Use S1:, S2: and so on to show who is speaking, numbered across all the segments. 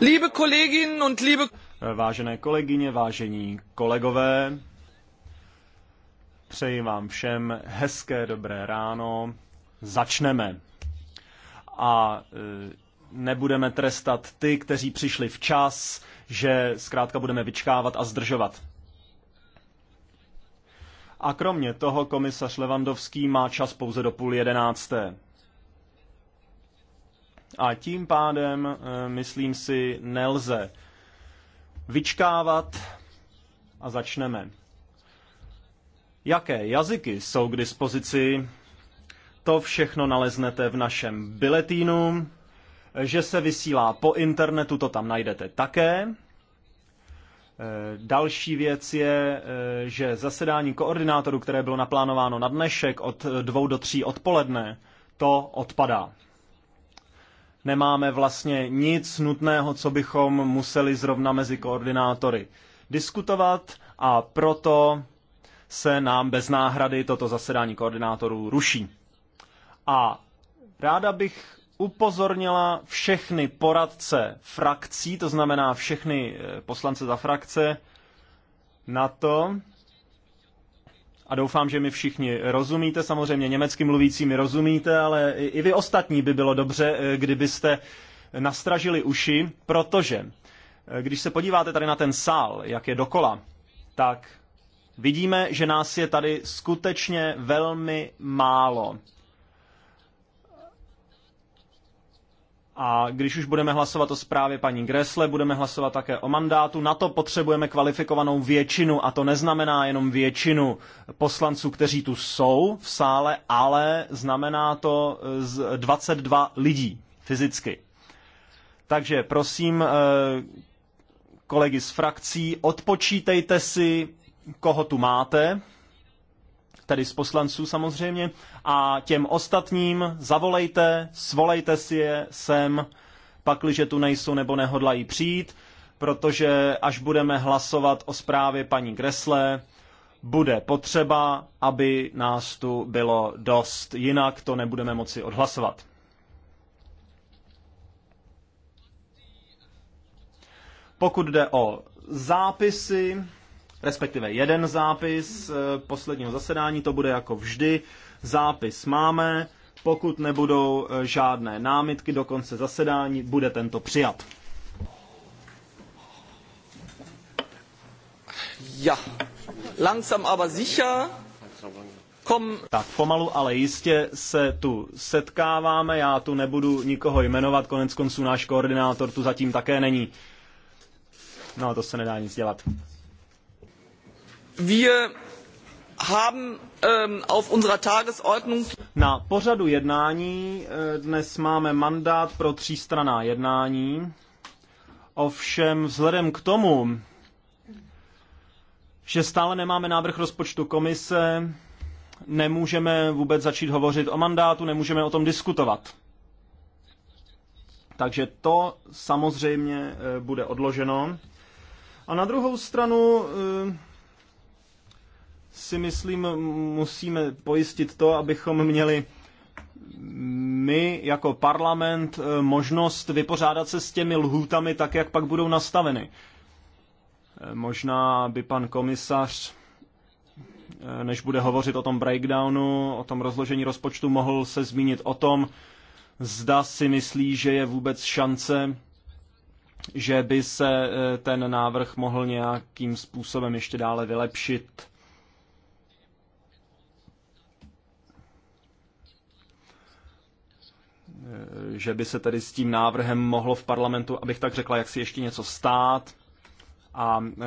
S1: Liebe Kolleginnen und
S2: liebe... Vážené kolegyně, vážení kolegové, přeji vám všem hezké dobré ráno. Začneme. A e, nebudeme trestat ty, kteří přišli včas, že zkrátka budeme vyčkávat a zdržovat. A kromě toho komisař Levandovský má čas pouze do půl jedenácté. A tím pádem, eh, myslím si, nelze vyčkávat a začneme. Jaké jazyky jsou k dispozici? To všechno naleznete v našem biletínu. Eh, že se vysílá po internetu, to tam najdete také. Eh, další věc je, že zasedání koordinátorů, které bylo naplánováno na dnešek od dvou do tří odpoledne, to odpadá nemáme vlastně nic nutného, co bychom museli zrovna mezi koordinátory diskutovat a proto se nám bez náhrady toto zasedání koordinátorů ruší. A ráda bych upozornila všechny poradce frakcí, to znamená všechny eh, poslance za frakce, na to, a doufám, že mi všichni rozumíte, samozřejmě německy mluvící mi rozumíte, ale i vy ostatní by bylo dobře, eh, kdybyste nastražili uši, protože eh, když se podíváte tady na ten sál, jak je dokola, tak vidíme, že nás je tady skutečně velmi málo. A když už budeme hlasovat o zprávě paní Gresle, budeme hlasovat také o mandátu. Na to potřebujeme kvalifikovanou většinu a to neznamená jenom většinu poslanců, kteří tu jsou v sále, ale znamená to eh, z 22 lidí fyzicky. Takže prosím eh, kolegy z frakcí, odpočítejte si, koho tu máte, tedy z poslanců samozřejmě, a těm ostatním zavolejte, svolejte si je sem, pakliže tu nejsou nebo nehodlají přijít, protože až budeme hlasovat o zprávě paní Gresle, bude potřeba, aby nás tu bylo dost, jinak to nebudeme moci odhlasovat. Pokud jde o zápisy, respektive jeden zápis eh, posledního zasedání, to bude jako vždy. Zápis máme, pokud nebudou eh, žádné námitky do konce zasedání, bude tento přijat. Ja, langsam aber sicher. Kom... Tak pomalu, ale jistě se tu setkáváme. Já tu nebudu nikoho jmenovat, konec konců náš koordinátor tu zatím také není. No, to se nedá nic dělat. Wir haben ähm, auf unserer Tagesordnung. Na pořadu jednání eh, dnes máme mandát pro třístranná jednání. Ovšem vzhledem k tomu, že stále nemáme návrh rozpočtu komise, nemůžeme vůbec začít hovořit o mandátu, nemůžeme o tom diskutovat. Takže to samozřejmě eh, bude odloženo. A na druhou stranu eh, si myslím, musíme pojistit to, abychom měli my jako parlament eh, možnost vypořádat se s těmi lhůtami tak, jak pak budou nastaveny. Eh, možná by pan komisař, eh, než bude hovořit o tom breakdownu, o tom rozložení rozpočtu, mohl se zmínit o tom, zda si myslí, že je vůbec šance, že by se ten návrh mohl nějakým způsobem ještě dále vylepšit Eh, že by se tedy s tím návrhem mohlo v parlamentu, abych tak řekla, jak si ještě něco stát a eh,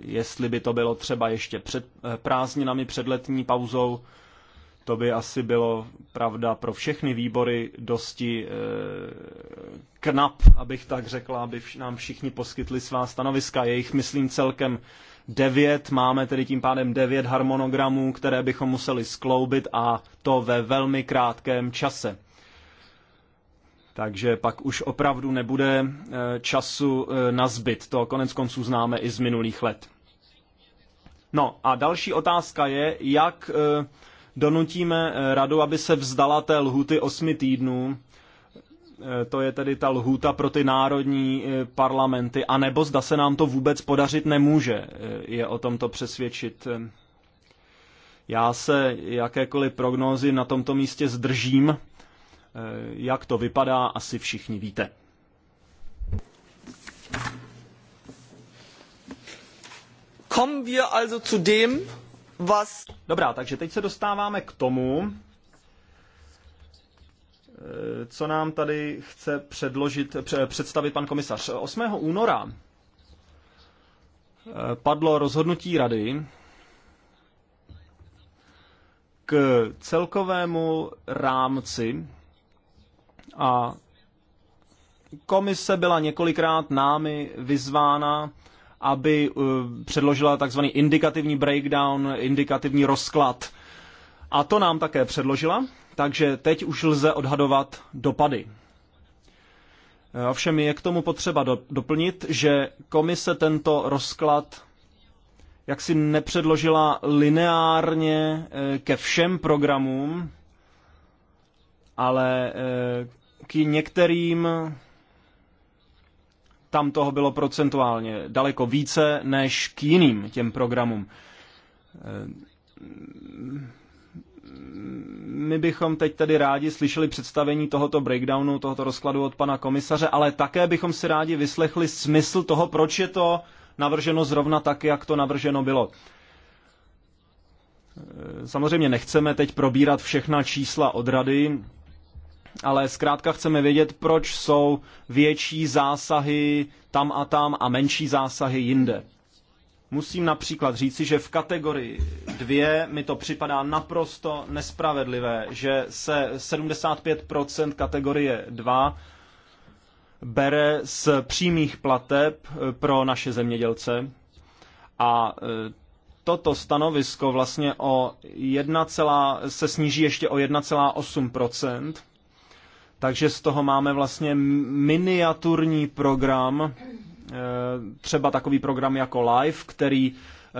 S2: jestli by to bylo třeba ještě před eh, prázdninami, před letní pauzou, to by asi bylo pravda pro všechny výbory dosti knap, abych tak řekla, aby nám všichni poskytli svá stanoviska. Jejich, myslím, celkem devět, máme tedy tím pádem devět harmonogramů, které bychom museli skloubit a to ve velmi krátkém čase. Takže pak už opravdu nebude eh, času eh, na zbyt. To konec konců známe i z minulých let. No a další otázka je, jak eh, donutíme radu, aby se vzdala té lhuty osmi týdnů, to je tedy ta lhůta pro ty národní parlamenty, A nebo zda se nám to vůbec podařit nemůže, je o tomto přesvědčit. Já se jakékoliv prognózy na tomto místě zdržím, Eh, jak to vypadá, asi všichni víte. Kommen wir also zu dem, was... Dobrá, takže teď se dostáváme k tomu, eh, co nám tady chce předložit, představit pan komisař. 8. února eh, padlo rozhodnutí rady k celkovému rámci a komise byla několikrát námi vyzvána, aby eh, předložila takzvaný indikativní breakdown, indikativní rozklad. A to nám také předložila, takže teď už lze odhadovat dopady. Eh, ovšem je k tomu potřeba doplnit, že komise tento rozklad jak si nepředložila lineárně eh, ke všem programům, ale k některým tam toho bylo procentuálně daleko více než k jiným těm programům. My bychom teď tedy rádi slyšeli představení tohoto breakdownu, tohoto rozkladu od pana komisaře, ale také bychom si rádi vyslechli smysl toho, proč je to navrženo zrovna tak, jak to navrženo bylo. Samozřejmě nechceme teď probírat všechna čísla od rady, ale zkrátka chceme vědět, proč jsou větší zásahy tam a tam a menší zásahy jinde. Musím například říci, že v kategorii dvě mi to připadá naprosto nespravedlivé, že se 75% kategorie 2 bere z přímých plateb pro naše zemědělce a e, toto stanovisko vlastně o 1, se sníží ještě o 1,8 takže z toho máme vlastně miniaturní program, eh, třeba takový program jako Live, který eh,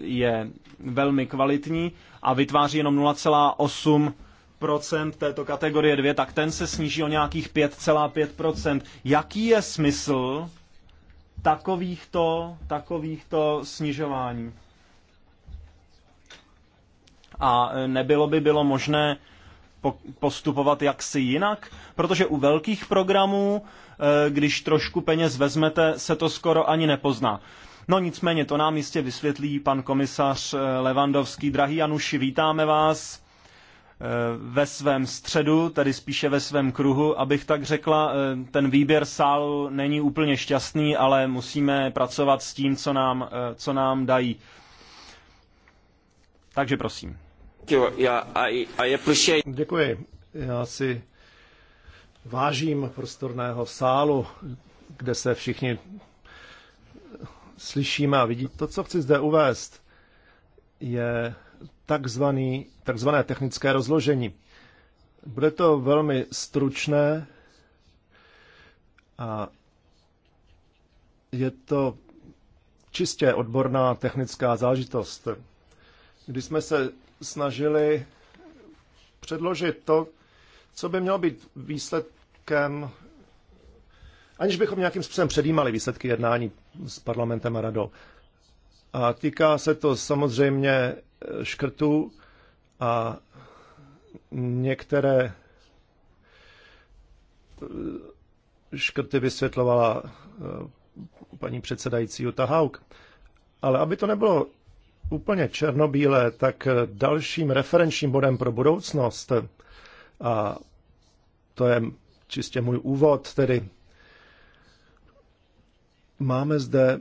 S2: je velmi kvalitní a vytváří jenom 0,8 procent této kategorie 2, tak ten se sníží o nějakých 5,5%. Jaký je smysl takovýchto, takovýchto snižování? A nebylo by bylo možné postupovat jaksi jinak, protože u velkých programů, eh, když trošku peněz vezmete, se to skoro ani nepozná. No nicméně, to nám jistě vysvětlí pan komisař eh, Levandovský. Drahý Januši, vítáme vás eh, ve svém středu, tedy spíše ve svém kruhu, abych tak řekla. Ten výběr sálu není úplně šťastný, ale musíme pracovat s tím, co nám, co nám dají. Takže prosím.
S1: Děkuji. Já si vážím prostorného sálu, kde se všichni slyšíme a vidí. To, co chci zde uvést, je takzvaný, takzvané technické rozložení. Bude to velmi stručné a je to čistě odborná technická záležitost. Když jsme se snažili předložit to, co by mělo být výsledkem, aniž bychom nějakým způsobem předjímali výsledky jednání s parlamentem a radou. A týká se to samozřejmě škrtů a některé škrty vysvětlovala eh, paní předsedající Jutta Haug. Ale aby to nebylo úplně černobílé, tak dalším referenčním bodem pro budoucnost, a to je čistě můj úvod, tedy máme zde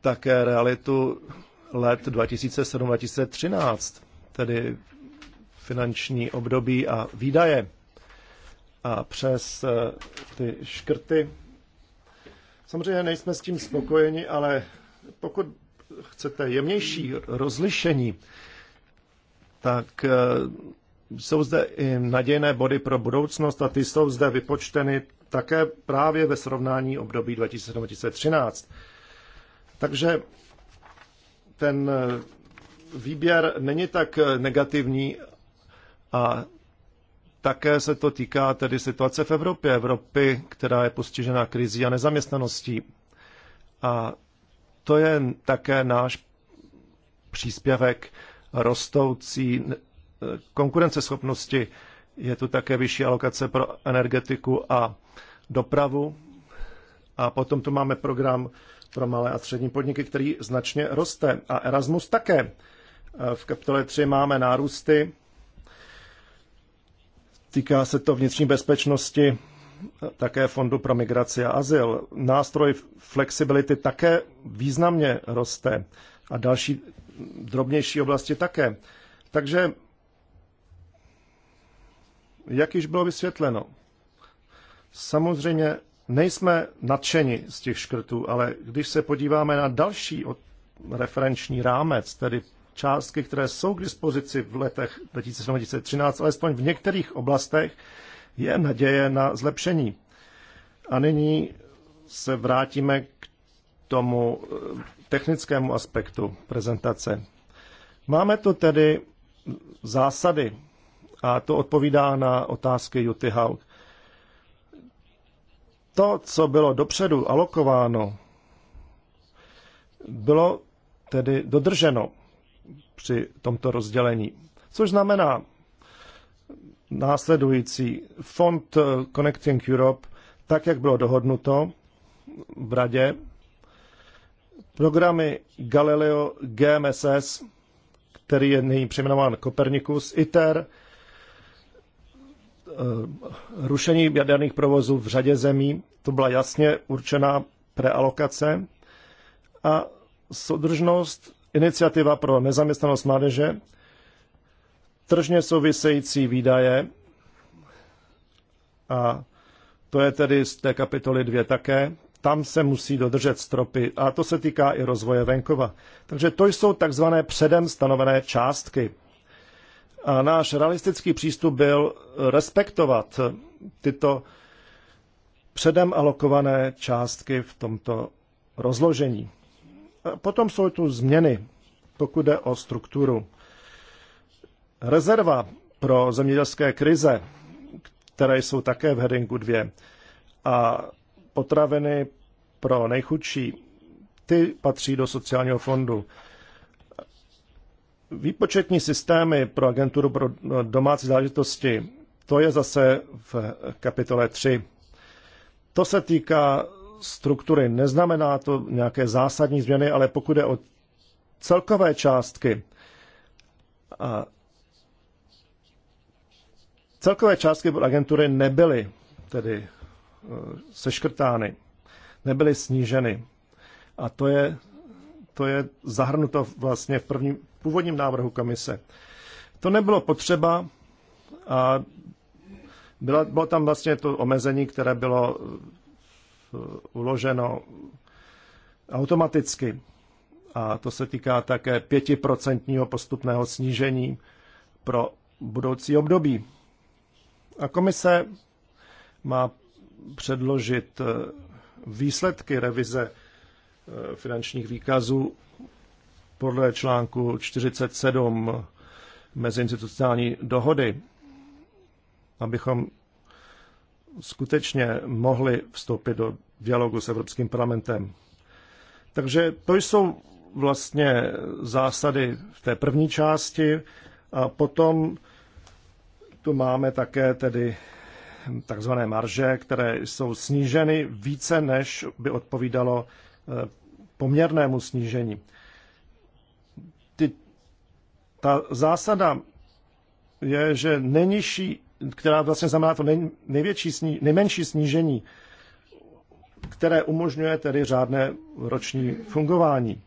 S1: také realitu let 2007-2013, tedy finanční období a výdaje. A přes eh, ty škrty. Samozřejmě nejsme s tím spokojeni, ale pokud chcete jemnější rozlišení, tak eh, jsou zde i nadějné body pro budoucnost a ty jsou zde vypočteny také právě ve srovnání období 2013. Takže ten eh, výběr není tak eh, negativní a také se to týká tedy situace v Evropě, Evropy, která je postižena krizí a nezaměstnaností. A to je také náš příspěvek rostoucí konkurenceschopnosti. Je tu také vyšší alokace pro energetiku a dopravu. A potom tu máme program pro malé a střední podniky, který značně roste. A Erasmus také. V kapitole 3 máme nárůsty. Týká se to vnitřní bezpečnosti také Fondu pro migraci a azyl. Nástroj flexibility také významně roste a další drobnější oblasti také. Takže, jak již bylo vysvětleno, samozřejmě nejsme nadšeni z těch škrtů, ale když se podíváme na další referenční rámec, tedy částky, které jsou k dispozici v letech 2013, alespoň v některých oblastech, je naděje na zlepšení. A nyní se vrátíme k tomu eh, technickému aspektu prezentace. Máme tu tedy zásady a to odpovídá na otázky Juty Hauk. To, co bylo dopředu alokováno, bylo tedy dodrženo při tomto rozdělení. Což znamená, následující. Fond eh, Connecting Europe, tak jak bylo dohodnuto v radě, programy Galileo GMSS, který je nyní přejmenován Copernicus, ITER, eh, rušení jaderných provozů v řadě zemí, to byla jasně určená prealokace, a soudržnost, iniciativa pro nezaměstnanost mládeže, tržně související výdaje a to je tedy z té kapitoly 2 také, tam se musí dodržet stropy a to se týká i rozvoje venkova. Takže to jsou takzvané předem stanovené částky. A náš realistický přístup byl respektovat tyto předem alokované částky v tomto rozložení. A potom jsou tu změny, pokud jde o strukturu rezerva pro zemědělské krize, které jsou také v Heringu 2, a potraviny pro nejchudší, ty patří do sociálního fondu. Výpočetní systémy pro agenturu pro domácí záležitosti, to je zase v kapitole 3. To se týká struktury. Neznamená to nějaké zásadní změny, ale pokud je o celkové částky a Celkové částky pro agentury nebyly tedy eh, seškrtány, nebyly sníženy. A to je, to je zahrnuto vlastně v prvním, původním návrhu komise. To nebylo potřeba a bylo, bylo tam vlastně to omezení, které bylo eh, uloženo automaticky. A to se týká také pětiprocentního postupného snížení pro budoucí období. A komise má předložit eh, výsledky revize eh, finančních výkazů podle článku 47 meziinstitucionální dohody, abychom skutečně mohli vstoupit do dialogu s Evropským parlamentem. Takže to jsou vlastně zásady v té první části a potom tu máme také tedy takzvané marže, které jsou sníženy více, než by odpovídalo eh, poměrnému snížení. Ty, ta zásada je, že nejnižší, která vlastně znamená to nej, největší sní, nejmenší snížení, které umožňuje tedy řádné roční fungování.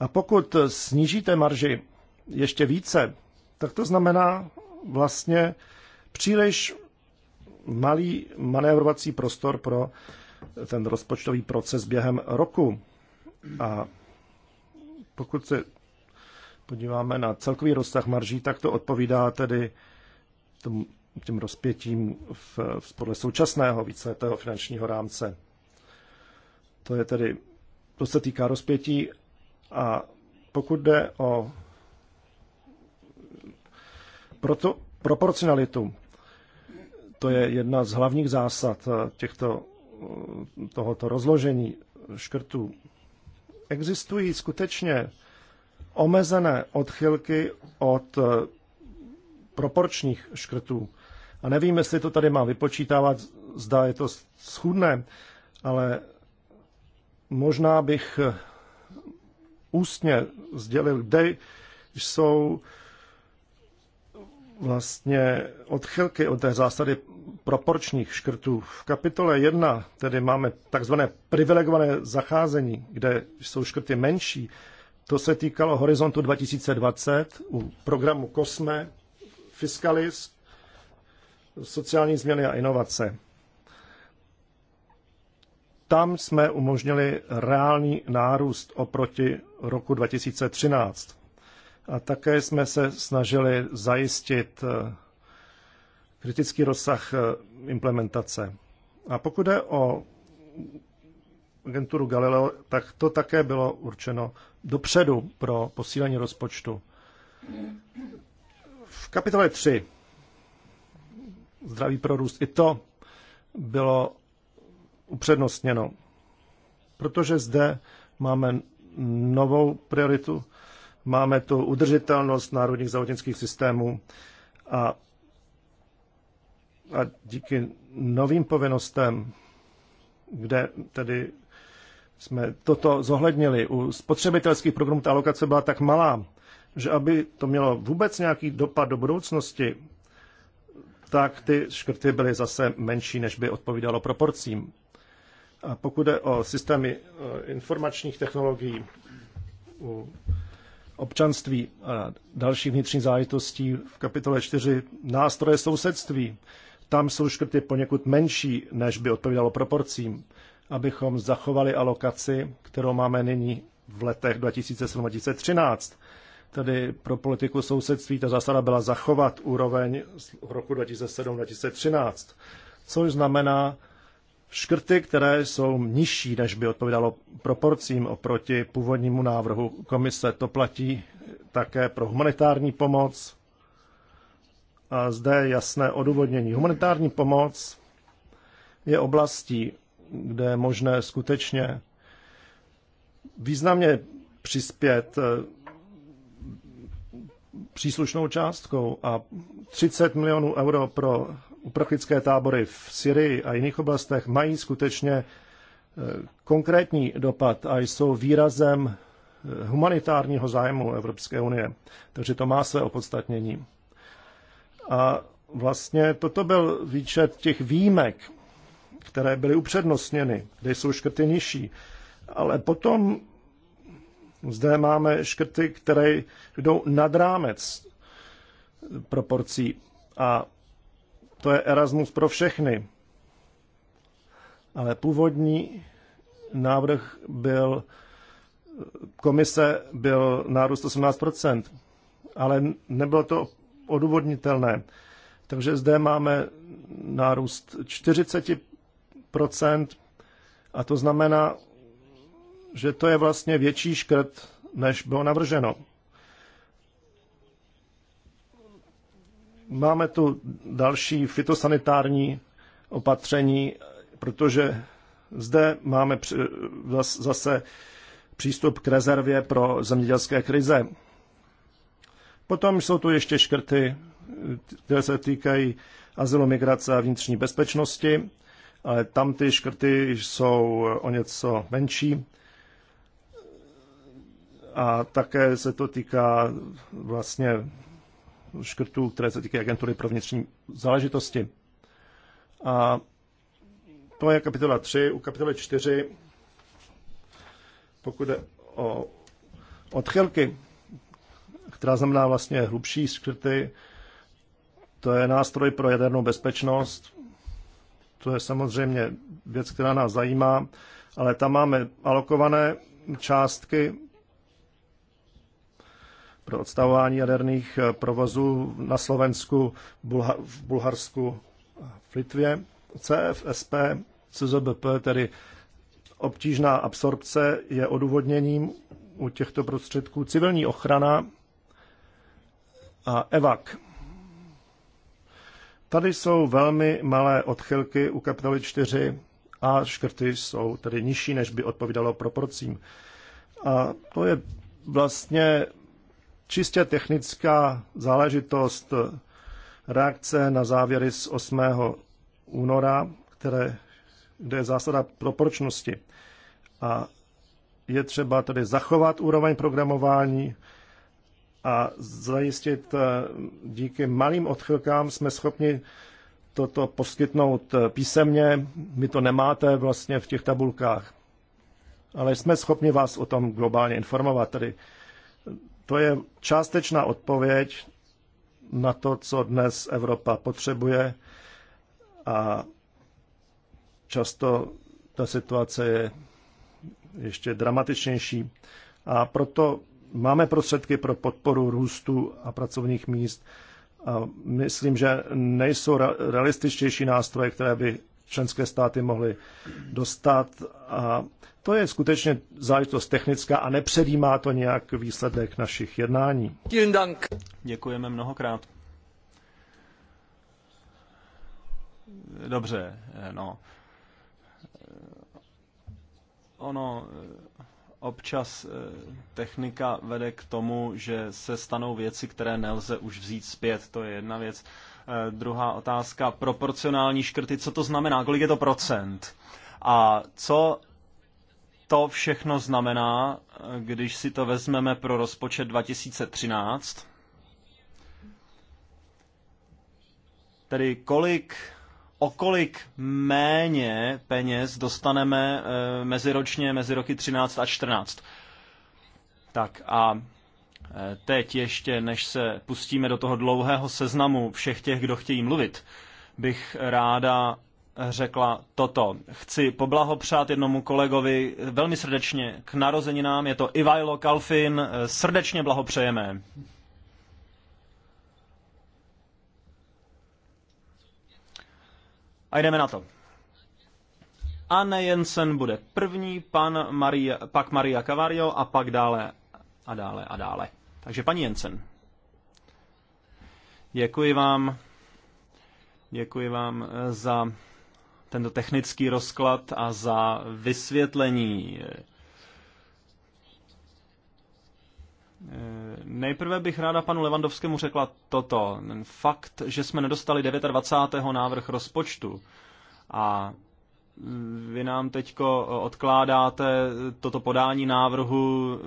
S1: A pokud snížíte marži ještě více, tak to znamená, vlastně příliš malý manévrovací prostor pro ten rozpočtový proces během roku. A pokud se podíváme na celkový rozsah marží, tak to odpovídá tedy tomu, těm rozpětím v, v, podle současného víceletého finančního rámce. To je tedy, to se týká rozpětí a pokud jde o proto proporcionalitu, to je jedna z hlavních zásad eh, těchto, eh, tohoto rozložení škrtů. Existují skutečně omezené odchylky od eh, proporčních škrtů. A nevím, jestli to tady má vypočítávat, zda je to schudné, ale možná bych ústně sdělil, kde jsou vlastně odchylky od té zásady proporčních škrtů. V kapitole 1 tedy máme takzvané privilegované zacházení, kde jsou škrty menší. To se týkalo horizontu 2020 u programu COSME, Fiscalis, sociální změny a inovace. Tam jsme umožnili reálný nárůst oproti roku 2013. A také jsme se snažili zajistit eh, kritický rozsah eh, implementace. A pokud jde o agenturu Galileo, tak to také bylo určeno dopředu pro posílení rozpočtu. V kapitole 3 zdraví pro růst. I to bylo upřednostněno, protože zde máme novou prioritu Máme tu udržitelnost národních zdravotnických systémů a, a díky novým povinnostem, kde tedy jsme toto zohlednili, u spotřebitelských programů ta alokace byla tak malá, že aby to mělo vůbec nějaký dopad do budoucnosti, tak ty škrty byly zase menší, než by odpovídalo proporcím. A pokud jde o systémy eh, informačních technologií u občanství a dalších vnitřní záležitostí v kapitole 4 nástroje sousedství. Tam jsou škrty poněkud menší, než by odpovídalo proporcím, abychom zachovali alokaci, kterou máme nyní v letech 2007-2013. Tedy pro politiku sousedství ta zásada byla zachovat úroveň z roku 2007-2013, což znamená, škrty, které jsou nižší, než by odpovídalo proporcím oproti původnímu návrhu komise. To platí také pro humanitární pomoc. A zde je jasné odůvodnění. Humanitární pomoc je oblastí, kde je možné skutečně významně přispět eh, příslušnou částkou a 30 milionů euro pro uprchlické tábory v Syrii a jiných oblastech mají skutečně eh, konkrétní dopad a jsou výrazem eh, humanitárního zájmu Evropské unie. Takže to má své opodstatnění. A vlastně toto byl výčet těch výjimek, které byly upřednostněny, kde jsou škrty nižší. Ale potom zde máme škrty, které jdou nad rámec proporcí. A to je Erasmus pro všechny. Ale původní návrh byl, komise byl nárůst 18%, ale nebylo to odůvodnitelné. Takže zde máme nárůst 40% a to znamená, že to je vlastně větší škrt, než bylo navrženo. Máme tu další fitosanitární opatření, protože zde máme zase přístup k rezervě pro zemědělské krize. Potom jsou tu ještě škrty, které se týkají azylu, migrace a vnitřní bezpečnosti, ale tam ty škrty jsou o něco menší. A také se to týká vlastně škrtů, které se týkají agentury pro vnitřní záležitosti. A to je kapitola 3. U kapitoly 4, pokud jde o odchylky, která znamená vlastně hlubší škrty, to je nástroj pro jadernou bezpečnost. To je samozřejmě věc, která nás zajímá, ale tam máme alokované částky pro odstavování jaderných eh, provozů na Slovensku, v Bulharsku a v Litvě. CFSP, CZBP, tedy obtížná absorpce, je odůvodněním u těchto prostředků civilní ochrana a EVAK. Tady jsou velmi malé odchylky u kapitoly 4 a škrty jsou tedy nižší, než by odpovídalo proporcím. A to je vlastně čistě technická záležitost eh, reakce na závěry z 8. února, které, kde je zásada proporčnosti. A je třeba tedy zachovat úroveň programování a zajistit eh, díky malým odchylkám jsme schopni toto poskytnout eh, písemně. My to nemáte vlastně v těch tabulkách. Ale jsme schopni vás o tom globálně informovat. Tedy to je částečná odpověď na to, co dnes Evropa potřebuje a často ta situace je ještě dramatičnější. A proto máme prostředky pro podporu růstu a pracovních míst. A myslím, že nejsou realističtější nástroje, které by členské státy mohly dostat a to je skutečně záležitost technická a nepředjímá to nějak výsledek našich jednání.
S2: Děkujeme mnohokrát. Dobře, eh, no. Eh, ono eh, občas technika vede k tomu, že se stanou věci, které nelze už vzít zpět. To je jedna věc. Druhá otázka, proporcionální škrty, co to znamená, kolik je to procent? A co to všechno znamená, když si to vezmeme pro rozpočet 2013, tedy kolik, o kolik méně peněz dostaneme eh, meziročně mezi roky 13 a 14. Tak a eh, teď ještě, než se pustíme do toho dlouhého seznamu všech těch, kdo chtějí mluvit, bych ráda řekla toto. Chci poblahopřát jednomu kolegovi velmi srdečně k narozeninám. Je to Ivajlo Kalfin. Srdečně blahopřejeme. A jdeme na to. Anne Jensen bude první, pan Maria, pak Maria Cavario a pak dále a dále a dále. Takže paní Jensen. Děkuji vám. Děkuji vám za tento technický rozklad a za vysvětlení. Nejprve bych ráda panu Levandovskému řekla toto. Ten fakt, že jsme nedostali 29. návrh rozpočtu a vy nám teď odkládáte toto podání návrhu eh,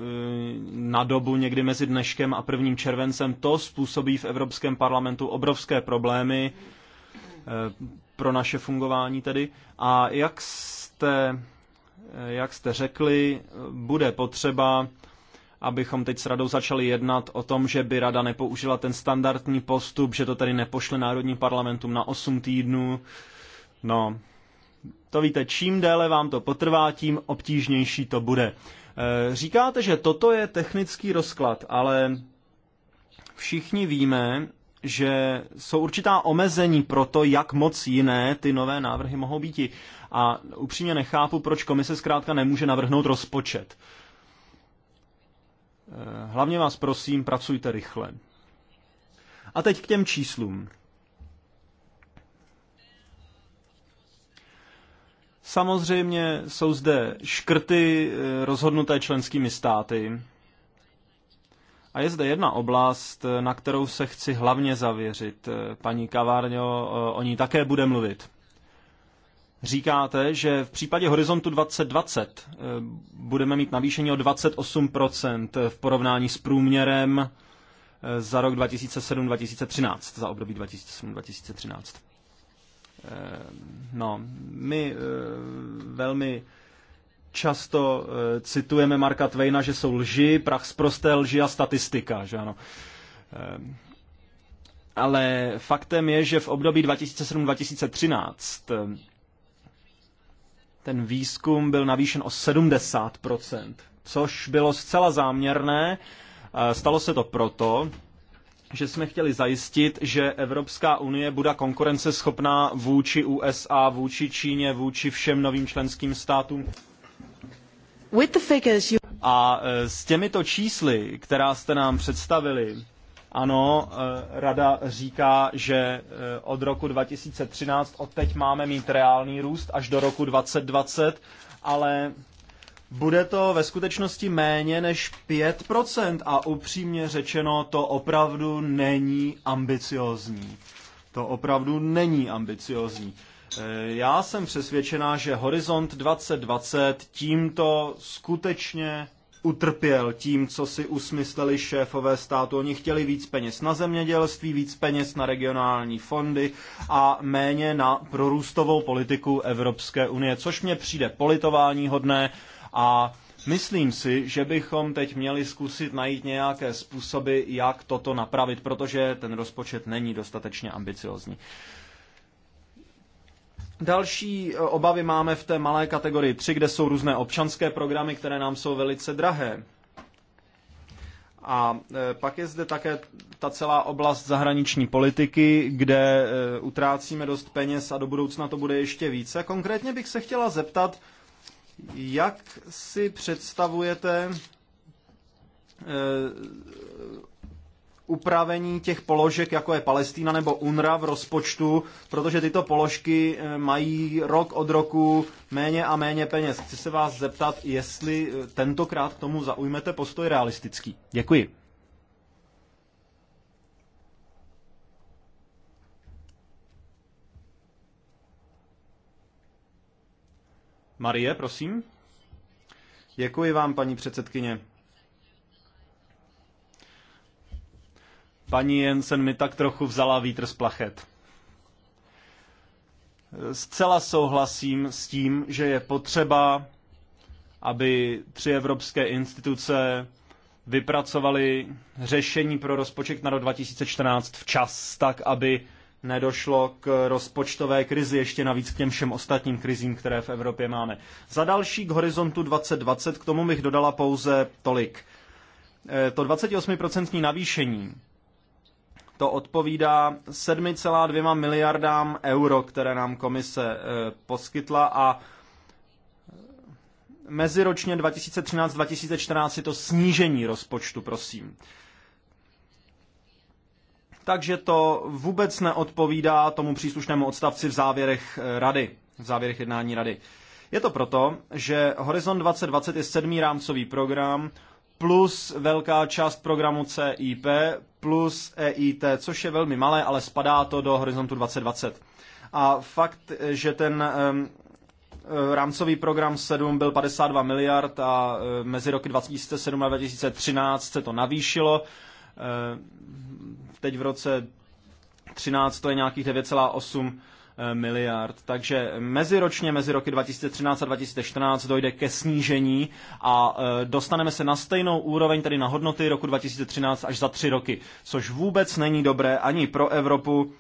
S2: na dobu někdy mezi dneškem a prvním červencem. To způsobí v Evropském parlamentu obrovské problémy eh, pro naše fungování tedy. A jak jste, jak jste řekli, bude potřeba, abychom teď s radou začali jednat o tom, že by rada nepoužila ten standardní postup, že to tady nepošle národním parlamentům na 8 týdnů. No, to víte, čím déle vám to potrvá, tím obtížnější to bude. E, říkáte, že toto je technický rozklad, ale všichni víme, že jsou určitá omezení pro to, jak moc jiné ty nové návrhy mohou být. A upřímně nechápu, proč komise zkrátka nemůže navrhnout rozpočet. Eh, hlavně vás prosím, pracujte rychle. A teď k těm číslům. Samozřejmě jsou zde škrty eh, rozhodnuté členskými státy. A je zde jedna oblast, eh, na kterou se chci hlavně zavěřit. Eh, paní Kavárňo eh, o ní také bude mluvit. Říkáte, že v případě Horizontu 2020 budeme mít navýšení o 28% v porovnání s průměrem za rok 2007-2013, za období 2007-2013. No, my velmi často eh, citujeme Marka Twaina, že jsou lži, prach z prosté lži a statistika, že ano. Eh, ale faktem je, že v období 2007-2013 eh, ten výzkum byl navýšen o 70%, což bylo zcela záměrné. Stalo se to proto, že jsme chtěli zajistit, že Evropská unie bude konkurenceschopná vůči USA, vůči Číně, vůči všem novým členským státům. A e, s těmito čísly, která jste nám představili, ano, e, rada říká, že e, od roku 2013, od teď máme mít reálný růst až do roku 2020, ale bude to ve skutečnosti méně než 5% a upřímně řečeno to opravdu není ambiciozní. To opravdu není ambiciozní. Eh, já jsem přesvědčená, že Horizont 2020 tímto skutečně utrpěl tím, co si usmysleli šéfové státu. Oni chtěli víc peněz na zemědělství, víc peněz na regionální fondy a méně na prorůstovou politiku Evropské unie, což mě přijde politování hodné a Myslím si, že bychom teď měli zkusit najít nějaké způsoby, jak toto napravit, protože ten rozpočet není dostatečně ambiciozní. Další eh, obavy máme v té malé kategorii 3, kde jsou různé občanské programy, které nám jsou velice drahé. A eh, pak je zde také ta celá oblast zahraniční politiky, kde eh, utrácíme dost peněz a do budoucna to bude ještě více. Konkrétně bych se chtěla zeptat, jak si představujete upravení těch položek, jako je Palestína nebo UNRA v rozpočtu, protože tyto položky eh, mají rok od roku méně a méně peněz. Chci se vás zeptat, jestli eh, tentokrát k tomu zaujmete postoj realistický. Děkuji. Marie, prosím. Děkuji vám, paní předsedkyně. Paní Jensen mi tak trochu vzala vítr z plachet. Zcela souhlasím s tím, že je potřeba, aby tři evropské instituce vypracovali řešení pro rozpočet na rok 2014 včas, tak aby nedošlo k rozpočtové krizi, ještě navíc k těm všem ostatním krizím, které v Evropě máme. Za další k horizontu 2020, k tomu bych dodala pouze tolik. E, to 28% navýšení to odpovídá 7,2 miliardám euro, které nám komise eh, poskytla a meziročně 2013-2014 je to snížení rozpočtu, prosím. Takže to vůbec neodpovídá tomu příslušnému odstavci v závěrech eh, rady, v závěrech jednání rady. Je to proto, že Horizon 2020 je sedmý rámcový program, plus velká část programu CIP plus EIT, což je velmi malé, ale spadá to do horizontu 2020. A fakt, že ten eh, rámcový program 7 byl 52 miliard a eh, mezi roky 2007 a 2013 se to navýšilo. Eh, teď v roce 13 to je nějakých 9,8 miliard. Takže meziročně, mezi roky 2013 a 2014 dojde ke snížení a e, dostaneme se na stejnou úroveň, tedy na hodnoty roku 2013 až za tři roky, což vůbec není dobré ani pro Evropu,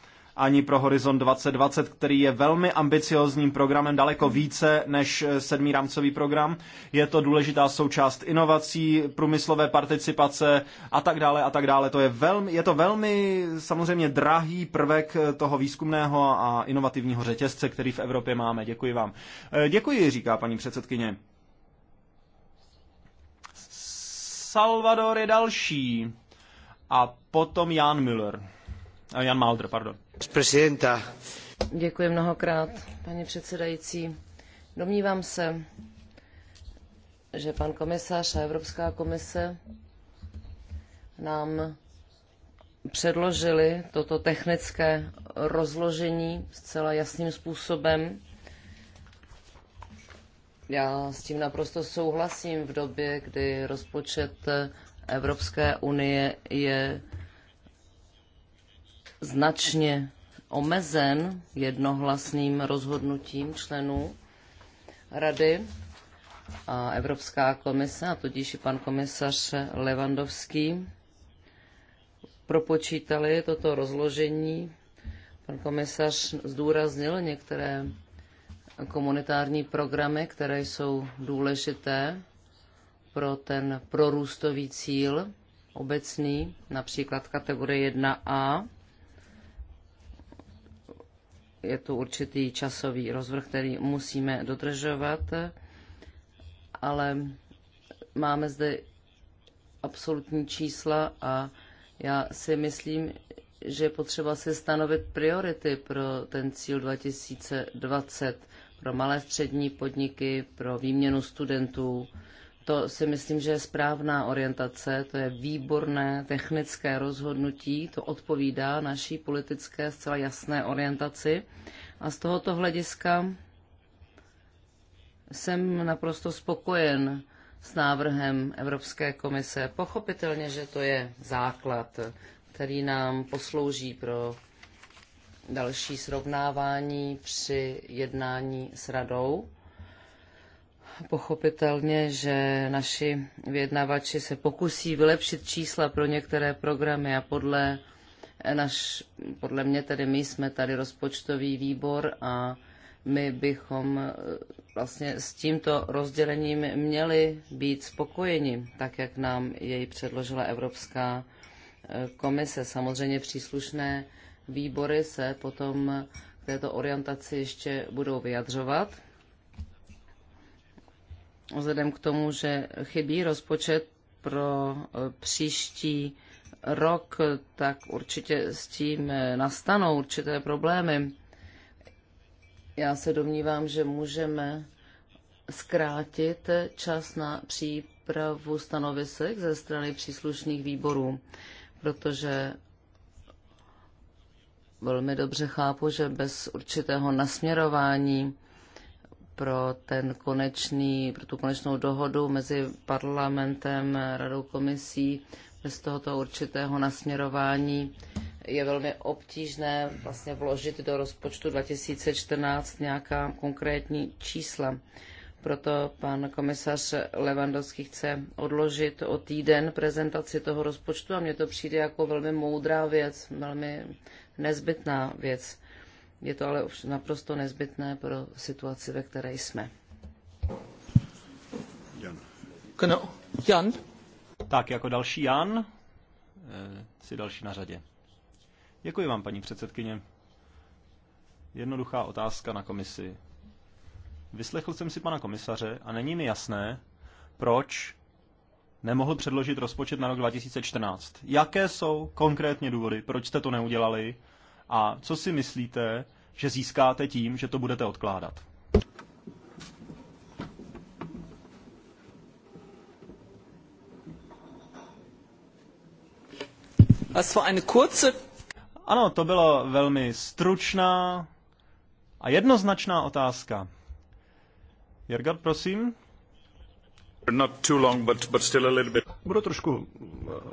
S2: ani pro Horizon 2020, který je velmi ambiciozním programem, daleko více než eh, sedmý rámcový program. Je to důležitá součást inovací, průmyslové participace a tak dále a tak dále. To je, velmi, je to velmi samozřejmě drahý prvek eh, toho výzkumného a inovativního řetězce, který v Evropě máme. Děkuji vám. Eh, děkuji, říká paní předsedkyně. Salvador je další. A potom Jan Müller.
S3: Děkuji mnohokrát, paní předsedající. Domnívám se, že pan komisař a Evropská komise nám předložili toto technické rozložení zcela jasným způsobem. Já s tím naprosto souhlasím v době, kdy rozpočet Evropské unie je značně omezen jednohlasným rozhodnutím členů Rady a Evropská komise, a tudíž i pan komisař Levandovský, propočítali toto rozložení. Pan komisař zdůraznil některé komunitární programy, které jsou důležité pro ten prorůstový cíl obecný, například kategorie 1A, je tu určitý časový rozvrh, který musíme dodržovat, ale máme zde absolutní čísla a já si myslím, že je potřeba si stanovit priority pro ten cíl 2020, pro malé střední podniky, pro výměnu studentů, to si myslím, že je správná orientace, to je výborné technické rozhodnutí, to odpovídá naší politické zcela jasné orientaci. A z tohoto hlediska jsem naprosto spokojen s návrhem Evropské komise. Pochopitelně, že to je základ, který nám poslouží pro další srovnávání při jednání s radou pochopitelně, že naši vyjednavači se pokusí vylepšit čísla pro některé programy a podle, naš, podle mě tedy my jsme tady rozpočtový výbor a my bychom eh, vlastně s tímto rozdělením měli být spokojeni, tak jak nám jej předložila Evropská eh, komise. Samozřejmě příslušné výbory se potom k této orientaci ještě budou vyjadřovat vzhledem k tomu, že chybí rozpočet pro e, příští rok, tak určitě s tím e, nastanou určité problémy. Já se domnívám, že můžeme zkrátit čas na přípravu stanovisek ze strany příslušných výborů, protože velmi dobře chápu, že bez určitého nasměrování pro ten konečný, pro tu konečnou dohodu mezi parlamentem, radou komisí bez tohoto určitého nasměrování je velmi obtížné vlastně vložit do rozpočtu 2014 nějaká konkrétní čísla. Proto pan komisař Levandovský chce odložit o týden prezentaci toho rozpočtu a mně to přijde jako velmi moudrá věc, velmi nezbytná věc. Je to ale už naprosto nezbytné pro situaci, ve které jsme. Jan. Genau. Jan.
S2: Tak, jako další Jan, eh, si další na řadě. Děkuji vám, paní předsedkyně. Jednoduchá otázka na komisi. Vyslechl jsem si pana komisaře a není mi jasné, proč nemohl předložit rozpočet na rok 2014. Jaké jsou konkrétně důvody, proč jste to neudělali a co si myslíte, že získáte tím, že to budete odkládat? Was für eine kurze... Ano, to bylo velmi stručná a jednoznačná otázka. Jirgard, prosím. Not too long, but, but still a little bit.
S1: Budu trošku uh,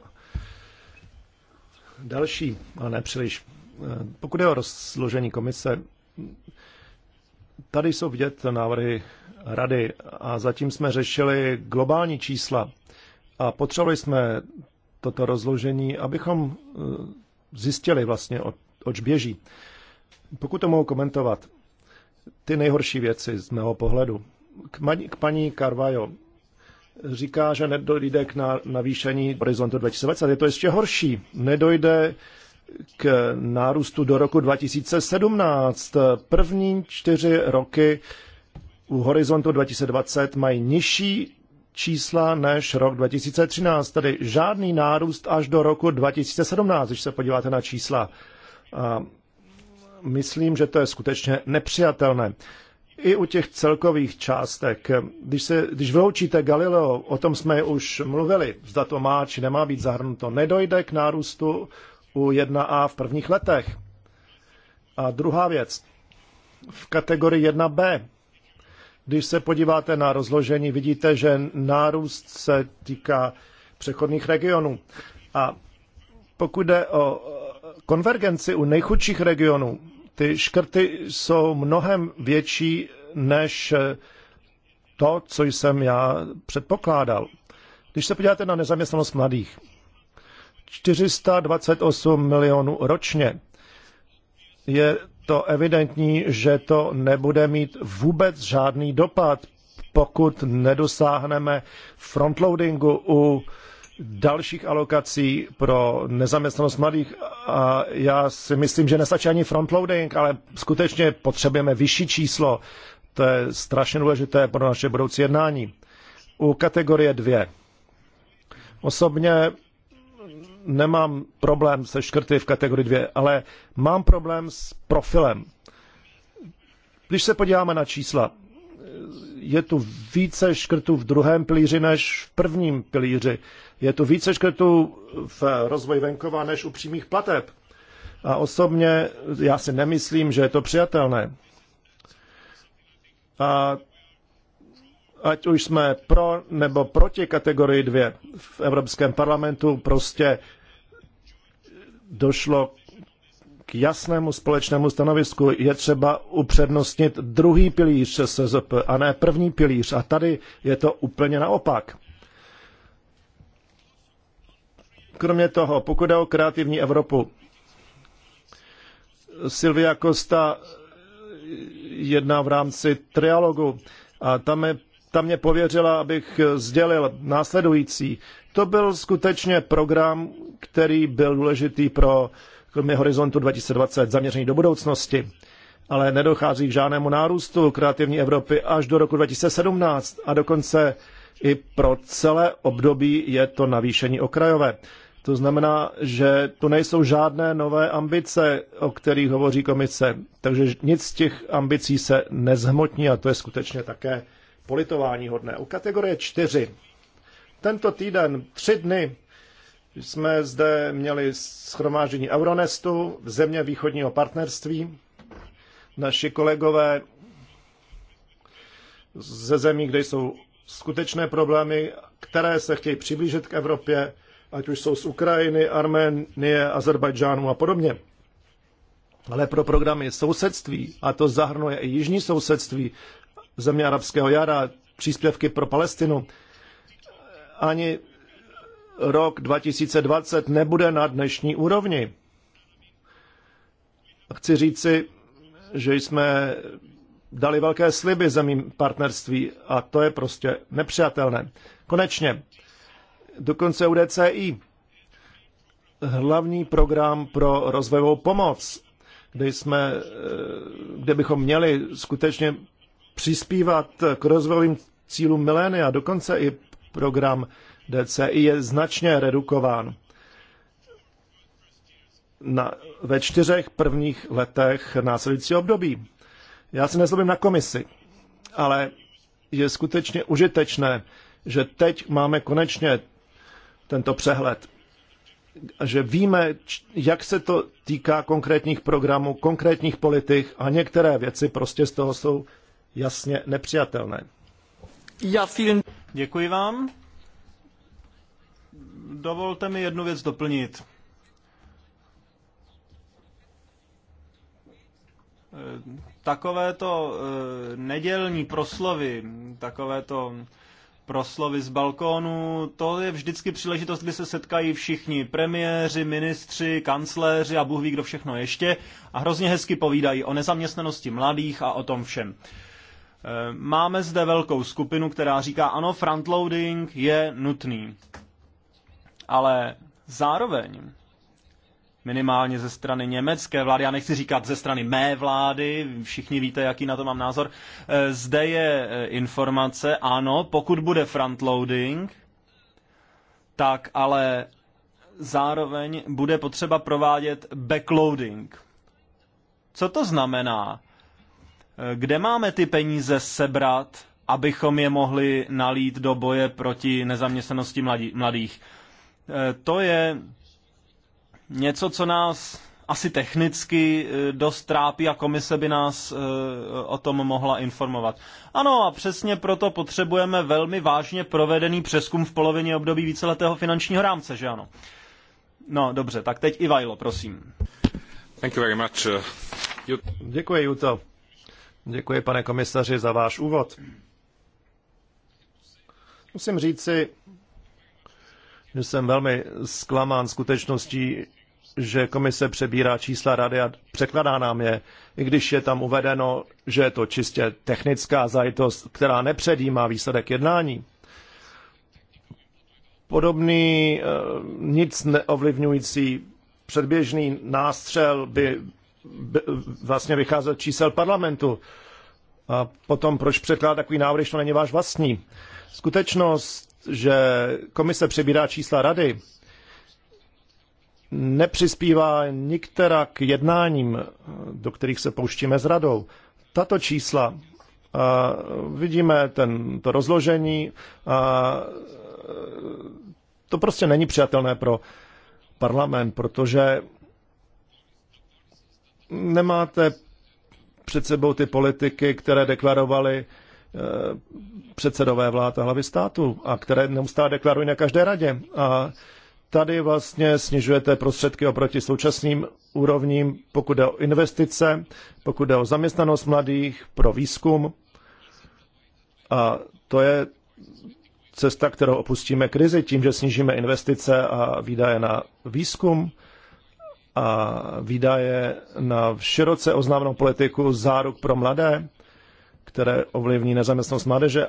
S1: další, ale nepříliš. Eh, pokud je o rozložení komise, tady jsou vidět návrhy rady a zatím jsme řešili globální čísla a potřebovali jsme toto rozložení, abychom eh, zjistili vlastně, oč běží. Pokud to mohu komentovat, ty nejhorší věci z mého pohledu. K, paní Carvajo říká, že nedojde k navýšení horizontu 2020. Je to ještě horší. Nedojde k nárůstu do roku 2017. První čtyři roky u horizontu 2020 mají nižší čísla než rok 2013, tedy žádný nárůst až do roku 2017, když se podíváte na čísla. A myslím, že to je skutečně nepřijatelné. I u těch celkových částek, když, se, když vyloučíte Galileo, o tom jsme už mluvili, zda to má či nemá být zahrnuto, nedojde k nárůstu u 1A v prvních letech. A druhá věc. V kategorii 1B, když se podíváte na rozložení, vidíte, že nárůst se týká přechodných regionů. A pokud jde o konvergenci u nejchudších regionů, ty škrty jsou mnohem větší než to, co jsem já předpokládal. Když se podíváte na nezaměstnanost mladých, 428 milionů ročně. Je to evidentní, že to nebude mít vůbec žádný dopad, pokud nedosáhneme frontloadingu u dalších alokací pro nezaměstnanost mladých. A já si myslím, že nestačí ani frontloading, ale skutečně potřebujeme vyšší číslo. To je strašně důležité pro naše budoucí jednání. U kategorie 2. Osobně nemám problém se škrty v kategorii 2, ale mám problém s profilem. Když se podíváme na čísla, je tu více škrtů v druhém pilíři než v prvním pilíři. Je tu více škrtů v rozvoji venkova než u přímých plateb. A osobně já si nemyslím, že je to přijatelné. A ať už jsme pro nebo proti kategorii 2 v Evropském parlamentu, prostě došlo k jasnému společnému stanovisku. Je třeba upřednostnit druhý pilíř SZP a ne první pilíř. A tady je to úplně naopak. Kromě toho, pokud jde o kreativní Evropu, Silvia Costa jedná v rámci trialogu a tam je ta mě pověřila, abych sdělil následující. To byl skutečně program, který byl důležitý pro kromě horizontu 2020 zaměřený do budoucnosti ale nedochází k žádnému nárůstu kreativní Evropy až do roku 2017 a dokonce i pro celé období je to navýšení okrajové. To znamená, že tu nejsou žádné nové ambice, o kterých hovoří komise, takže nic z těch ambicí se nezhmotní a to je skutečně také politování hodné. U kategorie 4 tento týden, tři dny, jsme zde měli schromáždění Euronestu v země východního partnerství. Naši kolegové ze zemí, kde jsou skutečné problémy, které se chtějí přiblížit k Evropě, ať už jsou z Ukrajiny, Arménie, Azerbajdžánu a podobně. Ale pro programy sousedství, a to zahrnuje i jižní sousedství, země arabského jara, příspěvky pro Palestinu. Ani rok 2020 nebude na dnešní úrovni. Chci říci, že jsme dali velké sliby zemím partnerství a to je prostě nepřijatelné. Konečně, dokonce UDCI, hlavní program pro rozvojovou pomoc, kde, jsme, eh, kde bychom měli skutečně přispívat k rozvojovým cílům milénia. Dokonce i program DCI je značně redukován. Na, ve čtyřech prvních letech následujícího období. Já se nezlobím na komisi, ale je skutečně užitečné, že teď máme konečně tento přehled. Že víme, jak se to týká konkrétních programů, konkrétních politik a některé věci prostě z toho jsou jasně nepřijatelné.
S2: Já vielen... Děkuji vám. Dovolte mi jednu věc doplnit. Eh, takovéto eh, nedělní proslovy, takovéto proslovy z balkónu, to je vždycky příležitost, kdy se setkají všichni premiéři, ministři, kancléři a Bůh ví kdo všechno ještě a hrozně hezky povídají o nezaměstnanosti mladých a o tom všem. Eh, máme zde velkou skupinu, která říká, ano, frontloading je nutný. Ale zároveň minimálně ze strany německé vlády, já nechci říkat ze strany mé vlády, všichni víte, jaký na to mám názor, eh, zde je eh, informace, ano, pokud bude frontloading, tak ale zároveň bude potřeba provádět backloading. Co to znamená? kde máme ty peníze sebrat, abychom je mohli nalít do boje proti nezaměstnanosti mladých. Eh, to je něco, co nás asi technicky eh, dost trápí a komise by nás eh, o tom mohla informovat. Ano a přesně proto potřebujeme velmi vážně provedený přeskum v polovině období víceletého finančního rámce, že ano? No dobře, tak teď Ivajlo, prosím. Thank
S1: you very much. You... Děkuji, Juto. Děkuji, pane komisaři, za váš úvod. Musím říci, že jsem velmi zklamán skutečností, že komise přebírá čísla rady a překladá nám je, i když je tam uvedeno, že je to čistě technická zajitost, která nepředjímá výsledek jednání. Podobný eh, nic neovlivňující předběžný nástřel by vlastně vycházet čísel parlamentu. A potom proč překládá takový návrh, když to není váš vlastní? Skutečnost, že komise přebírá čísla rady, nepřispívá některá k jednáním, do kterých se pouštíme s radou. Tato čísla, a vidíme ten, to rozložení, a to prostě není přijatelné pro parlament, protože nemáte před sebou ty politiky, které deklarovali eh, předsedové vlád a hlavy státu a které neustále deklarují na každé radě. A tady vlastně snižujete prostředky oproti současným úrovním, pokud jde o investice, pokud jde o zaměstnanost mladých, pro výzkum. A to je cesta, kterou opustíme krizi tím, že snížíme investice a výdaje na výzkum a výdaje na široce oznámenou politiku záruk pro mladé, které ovlivní nezaměstnost mládeže.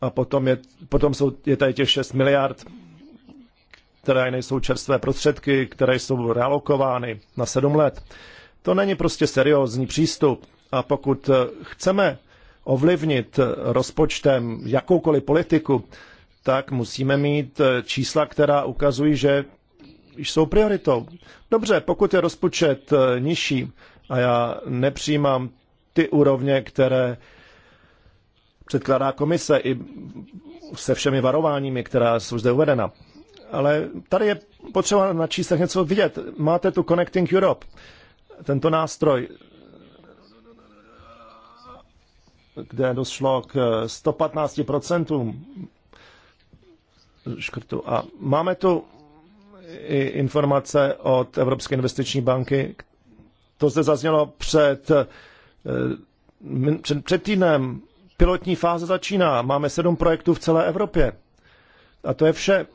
S1: A potom, je, potom jsou, je tady těch 6 miliard, které nejsou čerstvé prostředky, které jsou realokovány na 7 let. To není prostě seriózní přístup. A pokud chceme ovlivnit rozpočtem jakoukoliv politiku, tak musíme mít čísla, která ukazují, že jsou prioritou. Dobře, pokud je rozpočet eh, nižší a já nepřijímám ty úrovně, které předkládá komise i se všemi varováními, která jsou zde uvedena. Ale tady je potřeba na číslech něco vidět. Máte tu Connecting Europe, tento nástroj, kde došlo k 115% eh, škrtu. A máme tu i informace od Evropské investiční banky. To zde zaznělo před, eh, před, před týdnem. Pilotní fáze začíná. Máme sedm projektů v celé Evropě. A to je vše.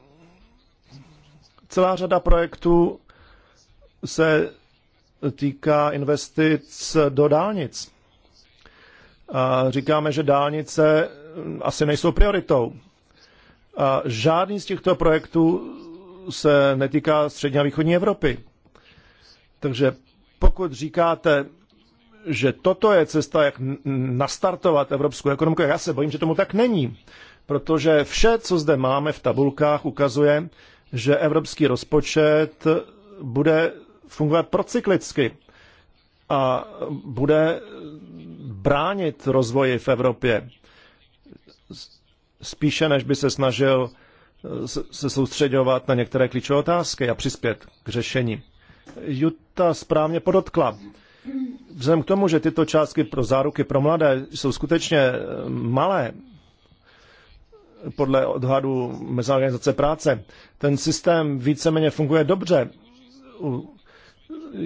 S1: Celá řada projektů se týká investic do dálnic. A říkáme, že dálnice asi nejsou prioritou. A žádný z těchto projektů se netýká střední a východní Evropy. Takže pokud říkáte, že toto je cesta, jak nastartovat evropskou ekonomiku, já se bojím, že tomu tak není. Protože vše, co zde máme v tabulkách, ukazuje, že evropský rozpočet bude fungovat procyklicky a bude bránit rozvoji v Evropě. Spíše než by se snažil se soustředovat na některé klíčové otázky a přispět k řešení. Juta správně podotkla. Vzhledem k tomu, že tyto částky pro záruky pro mladé jsou skutečně eh, malé, podle odhadu Mezinárodní organizace práce, ten systém víceméně funguje dobře.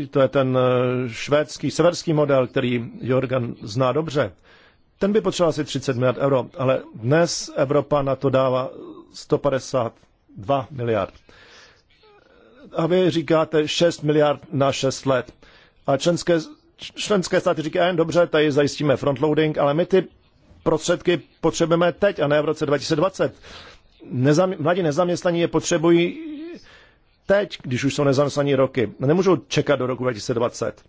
S1: To je ten eh, švédský, severský model, který Jorgen zná dobře. Ten by potřeboval asi 30 miliard euro, ale dnes Evropa na to dává 152 miliard. A vy říkáte 6 miliard na 6 let. A členské, členské státy říkají, dobře, tady zajistíme frontloading, ale my ty prostředky potřebujeme teď a ne v roce 2020. Nezam, mladí nezaměstnaní je potřebují teď, když už jsou nezaměstnaní roky. Nemůžou čekat do roku 2020.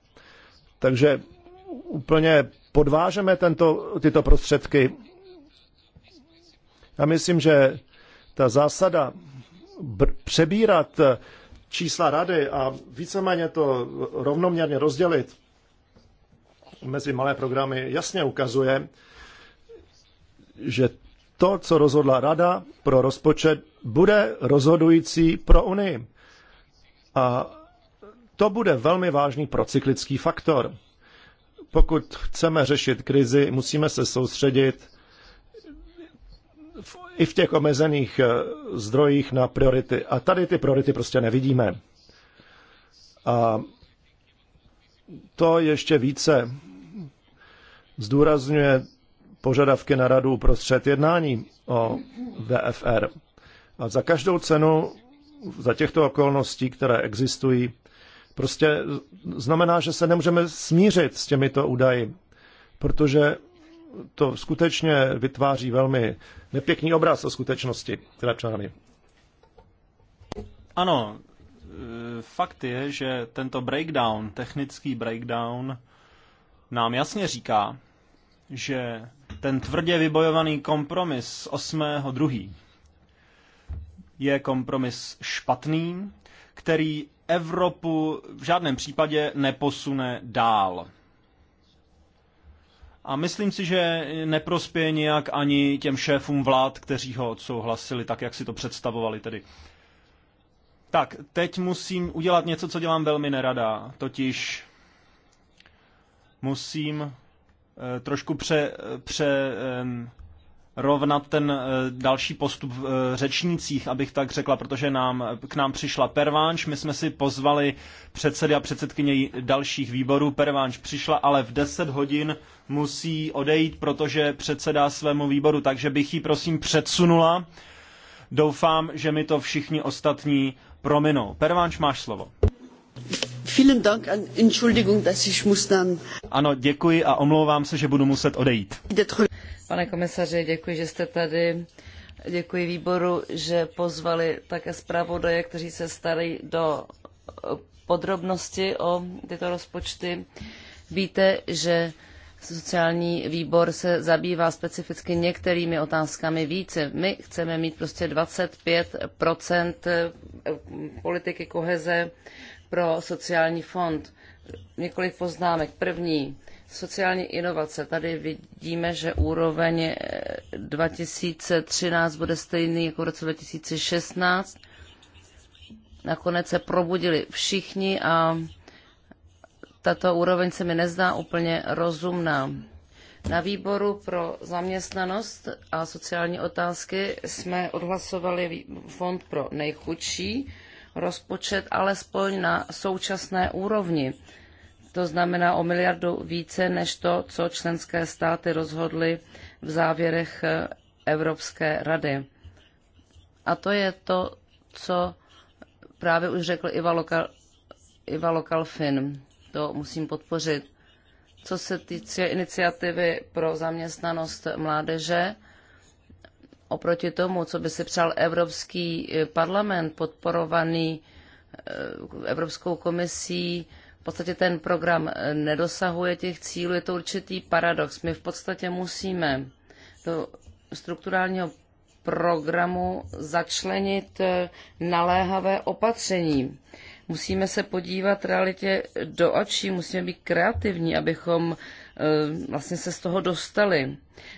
S1: Takže úplně podvážeme tento, tyto prostředky. Já myslím, že ta zásada přebírat eh, čísla rady a víceméně to rovnoměrně rozdělit mezi malé programy jasně ukazuje, že to, co rozhodla rada pro rozpočet, bude rozhodující pro Unii. A to bude velmi vážný procyklický faktor. Pokud chceme řešit krizi, musíme se soustředit i v těch omezených eh, zdrojích na priority. A tady ty priority prostě nevidíme. A to ještě více zdůrazňuje požadavky na radu prostřed jednání o VFR. A za každou cenu, za těchto okolností, které existují, prostě znamená, že se nemůžeme smířit s těmito údaji, protože to skutečně vytváří velmi nepěkný obraz o skutečnosti, které před
S2: Ano, e, fakt je, že tento breakdown, technický breakdown, nám jasně říká, že ten tvrdě vybojovaný kompromis 8.2. je kompromis špatný, který Evropu v žádném případě neposune dál. A myslím si, že neprospěje nijak ani těm šéfům vlád, kteří ho odsouhlasili tak, jak si to představovali tedy. Tak, teď musím udělat něco, co dělám velmi nerada, totiž musím eh, trošku pře, pře rovnat ten eh, další postup v eh, řečnících, abych tak řekla, protože nám, k nám přišla Pervánč, my jsme si pozvali předsedy a předsedkyně dalších výborů, Pervánč přišla, ale v 10 hodin musí odejít, protože předsedá svému výboru, takže bych ji prosím předsunula. Doufám, že mi to všichni ostatní prominou. Pervánč, máš slovo. Ano, děkuji a omlouvám se, že budu muset odejít.
S3: Pane komisaři, děkuji, že jste tady. Děkuji výboru, že pozvali také zpravodaje, kteří se starají do eh, podrobnosti o tyto rozpočty. Víte, že sociální výbor se zabývá specificky některými otázkami více. My chceme mít prostě 25 eh, politiky koheze pro sociální fond. Několik poznámek. První, Sociální inovace. Tady vidíme, že úroveň 2013 eh, bude stejný jako v roce 2016. Nakonec se probudili všichni a tato úroveň se mi nezdá úplně rozumná. Na výboru pro zaměstnanost a sociální otázky jsme odhlasovali fond pro nejchudší rozpočet alespoň na současné úrovni. To znamená o miliardu více než to, co členské státy rozhodly v závěrech eh, Evropské rady. A to je to, co právě už řekl Iva, Lokalfin. To musím podpořit. Co se týče iniciativy pro zaměstnanost mládeže, oproti tomu, co by si přál Evropský eh, parlament podporovaný eh, Evropskou komisí, podstatě ten program eh, nedosahuje těch cílů, je to určitý paradox. My v podstatě musíme do strukturálního programu začlenit eh, naléhavé opatření. Musíme se podívat realitě do očí, musíme být kreativní, abychom eh, vlastně se z toho dostali.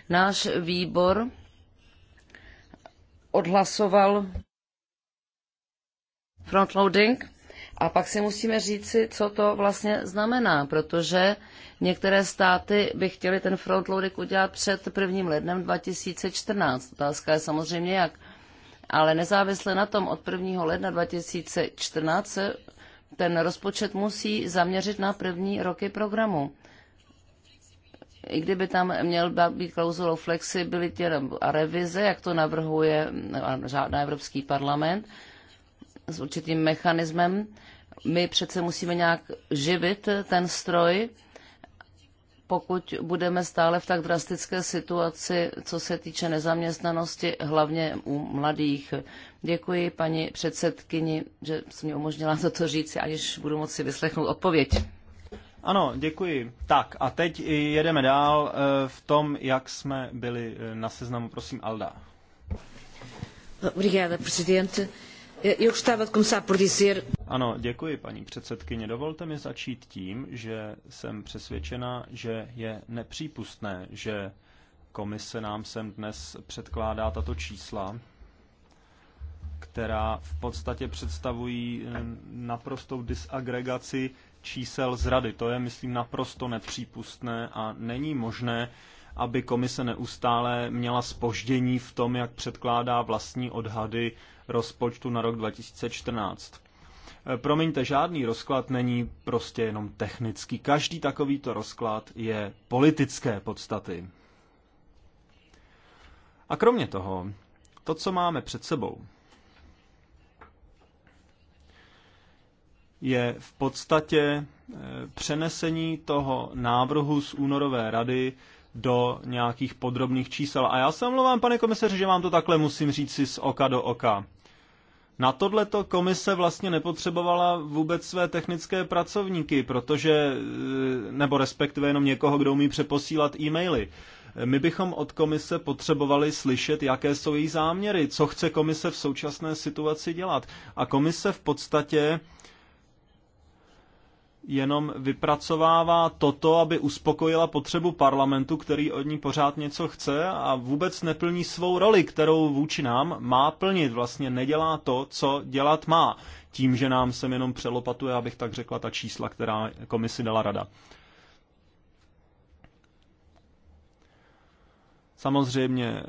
S3: Náš výbor odhlasoval frontloading a pak si musíme říci, co to vlastně znamená, protože některé státy by chtěly ten frontloading udělat před 1. lednem 2014. Otázka je samozřejmě jak. Ale nezávisle na tom od 1. ledna 2014 se ten rozpočet musí zaměřit na první roky programu. I kdyby tam měl být klauzulou flexibilitě a revize, jak to navrhuje na mm, Evropský parlament, s určitým mechanismem. My přece musíme nějak živit ten stroj, pokud budeme stále v tak drastické situaci, co se týče nezaměstnanosti, hlavně u mladých. Děkuji paní předsedkyni, že jsi mi umožnila toto říct, aniž budu moci vyslechnout odpověď.
S2: Ano, děkuji. Tak a teď jedeme dál eh, v tom, jak jsme byli eh, na seznamu. Prosím, Alda.
S3: Obrigada, presidente. Eh, eu gostava de começar por dizer...
S2: Ano, děkuji paní předsedkyně. Dovolte mi začít tím, že jsem přesvědčena, že je nepřípustné, že komise nám sem dnes předkládá tato čísla, která v podstatě představují eh, naprostou disagregaci čísel z rady. To je, myslím, naprosto nepřípustné a není možné, aby komise neustále měla spoždění v tom, jak předkládá vlastní odhady rozpočtu na rok 2014. E, promiňte, žádný rozklad není prostě jenom technický. Každý takovýto rozklad je politické podstaty. A kromě toho, to, co máme před sebou, je v podstatě e, přenesení toho návrhu z únorové rady do nějakých podrobných čísel. A já se omlouvám, pane komisaři, že vám to takhle musím říct si z oka do oka. Na tohleto komise vlastně nepotřebovala vůbec své technické pracovníky, protože, eh, nebo respektive jenom někoho, kdo umí přeposílat e-maily. My bychom od komise potřebovali slyšet, jaké jsou její záměry, co chce komise v současné situaci dělat. A komise v podstatě jenom vypracovává toto, aby uspokojila potřebu parlamentu, který od ní pořád něco chce a vůbec neplní svou roli, kterou vůči nám má plnit. Vlastně nedělá to, co dělat má. Tím, že nám sem jenom přelopatuje, abych tak řekla, ta čísla, která komisi dala rada. Samozřejmě eh,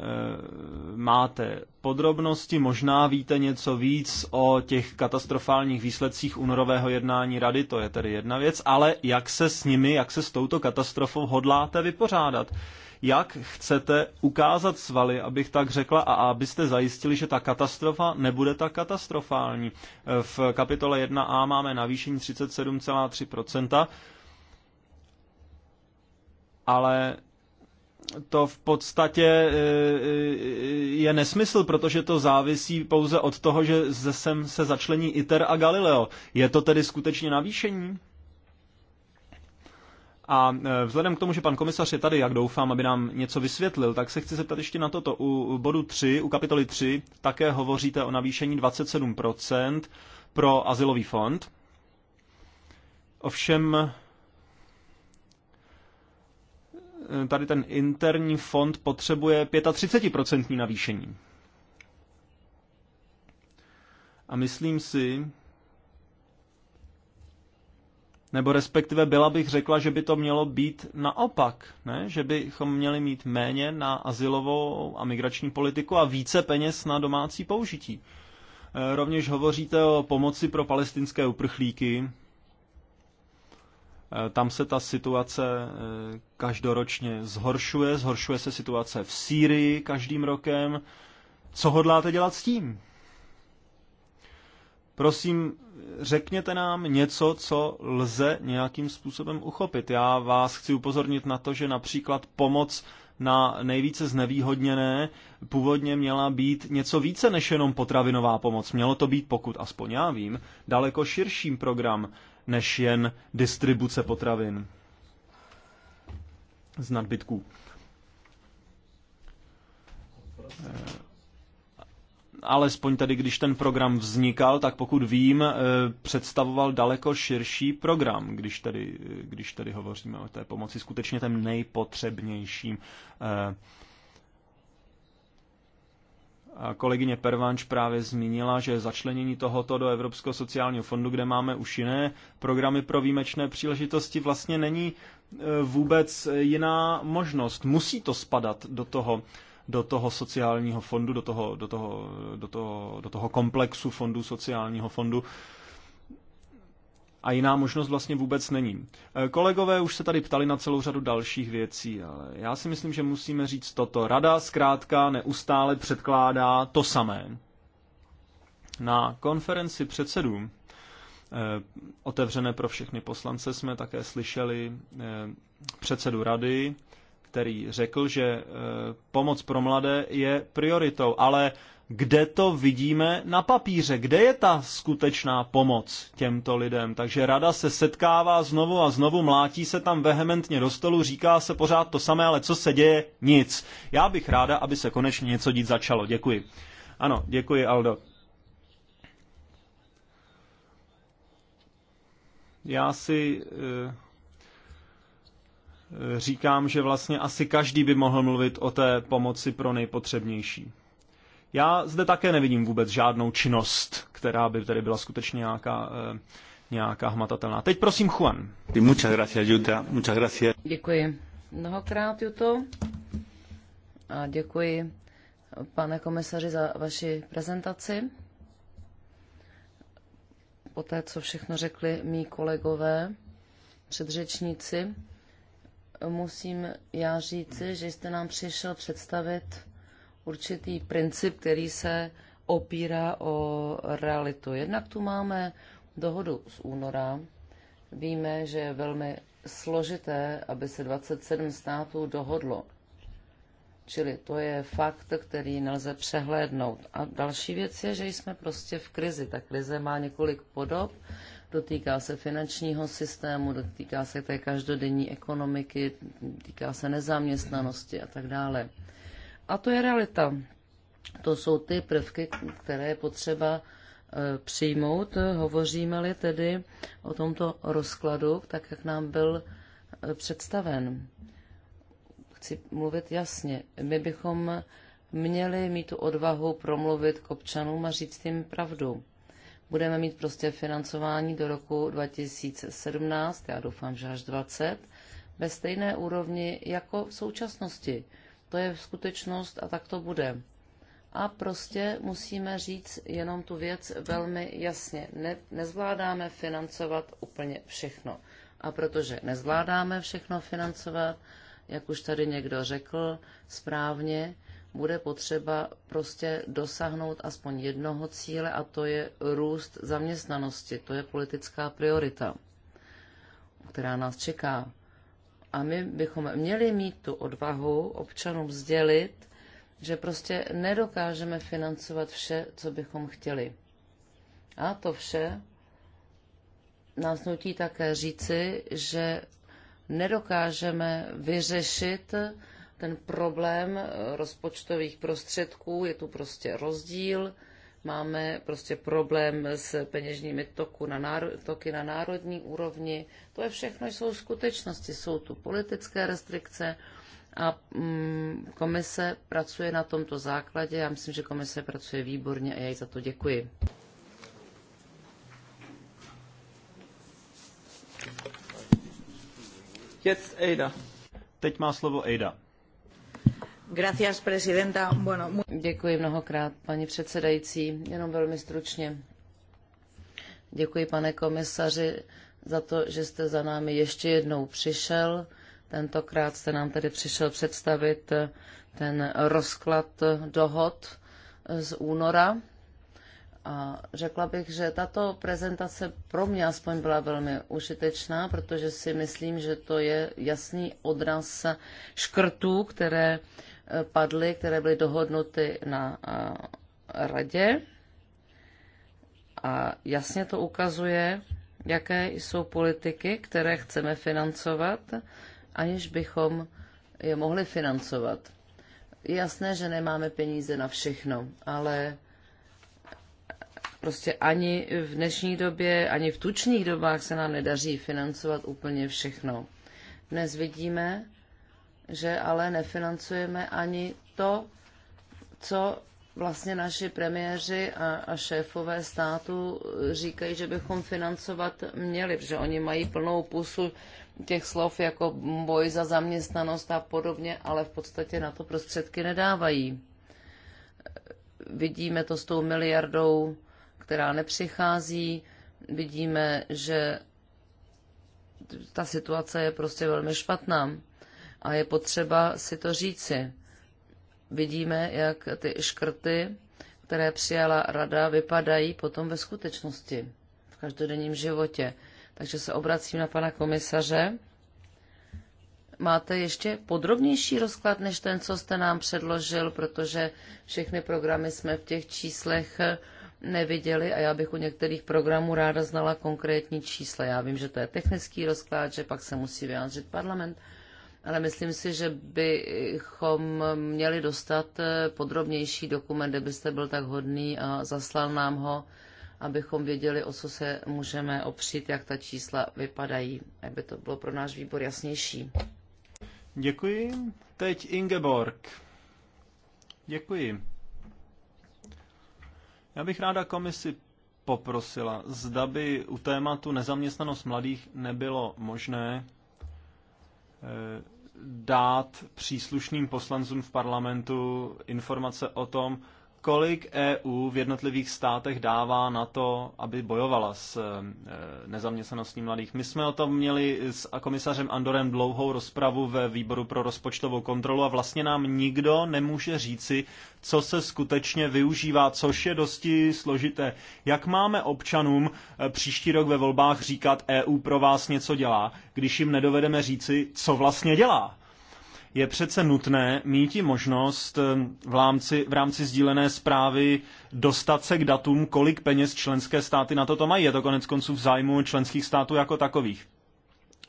S2: máte podrobnosti, možná víte něco víc o těch katastrofálních výsledcích únorového jednání rady, to je tedy jedna věc, ale jak se s nimi, jak se s touto katastrofou hodláte vypořádat? Jak chcete ukázat svaly, abych tak řekla, a abyste zajistili, že ta katastrofa nebude tak katastrofální? Eh, v kapitole 1a máme navýšení 37,3%, ale to v podstatě e, e, je nesmysl, protože to závisí pouze od toho, že ze sem se začlení ITER a Galileo. Je to tedy skutečně navýšení? A e, vzhledem k tomu, že pan komisař je tady, jak doufám, aby nám něco vysvětlil, tak se chci zeptat ještě na toto. U bodu 3, u kapitoly 3, také hovoříte o navýšení 27% pro asilový fond. Ovšem Eh, tady ten interní fond potřebuje 35% navýšení. A myslím si, nebo respektive byla bych řekla, že by to mělo být naopak, ne? že bychom měli mít méně na asilovou a migrační politiku a více peněz na domácí použití. Eh, rovněž hovoříte o pomoci pro palestinské uprchlíky, Eh, tam se ta situace eh, každoročně zhoršuje, zhoršuje se situace v Sýrii každým rokem. Co hodláte dělat s tím? Prosím, řekněte nám něco, co lze nějakým způsobem uchopit. Já vás chci upozornit na to, že například pomoc na nejvíce znevýhodněné původně měla být něco více než jenom potravinová pomoc. Mělo to být, pokud aspoň já vím, daleko širším program než jen distribuce potravin z nadbytků. Eh, alespoň tedy, když ten program vznikal, tak pokud vím, eh, představoval daleko širší program, když tedy, eh, když tedy hovoříme o té pomoci skutečně ten nejpotřebnějším a kolegyně Pervanč právě zmínila, že začlenění tohoto do Evropského sociálního fondu, kde máme už jiné programy pro výjimečné příležitosti, vlastně není e, vůbec jiná možnost. Musí to spadat do toho, do toho sociálního fondu, do toho, do toho, do toho, do toho komplexu fondu sociálního fondu. A jiná možnost vlastně vůbec není. Eh, kolegové už se tady ptali na celou řadu dalších věcí, ale já si myslím, že musíme říct toto. Rada zkrátka neustále předkládá to samé. Na konferenci předsedů eh, otevřené pro všechny poslance jsme také slyšeli eh, předsedu rady, který řekl, že pomoc pro mladé je prioritou, ale kde to vidíme na papíře, kde je ta skutečná pomoc těmto lidem. Takže rada se setkává znovu a znovu, mlátí se tam vehementně do stolu, říká se pořád to samé, ale co se děje? Nic. Já bych ráda, aby se konečně něco dít začalo. Děkuji. Ano, děkuji, Aldo. Já si eh, eh, říkám, že vlastně asi každý by mohl mluvit o té pomoci pro nejpotřebnější. Já zde také nevidím vůbec žádnou činnost, která by tady byla skutečně nějaká, eh, nějaká hmatatelná. Teď prosím Juan. Muchas gracias, Juta. Muchas gracias.
S3: Děkuji mnohokrát, Juto. A děkuji, pane komisaři, za vaši prezentaci. Poté, co všechno řekli mý kolegové, předřečníci, musím já říci, že jste nám přišel představit určitý princip, který se opírá o realitu. Jednak tu máme dohodu z února. Víme, že je velmi složité, aby se 27 států dohodlo. Čili to je fakt, který nelze přehlédnout. A další věc je, že jsme prostě v krizi. Ta krize má několik podob. Dotýká se finančního systému, dotýká se té každodenní ekonomiky, týká se nezaměstnanosti a tak dále. A to je realita. To jsou ty prvky, které je potřeba e, přijmout. Hovoříme-li tedy o tomto rozkladu, tak jak nám byl e, představen. Chci mluvit jasně. My bychom měli mít tu odvahu promluvit k občanům a říct jim pravdu. Budeme mít prostě financování do roku 2017, já doufám, že až 20, ve stejné úrovni jako v současnosti. To je skutečnost a tak to bude. A prostě musíme říct jenom tu věc velmi jasně. Ne, nezvládáme financovat úplně všechno. A protože nezvládáme všechno financovat, jak už tady někdo řekl správně, bude potřeba prostě dosáhnout aspoň jednoho cíle a to je růst zaměstnanosti. To je politická priorita, která nás čeká. A my bychom měli mít tu odvahu občanům sdělit, že prostě nedokážeme financovat vše, co bychom chtěli. A to vše nás nutí také říci, že nedokážeme vyřešit ten problém rozpočtových prostředků, je tu prostě rozdíl Máme prostě problém s peněžními toku na náro, toky na národní úrovni. To je všechno, jsou skutečnosti. Jsou tu politické restrikce a mm, komise pracuje na tomto základě. Já myslím, že komise pracuje výborně a já jí za to děkuji.
S2: Jetzt Ada. Teď má slovo Ada.
S3: Děkuji mnohokrát, paní předsedající. Jenom velmi stručně. Děkuji, pane komisaři, za to, že jste za námi ještě jednou přišel. Tentokrát jste nám tedy přišel představit eh, ten rozklad dohod eh, z února. A řekla bych, že tato prezentace pro mě aspoň byla velmi užitečná, protože si myslím, že to je jasný odraz škrtů, které padly, které byly dohodnuty na radě. A jasně to ukazuje, jaké jsou politiky, které chceme financovat, aniž bychom je mohli financovat. Je jasné, že nemáme peníze na všechno, ale prostě ani v dnešní době, ani v tučných dobách se nám nedaří financovat úplně všechno. Dnes vidíme, že ale nefinancujeme ani to, co vlastně naši premiéři a, a šéfové státu říkají, že bychom financovat měli, protože oni mají plnou pusu těch slov jako boj za zaměstnanost a podobně, ale v podstatě na to prostředky nedávají. Vidíme to s tou miliardou, která nepřichází, vidíme, že ta situace je prostě velmi špatná a je potřeba si to říci. Vidíme, jak ty škrty, které přijala rada, vypadají potom ve skutečnosti, v každodenním životě. Takže se obracím na pana komisaře. Máte ještě podrobnější rozklad než ten, co jste nám předložil, protože všechny programy jsme v těch číslech neviděli a já bych u některých programů ráda znala konkrétní čísla. Já vím, že to je technický rozklad, že pak se musí vyjádřit parlament ale myslím si, že bychom měli dostat eh, podrobnější dokument, kdybyste byl tak hodný a zaslal nám ho, abychom věděli, o co se můžeme opřít, jak ta čísla vypadají, aby to bylo pro náš výbor jasnější.
S2: Děkuji. Teď Ingeborg. Děkuji. Já bych ráda komisi poprosila, zda by u tématu nezaměstnanost mladých nebylo možné dát příslušným poslancům v parlamentu informace o tom, kolik EU v jednotlivých státech dává na to, aby bojovala s eh, nezaměstnaností mladých. My jsme o tom měli s komisařem Andorem dlouhou rozpravu ve výboru pro rozpočtovou kontrolu a vlastně nám nikdo nemůže říci, co se skutečně využívá, což je dosti složité. Jak máme občanům eh, příští rok ve volbách říkat, EU pro vás něco dělá, když jim nedovedeme říci, co vlastně dělá? je přece nutné mít i možnost eh, v rámci, v rámci sdílené zprávy dostat se k datům, kolik peněz členské státy na toto mají. Je to konec konců v zájmu členských států jako takových.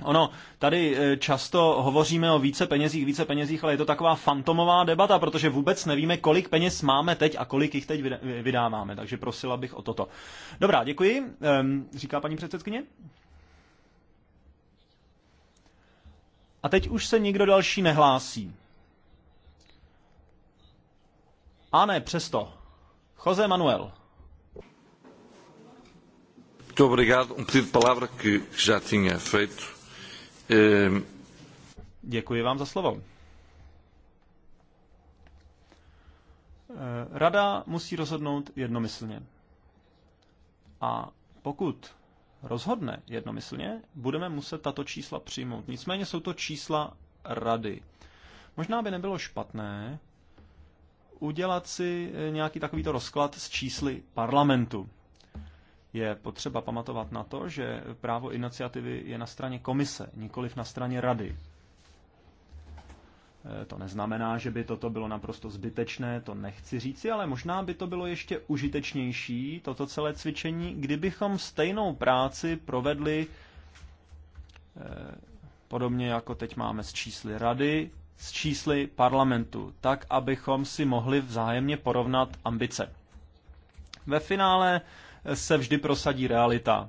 S2: Ono, tady eh, často hovoříme o více penězích, více penězích, ale je to taková fantomová debata, protože vůbec nevíme, kolik peněz máme teď a kolik jich teď vydáváme, takže prosila bych o toto. Dobrá, děkuji, ehm, říká paní předsedkyně. A teď už se nikdo další nehlásí. A ne, přesto. Jose Manuel.
S1: Muito obrigado. Um pedido de palavra que já tinha feito. Ehm, Děkuji vám za slovo.
S2: Eh, rada musí rozhodnout jednomyslně. A pokud rozhodne jednomyslně, budeme muset tato čísla přijmout. Nicméně jsou to čísla rady. Možná by nebylo špatné udělat si eh, nějaký takovýto rozklad s čísly parlamentu. Je potřeba pamatovat na to, že právo iniciativy je na straně komise, nikoliv na straně rady. Eh, to neznamená, že by toto bylo naprosto zbytečné, to nechci říci, ale možná by to bylo ještě užitečnější, toto celé cvičení, kdybychom stejnou práci provedli eh, podobně jako teď máme s čísly rady, s čísly parlamentu, tak abychom si mohli vzájemně porovnat ambice. Ve finále se vždy prosadí realita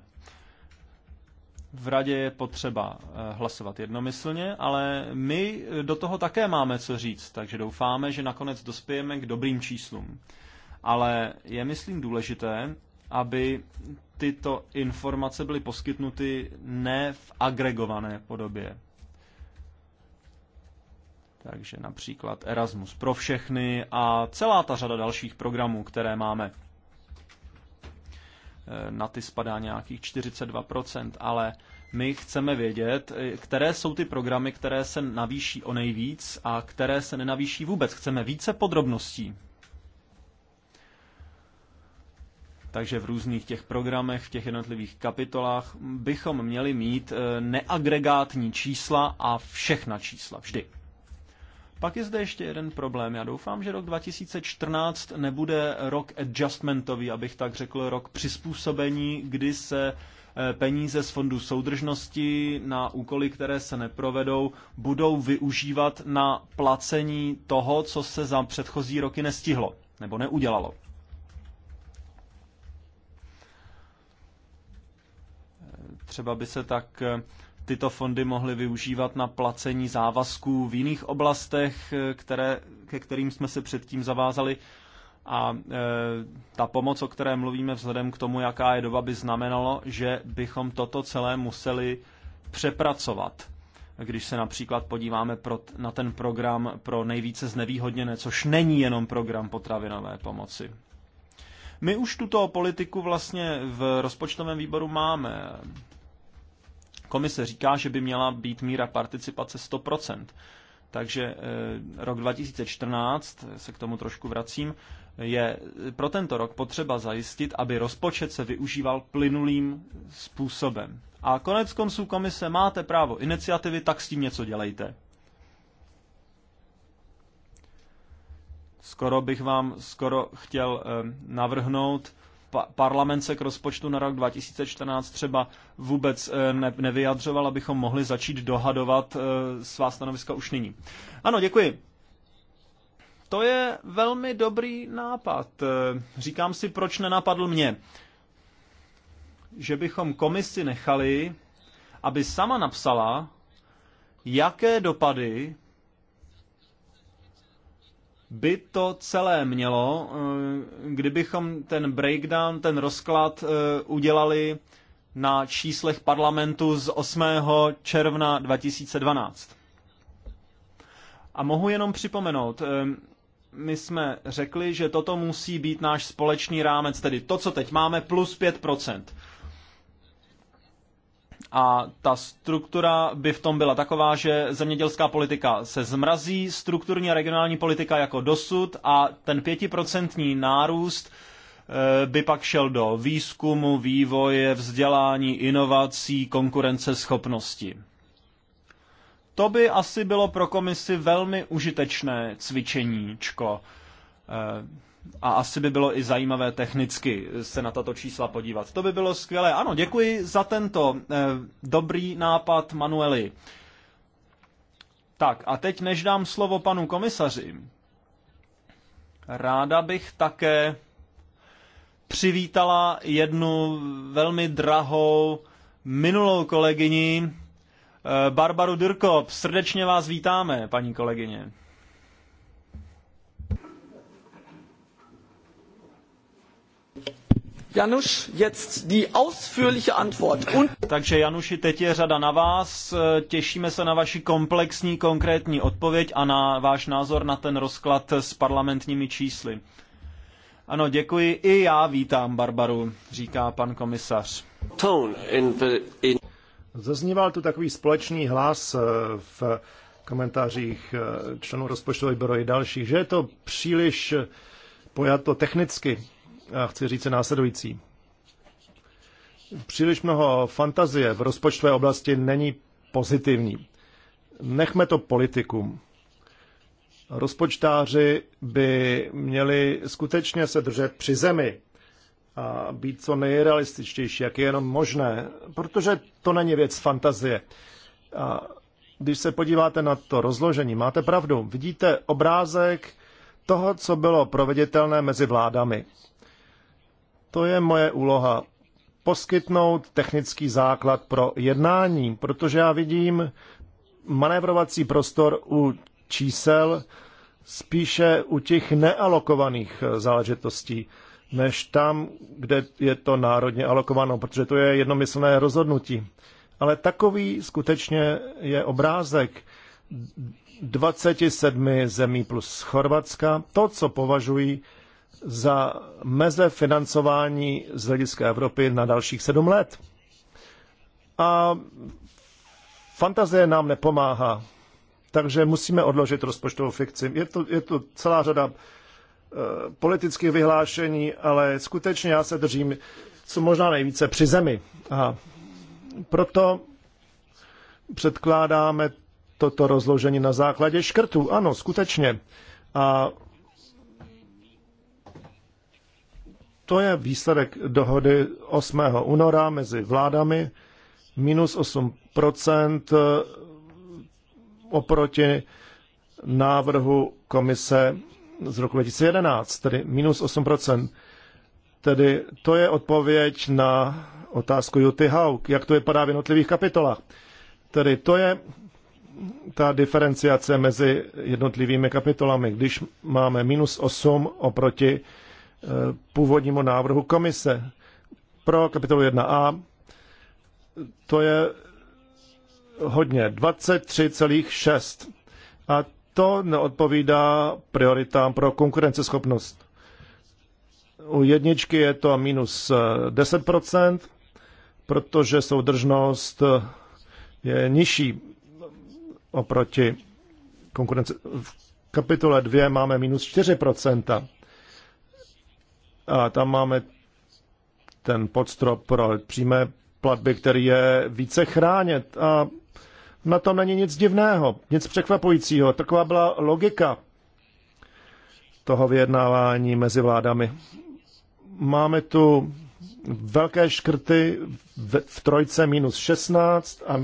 S2: v radě je potřeba eh, hlasovat jednomyslně, ale my eh, do toho také máme co říct, takže doufáme, že nakonec dospějeme k dobrým číslům. Ale je, myslím, důležité, aby tyto informace byly poskytnuty ne v agregované podobě. Takže například Erasmus pro všechny a celá ta řada dalších programů, které máme. Eh, na ty spadá nějakých 42%, ale my chceme vědět, eh, které jsou ty programy, které se navýší o nejvíc a které se nenavýší vůbec. Chceme více podrobností. Takže v různých těch programech, v těch jednotlivých kapitolách bychom měli mít eh, neagregátní čísla a všechna čísla vždy. Pak je zde ještě jeden problém. Já doufám, že rok 2014 nebude rok adjustmentový, abych tak řekl, rok přizpůsobení, kdy se eh, peníze z fondu soudržnosti na úkoly, které se neprovedou, budou využívat na placení toho, co se za předchozí roky nestihlo nebo neudělalo. Eh, třeba by se tak eh, tyto fondy mohly využívat na placení závazků v jiných oblastech, eh, které, ke kterým jsme se předtím zavázali. A e, ta pomoc, o které mluvíme, vzhledem k tomu, jaká je doba, by znamenalo, že bychom toto celé museli přepracovat. Když se například podíváme pro, na ten program pro nejvíce znevýhodněné, což není jenom program potravinové pomoci. My už tuto politiku vlastně v rozpočtovém výboru máme. Komise říká, že by měla být míra participace 100%. Takže eh, rok 2014, se k tomu trošku vracím, je pro tento rok potřeba zajistit, aby rozpočet se využíval plynulým způsobem. A konec konců komise máte právo iniciativy, tak s tím něco dělejte. Skoro bych vám skoro chtěl eh, navrhnout parlament se k rozpočtu na rok 2014 třeba vůbec eh, ne- nevyjadřoval, abychom mohli začít dohadovat eh, svá stanoviska už nyní. Ano, děkuji. To je velmi dobrý nápad. Eh, říkám si, proč nenapadl mě. Že bychom komisi nechali, aby sama napsala, jaké dopady by to celé mělo, eh, kdybychom ten breakdown, ten rozklad eh, udělali na číslech parlamentu z 8. června 2012. A mohu jenom připomenout, eh, my jsme řekli, že toto musí být náš společný rámec, tedy to, co teď máme, plus 5%. A ta struktura by v tom byla taková, že zemědělská politika se zmrazí, strukturní a regionální politika jako dosud a ten pětiprocentní nárůst eh, by pak šel do výzkumu, vývoje, vzdělání, inovací, konkurenceschopnosti. To by asi bylo pro komisi velmi užitečné cvičeníčko. Eh, a asi by bylo i zajímavé technicky se na tato čísla podívat. To by bylo skvělé. Ano, děkuji za tento eh, dobrý nápad, Manueli. Tak a teď, než dám slovo panu komisaři, ráda bych také přivítala jednu velmi drahou minulou kolegyni, eh, Barbaru Dyrko, srdečně vás vítáme, paní kolegyně. Januš, jetzt die ausführliche Antwort. Und... Takže Januši, teď je řada na vás. Těšíme se na vaši komplexní, konkrétní odpověď a na váš názor na ten rozklad s parlamentními čísly. Ano, děkuji. I já vítám Barbaru, říká pan
S1: komisař. Zazníval tu takový společný hlas eh, v komentářích eh, členů rozpočtového výboru i dalších, že je to příliš eh, pojato technicky a chci říct následující. Příliš mnoho fantazie v rozpočtové oblasti není pozitivní. Nechme to politikům. Rozpočtáři by měli skutečně se držet při zemi a být co nejrealističtější, jak je jenom možné, protože to není věc fantazie. A když se podíváte na to rozložení, máte pravdu, vidíte obrázek toho, co bylo proveditelné mezi vládami. To je moje úloha. Poskytnout technický základ pro jednání, protože já vidím manévrovací prostor u čísel spíše u těch nealokovaných eh, záležitostí, než tam, kde je to národně alokováno, protože to je jednomyslné rozhodnutí. Ale takový skutečně je obrázek 27 zemí plus Chorvatska, to, co považují za meze financování z hlediska Evropy na dalších sedm let. A fantazie nám nepomáhá, takže musíme odložit rozpočtovou fikci. Je to, je to celá řada eh, politických vyhlášení, ale skutečně já se držím co možná nejvíce při zemi. A proto předkládáme toto rozložení na základě škrtů. Ano, skutečně. A To je výsledek dohody 8. února mezi vládami minus 8% eh, oproti návrhu komise z roku 2011, tedy minus 8%. Tedy to je odpověď na otázku Juty Hauk, jak to vypadá v jednotlivých kapitolách. Tedy to je ta diferenciace mezi jednotlivými kapitolami. Když máme minus 8 oproti Eh, původnímu návrhu komise. Pro kapitolu 1a to je hodně, 23,6. A to neodpovídá prioritám pro konkurenceschopnost. U jedničky je to minus 10%, eh, protože soudržnost eh, je nižší oproti konkurence. V kapitole 2 máme minus a tam máme ten podstrop pro přímé platby, který je více chránět. A na tom není nic divného, nic překvapujícího. Taková byla logika toho vyjednávání mezi vládami. Máme tu velké škrty v, v trojce minus 16 a,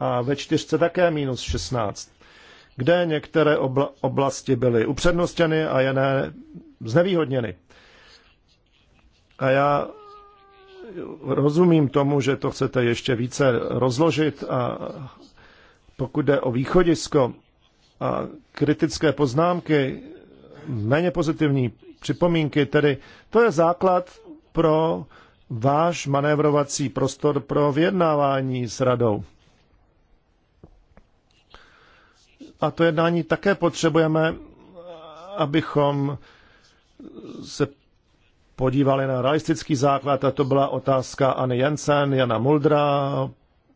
S1: a ve čtyřce také minus 16, kde některé obla, oblasti byly upřednostěny a jiné znevýhodněny. A já rozumím tomu, že to chcete ještě více rozložit a pokud jde o východisko a kritické poznámky, méně pozitivní připomínky, tedy to je základ pro váš manévrovací prostor pro vyjednávání s radou. A to jednání také potřebujeme, abychom se podívali na realistický základ a to byla otázka Anny Jensen, Jana Muldra,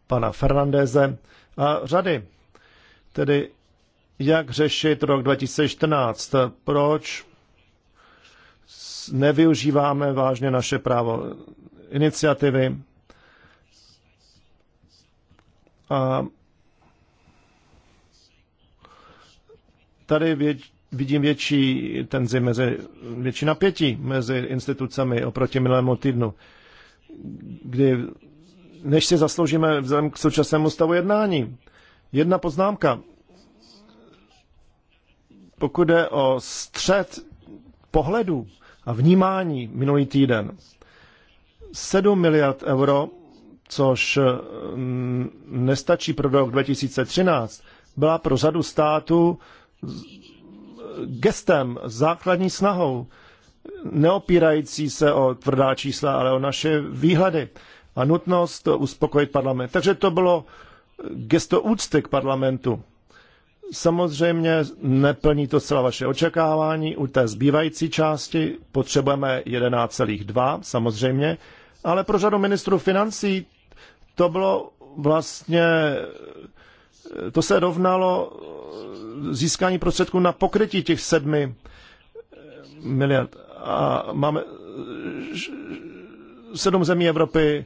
S1: pana Fernandeze a řady. Tedy jak řešit rok 2014? Proč nevyužíváme vážně naše právo iniciativy? A tady vidím větší tenzi mezi, větší napětí mezi institucemi oproti minulému týdnu, kdy než si zasloužíme vzhledem k současnému stavu jednání. Jedna poznámka. Pokud jde o střed pohledu a vnímání minulý týden, 7 miliard euro, což mm, nestačí pro rok 2013, byla pro řadu států gestem, základní snahou, neopírající se o tvrdá čísla, ale o naše výhledy a nutnost uspokojit parlament. Takže to bylo gesto úcty k parlamentu. Samozřejmě neplní to celá vaše očekávání. U té zbývající části potřebujeme 11,2 samozřejmě, ale pro řadu ministrů financí to bylo vlastně to se rovnalo získání prostředků na pokrytí těch sedmi miliard. A máme sedm zemí Evropy,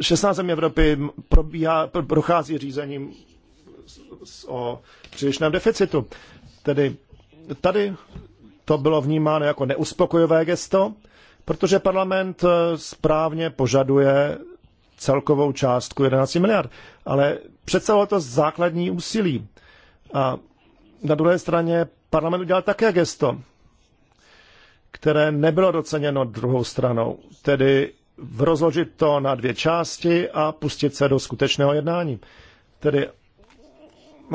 S1: 16 zemí Evropy probíhá, prochází řízením o přílišném deficitu. Tedy tady to bylo vnímáno jako neuspokojové gesto, protože parlament správně požaduje celkovou částku 11 miliard. Ale představilo to základní úsilí. A na druhé straně parlament udělal také gesto, které nebylo doceněno druhou stranou, tedy rozložit to na dvě části a pustit se do skutečného jednání. Tedy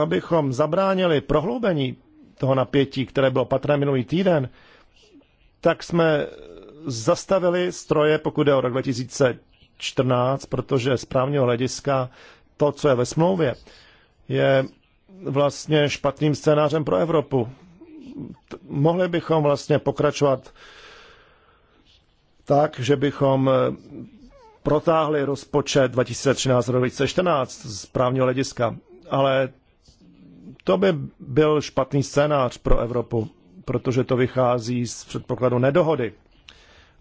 S1: abychom zabránili prohloubení toho napětí, které bylo patrné minulý týden, tak jsme zastavili stroje, pokud je o rok 2000 14, protože z právního hlediska to, co je ve smlouvě, je vlastně špatným scénářem pro Evropu. Mohli bychom vlastně pokračovat tak, že bychom eh, protáhli rozpočet 2013-2014 do z právního hlediska, ale to by byl špatný scénář pro Evropu, protože to vychází z předpokladu nedohody.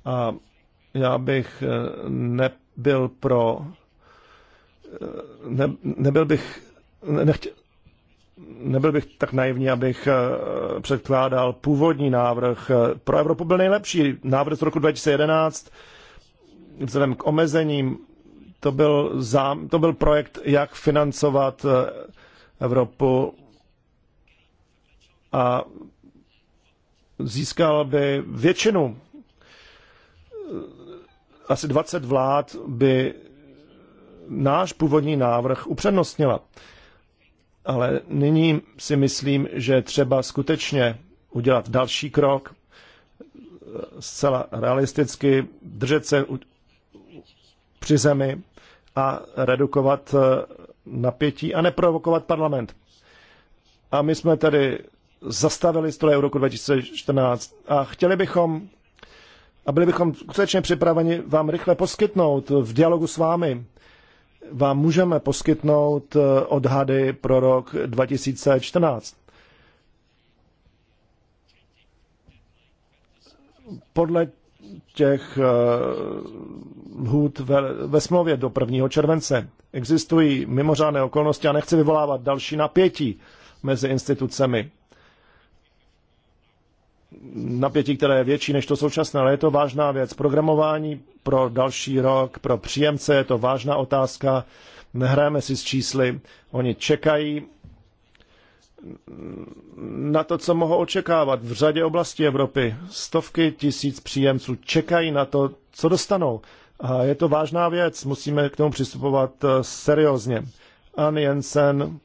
S1: A já bych eh, ne, byl pro... Eh, ne, nebyl bych... nechtě nebyl bych tak naivní, abych eh, předkládal původní návrh. Pro Evropu byl nejlepší návrh z roku 2011 vzhledem k omezením. To byl, zám, to byl projekt, jak financovat eh, Evropu a získal by většinu asi 20 vlád by náš původní návrh upřednostnila. Ale nyní si myslím, že třeba skutečně udělat další krok, zcela realisticky držet se při zemi a redukovat eh, napětí a neprovokovat parlament. A my jsme tedy zastavili stroje v roku 2014 a chtěli bychom a byli bychom skutečně připraveni vám rychle poskytnout v dialogu s vámi. Vám můžeme poskytnout eh, odhady pro rok 2014. Podle těch eh, lhůt ve, ve smlouvě do 1. července existují mimořádné okolnosti a nechci vyvolávat další napětí mezi institucemi napětí, které je větší než to současné, ale je to vážná věc. Programování pro další rok, pro příjemce je to vážná otázka. Nehrajeme si s čísly, oni čekají na to, co mohou očekávat. V řadě oblastí Evropy stovky tisíc příjemců čekají na to, co dostanou. A je to vážná věc, musíme k tomu přistupovat eh, seriózně. Anne Jensen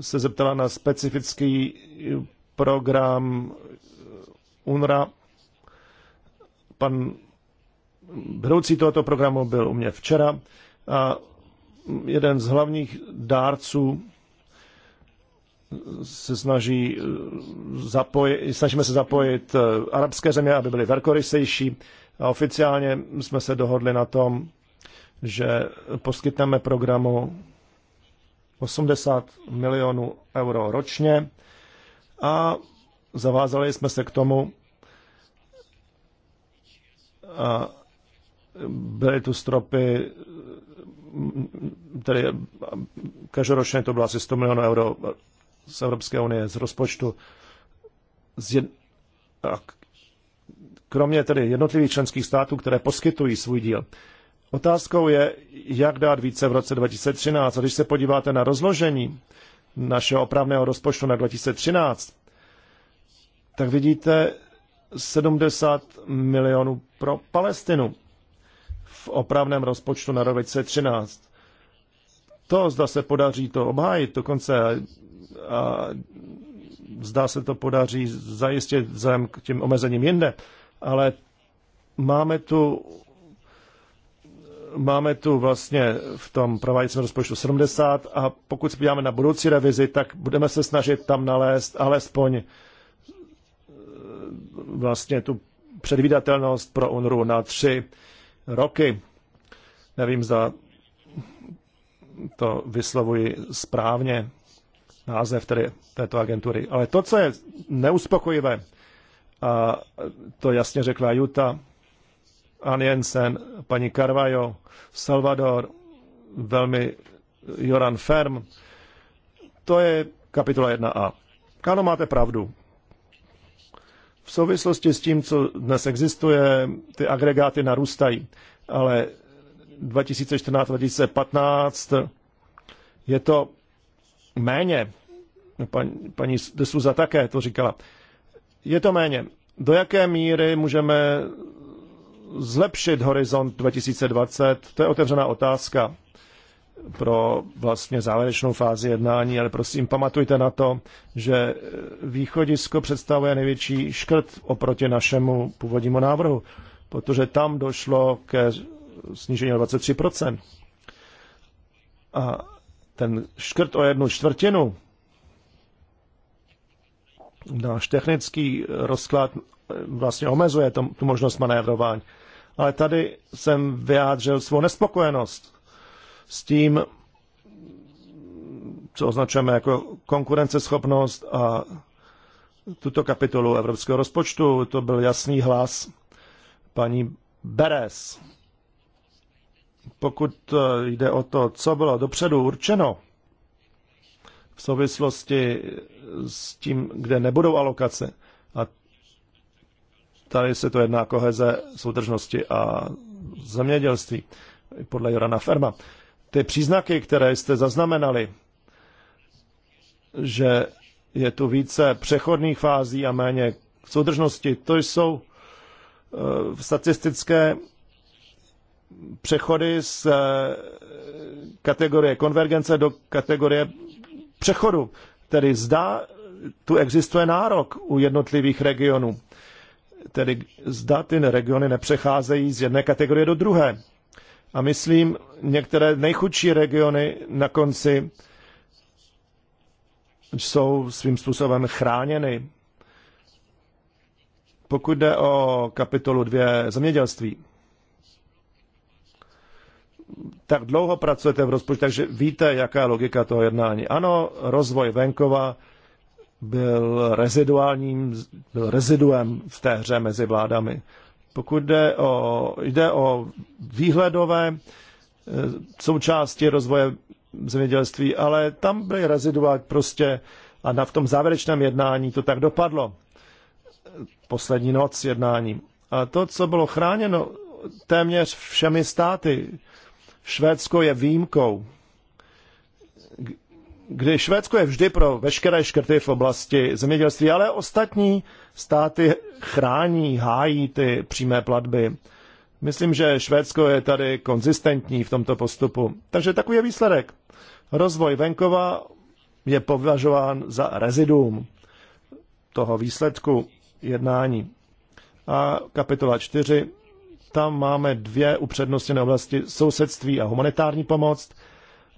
S1: se zeptala na specifický program února. Pan vedoucí tohoto programu byl u mě včera a jeden z hlavních dárců se snaží eh, zapojit, snažíme se zapojit eh, arabské země, aby byly velkorysejší. A oficiálně jsme se dohodli na tom, že poskytneme programu 80 milionů euro ročně a Zavázali jsme se k tomu a byly tu stropy, tedy každoročně to bylo asi 100 milionů euro z Evropské unie, z rozpočtu. Z jed... a kromě tedy jednotlivých členských států, které poskytují svůj díl. Otázkou je, jak dát více v roce 2013. A když se podíváte na rozložení našeho opravného rozpočtu na 2013, tak vidíte 70 milionů pro Palestinu v opravném rozpočtu na rok 2013. To, zda se podaří to obhájit, dokonce a zda se to podaří zajistit zem k těm omezením jinde, ale máme tu máme tu vlastně v tom provádějícím rozpočtu 70 a pokud se podíváme na budoucí revizi, tak budeme se snažit tam nalézt alespoň vlastně tu předvídatelnost pro UNRU na tři roky. Nevím, zda to vyslovuji správně, název tedy této agentury. Ale to, co je neuspokojivé, a to jasně řekla Juta, Ann Jensen, paní Carvajo, Salvador, velmi Joran Ferm, to je kapitola 1a. Ano, máte pravdu. V souvislosti s tím, co dnes existuje, ty agregáty narůstají, ale 2014-2015 je to méně. Pan, paní Desuza také to říkala. Je to méně. Do jaké míry můžeme zlepšit horizont 2020? To je otevřená otázka pro vlastně závěrečnou fázi jednání, ale prosím pamatujte na to, že východisko představuje největší škrt oproti našemu původnímu návrhu, protože tam došlo ke snížení o 23%. A ten škrt o jednu čtvrtinu, náš technický rozklad vlastně omezuje tu možnost manévrování. Ale tady jsem vyjádřil svou nespokojenost s tím, co označujeme jako konkurenceschopnost a tuto kapitolu evropského rozpočtu. To byl jasný hlas paní Beres. Pokud eh, jde o to, co bylo dopředu určeno v souvislosti s tím, kde nebudou alokace, a tady se to jedná koheze soudržnosti a zemědělství podle Jorana Ferma ty příznaky, které jste zaznamenali, že je tu více přechodných fází a méně soudržnosti, to jsou eh, statistické přechody z eh, kategorie konvergence do kategorie přechodu. Tedy zda tu existuje nárok u jednotlivých regionů. Tedy zda ty regiony nepřecházejí z jedné kategorie do druhé a myslím některé nejchudší regiony na konci jsou svým způsobem chráněny. Pokud jde o kapitolu 2 zemědělství, tak dlouho pracujete v rozpočtu, takže víte, jaká je logika toho jednání. Ano, rozvoj venkova byl reziduálním, byl reziduem v té hře mezi vládami. Pokud jde o, jde o výhledové eh, součásti rozvoje zemědělství, ale tam byly rezidua prostě a na, v tom závěrečném jednání to tak dopadlo. Poslední noc jednání. A to, co bylo chráněno téměř všemi státy, Švédsko je výjimkou, kdy Švédsko je vždy pro veškeré škrty v oblasti zemědělství, ale ostatní státy chrání, hájí ty přímé platby. Myslím, že Švédsko je tady konzistentní v tomto postupu. Takže takový je výsledek. Rozvoj venkova je považován za reziduum toho výsledku jednání. A kapitola 4, tam máme dvě upřednostněné oblasti sousedství a humanitární pomoc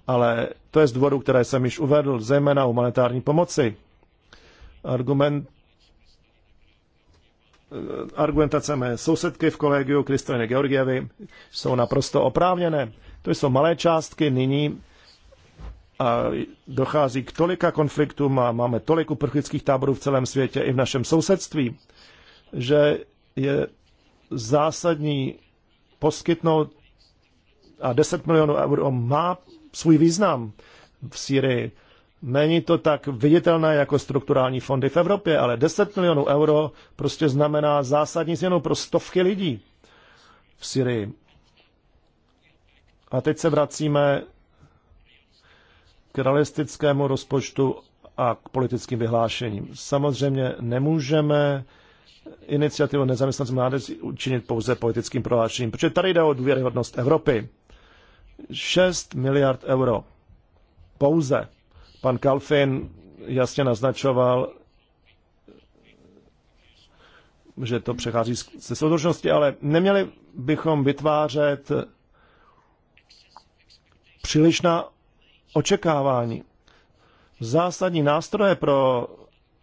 S1: ale to je z důvodu, které jsem již uvedl, zejména humanitární pomoci. Argument argumentace mé sousedky v kolegiu Kristiny Georgievy jsou naprosto oprávněné. To jsou malé částky nyní a dochází k tolika konfliktům a máme tolik uprchlických táborů v celém světě i v našem sousedství, že je zásadní poskytnout a 10 milionů euro má svůj význam v Syrii Není to tak viditelné jako strukturální fondy v Evropě, ale 10 milionů euro prostě znamená zásadní změnu pro stovky lidí v Syrii. A teď se vracíme k realistickému rozpočtu a k politickým vyhlášením. Samozřejmě nemůžeme iniciativu nezaměstnanců mládež učinit pouze politickým prohlášením, protože tady jde o důvěryhodnost Evropy. 6 miliard euro. Pouze. Pan Kalfin jasně naznačoval, že to přechází ze soudržnosti, ale neměli bychom vytvářet přílišná očekávání. Zásadní nástroje pro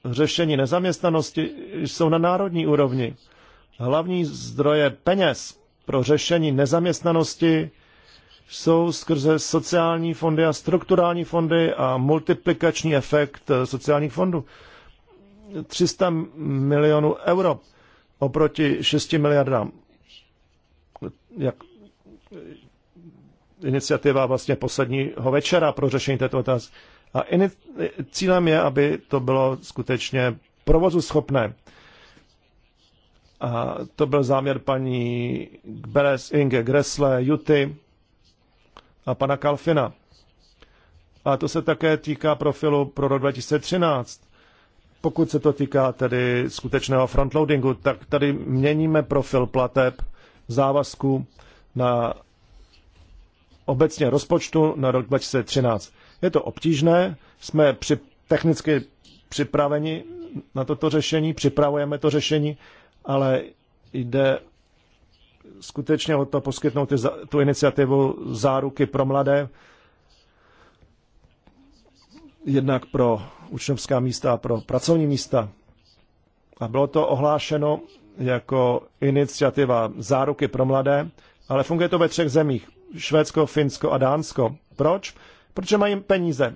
S1: řešení nezaměstnanosti jsou na národní úrovni. Hlavní zdroje peněz pro řešení nezaměstnanosti jsou skrze sociální fondy a strukturální fondy a multiplikační efekt eh, sociálních fondů. 300 milionů euro oproti 6 miliardám. Jak eh, iniciativa vlastně posledního večera pro řešení této otázky. A cílem je, aby to bylo skutečně provozu schopné. A to byl záměr paní Beres, Inge Gressle, Juty a pana Kalfina. A to se také týká profilu pro rok 2013. Pokud se to týká tedy skutečného frontloadingu, tak tady měníme profil plateb závazku na obecně rozpočtu na rok 2013. Je to obtížné, jsme při, technicky připraveni na toto řešení, připravujeme to řešení, ale jde skutečně o to poskytnout ty, tu iniciativu záruky pro mladé, jednak pro učňovská místa a pro pracovní místa. A bylo to ohlášeno jako iniciativa záruky pro mladé, ale funguje to ve třech zemích. Švédsko, Finsko a Dánsko. Proč? Protože mají peníze.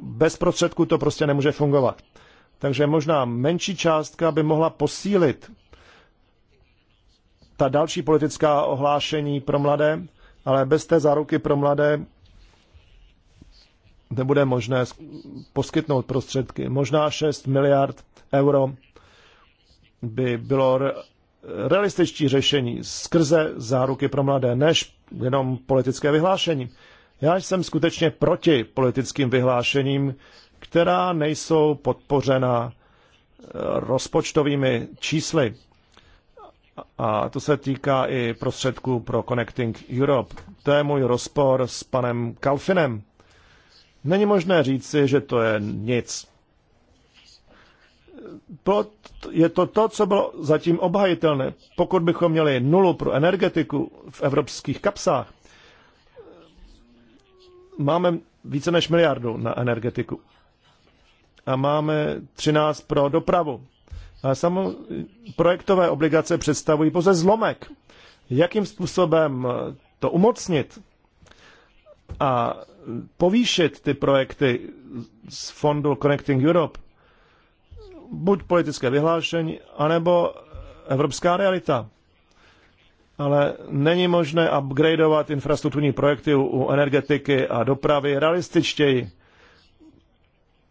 S1: Bez prostředků to prostě nemůže fungovat. Takže možná menší částka by mohla posílit ta další politická ohlášení pro mladé, ale bez té záruky pro mladé nebude možné poskytnout prostředky. Možná 6 miliard euro by bylo realističtí řešení skrze záruky pro mladé, než jenom politické vyhlášení. Já jsem skutečně proti politickým vyhlášením, která nejsou podpořena eh, rozpočtovými čísly a to se týká i prostředků pro Connecting Europe. To je můj rozpor s panem Kalfinem. Není možné říci, že to je nic. Je to to, co bylo zatím obhajitelné. Pokud bychom měli nulu pro energetiku v evropských kapsách, máme více než miliardu na energetiku a máme 13 pro dopravu ale samo, projektové obligace představují pouze zlomek. Jakým způsobem to umocnit a povýšit ty projekty z fondu Connecting Europe, buď politické vyhlášení, anebo evropská realita. Ale není možné upgradeovat infrastrukturní projekty u energetiky a dopravy realističtěji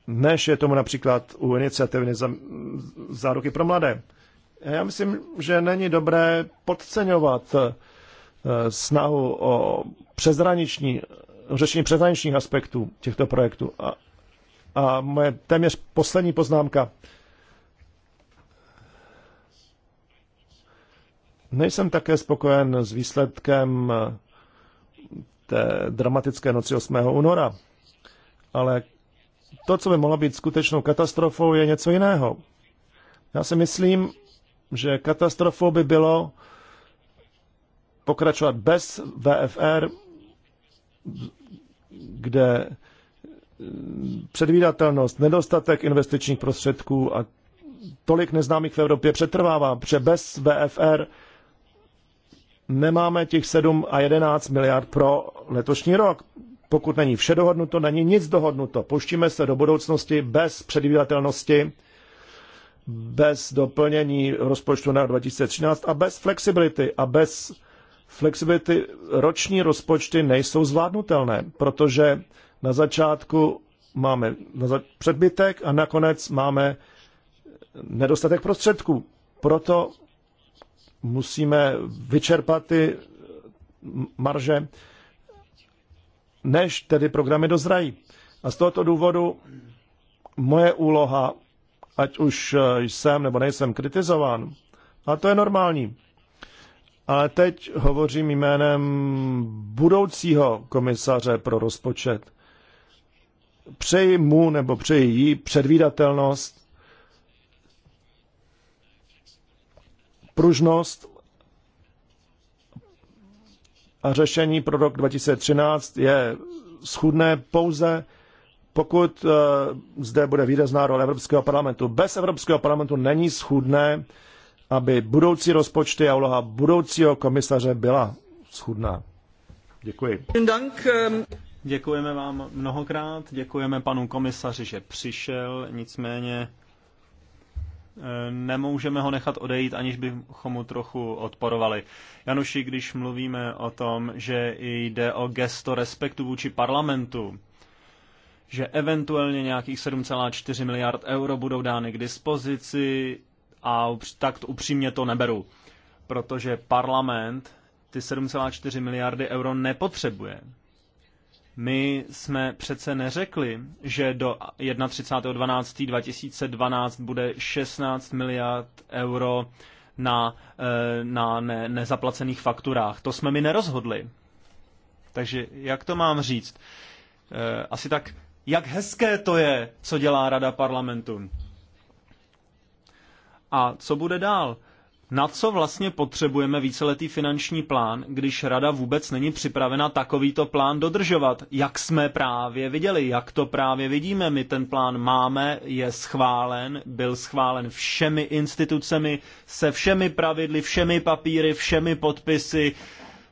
S1: než je tomu například u iniciativy za, záruky pro mladé. Já myslím, že není dobré podceňovat eh, snahu o přezraniční, řešení přezraničních aspektů těchto projektů. A, a moje téměř poslední poznámka. Nejsem také spokojen s výsledkem eh, té dramatické noci 8. února, ale to, co by mohlo být skutečnou katastrofou, je něco jiného. Já si myslím, že katastrofou by bylo pokračovat bez VFR, kde předvídatelnost, nedostatek investičních prostředků a tolik neznámých v Evropě přetrvává, protože bez VFR nemáme těch 7 a 11 miliard pro letošní rok. Pokud není vše dohodnuto, není nic dohodnuto. Pouštíme se do budoucnosti bez předvídatelnosti, bez doplnění rozpočtu na 2013 a bez flexibility. A bez flexibility roční rozpočty nejsou zvládnutelné, protože na začátku máme předbytek a nakonec máme nedostatek prostředků. Proto musíme vyčerpat ty marže než tedy programy dozrají. A z tohoto důvodu moje úloha, ať už eh, jsem nebo nejsem kritizován, a to je normální. Ale teď hovořím jménem budoucího komisaře pro rozpočet. Přeji mu nebo přeji jí předvídatelnost, pružnost a řešení pro rok 2013 je schudné pouze pokud eh, zde bude výrazná role Evropského parlamentu. Bez Evropského parlamentu není schudné, aby budoucí rozpočty a úloha budoucího komisaře byla schudná. Děkuji.
S2: Eh. Děkujeme vám mnohokrát, děkujeme panu komisaři, že přišel, nicméně nemůžeme ho nechat odejít, aniž bychom mu trochu odporovali. Januši, když mluvíme o tom, že jde o gesto respektu vůči parlamentu, že eventuálně nějakých 7,4 miliard euro budou dány k dispozici a tak upřímně to neberu, protože parlament ty 7,4 miliardy euro nepotřebuje. My jsme přece neřekli, že do 31.12.2012 bude 16 miliard euro na, eh, na ne, nezaplacených fakturách. To jsme mi nerozhodli. Takže jak to mám říct? Eh, asi tak, jak hezké to je, co dělá Rada parlamentu. A co bude dál? Na co vlastně potřebujeme víceletý finanční plán, když rada vůbec není připravena takovýto plán dodržovat? Jak jsme právě viděli, jak to právě vidíme, my ten plán máme, je schválen, byl schválen všemi institucemi, se všemi pravidly, všemi papíry, všemi podpisy.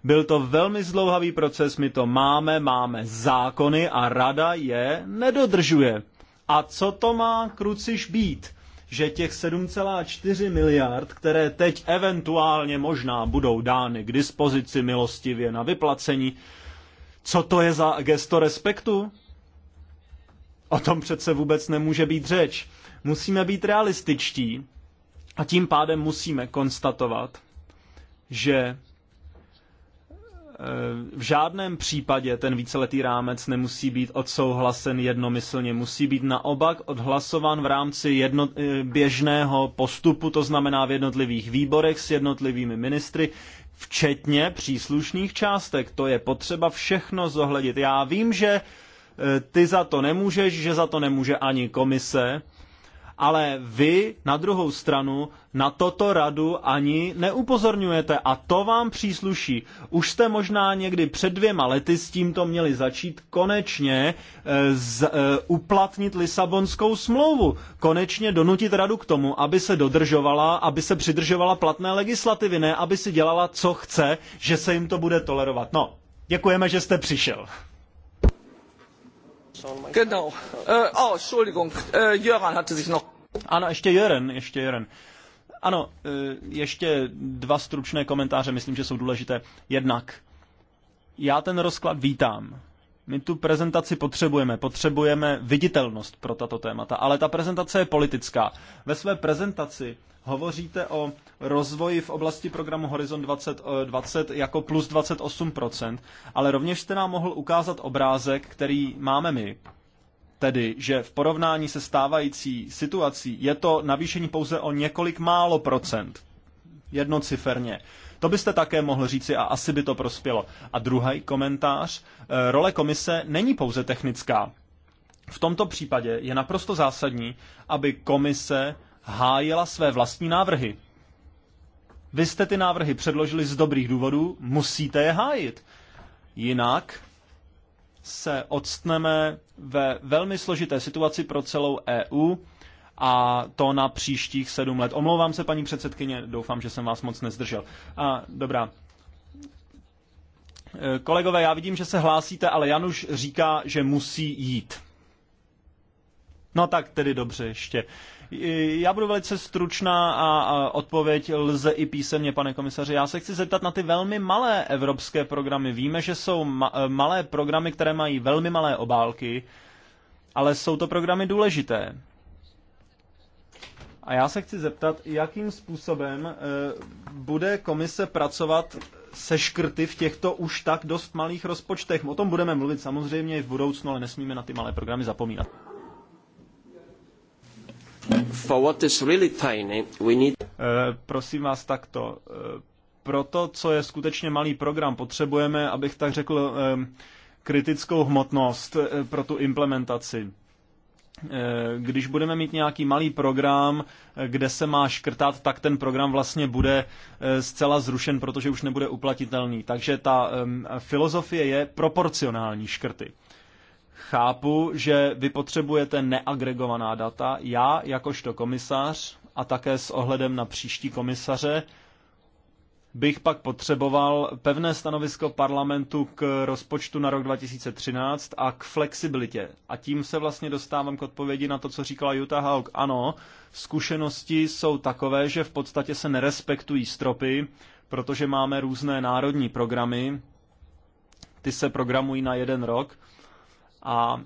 S2: Byl to velmi zdlouhavý proces, my to máme, máme zákony a rada je nedodržuje. A co to má kruciš být? že těch 7,4 miliard, které teď eventuálně možná budou dány k dispozici milostivě na vyplacení, co to je za gesto respektu? O tom přece vůbec nemůže být řeč. Musíme být realističtí a tím pádem musíme konstatovat, že v žádném případě ten víceletý rámec nemusí být odsouhlasen jednomyslně. Musí být naopak odhlasován v rámci jedno, eh, běžného postupu, to znamená v jednotlivých výborech s jednotlivými ministry, včetně příslušných částek. To je potřeba všechno zohlednit. Já vím, že eh, ty za to nemůžeš, že za to nemůže ani komise, ale vy na druhou stranu na toto radu ani neupozorňujete a to vám přísluší. Už jste možná někdy před dvěma lety s tímto měli začít konečně eh, z, uh, uplatnit Lisabonskou smlouvu, konečně donutit radu k tomu, aby se dodržovala, aby se přidržovala platné legislativy, ne aby si dělala, co chce, že se jim to bude tolerovat. No, děkujeme, že jste přišel.
S3: Genau. Uh, oh,
S2: Entschuldigung. Uh, Jöran hatte sich noch... Ano, ještě Jöran, ještě Jöran. Ano, äh, ještě dva stručné komentáře, myslím, že jsou důležité. Jednak, já ten rozklad vítám. My tu prezentaci potřebujeme, potřebujeme viditelnost pro tato témata, ale ta prezentace je politická. Ve své prezentaci hovoříte o rozvoji v oblasti programu Horizon 2020 eh, jako plus 28%, ale rovněž jste nám mohl ukázat obrázek, který máme my. Tedy, že v porovnání se stávající situací je to navýšení pouze o několik málo procent. Jednociferně. To byste také mohl říci a asi by to prospělo. A druhý komentář. Eh, role komise není pouze technická. V tomto případě je naprosto zásadní, aby komise hájila své vlastní návrhy. Vy jste ty návrhy předložili z dobrých důvodů, musíte je hájit. Jinak se odstneme ve velmi složité situaci pro celou EU, a to na příštích sedm let. Omlouvám se, paní předsedkyně, doufám, že jsem vás moc nezdržel. A, dobrá. E, kolegové, já vidím, že se hlásíte, ale Januš říká, že musí jít. No tak tedy dobře ještě. E, já budu velice stručná a, odpověď lze i písemně, pane komisaři. Já se chci zeptat na ty velmi malé evropské programy. Víme, že jsou ma- e, malé programy, které mají velmi malé obálky, ale jsou to programy důležité. A já se chci zeptat, jakým způsobem eh, bude komise pracovat se škrty v těchto už tak dost malých rozpočtech. O tom budeme mluvit samozřejmě i v budoucnu, ale nesmíme na ty malé programy zapomínat. For what is really tiny, we need... Eh, prosím vás takto. Eh, pro to, co je skutečně malý program, potřebujeme, abych tak řekl, kritickou hmotnost pro tu implementaci. Eh, když budeme mít nějaký malý program, eh, kde se má škrtat, tak ten program vlastně bude eh, zcela zrušen, protože už nebude uplatitelný. Takže ta filozofie je proporcionální škrty. Chápu, že vy potřebujete neagregovaná data. Já, jakožto komisař, a také s ohledem na příští komisaře, bych pak potřeboval pevné stanovisko parlamentu k rozpočtu na rok 2013 a k flexibilitě. A tím se vlastně dostávám k odpovědi na to, co říkala Jutta Haug. Ano, zkušenosti jsou takové, že v podstatě se nerespektují stropy, protože máme různé národní programy, ty se programují na jeden rok a e,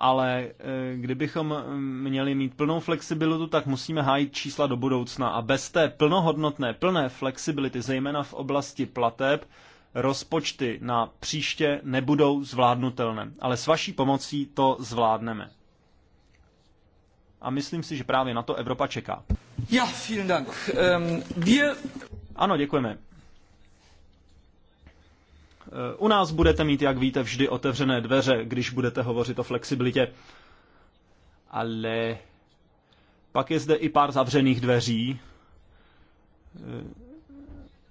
S2: ale eh, kdybychom eh, měli mít plnou flexibilitu, tak musíme hájit čísla do budoucna a bez té plnohodnotné, plné flexibility, zejména v oblasti plateb, rozpočty na příště nebudou zvládnutelné. Ale s vaší pomocí to zvládneme. A myslím si, že právě na to Evropa čeká. Ja, vielen Dank. Um, wir... Ano, děkujeme. Eh, u nás budete mít, jak víte, vždy otevřené dveře, když budete hovořit o flexibilitě. Ale pak je zde i pár zavřených dveří, eh,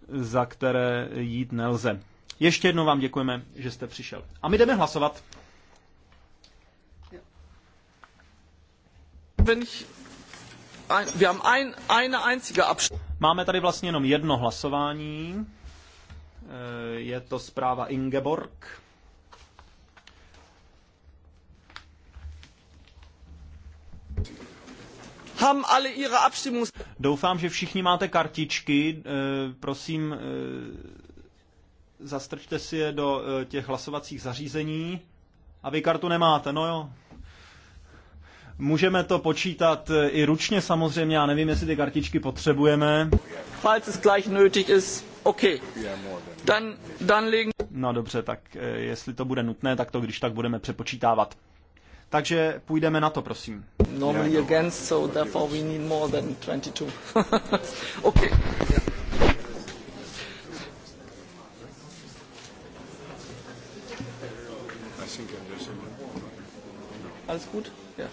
S2: za které jít nelze. Ještě jednou vám děkujeme, že jste přišel. A my jdeme hlasovat. Máme tady vlastně jenom jedno hlasování. Eh, je to zpráva Ingeborg. Doufám, že všichni máte kartičky. Eh, prosím, eh, zastrčte si je do těch hlasovacích zařízení. A vy kartu nemáte, no jo. Můžeme to počítat i ručně samozřejmě, já nevím, jestli ty kartičky potřebujeme.
S1: Falls es gleich nötig
S2: ist, Dan, dan No dobře, tak eh, jestli to bude nutné, tak to když tak budeme přepočítávat. Takže půjdeme na to, prosím. Normally against, so therefore we need more than 22. okay. Alles gut? Ja.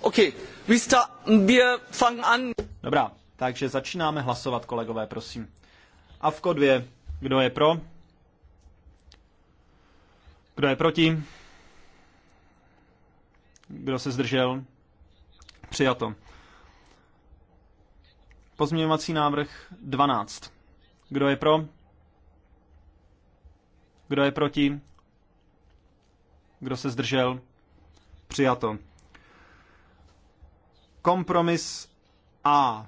S2: Okay, we wir fangen an. Dobrá, takže začínáme hlasovat, kolegové, prosím. AVKO 2. Kdo je pro? Kdo je proti? Kdo se zdržel? Přijato. Pozměňovací návrh 12. Kdo je pro? Kdo je proti? Kdo se zdržel? Přijato. Kompromis A.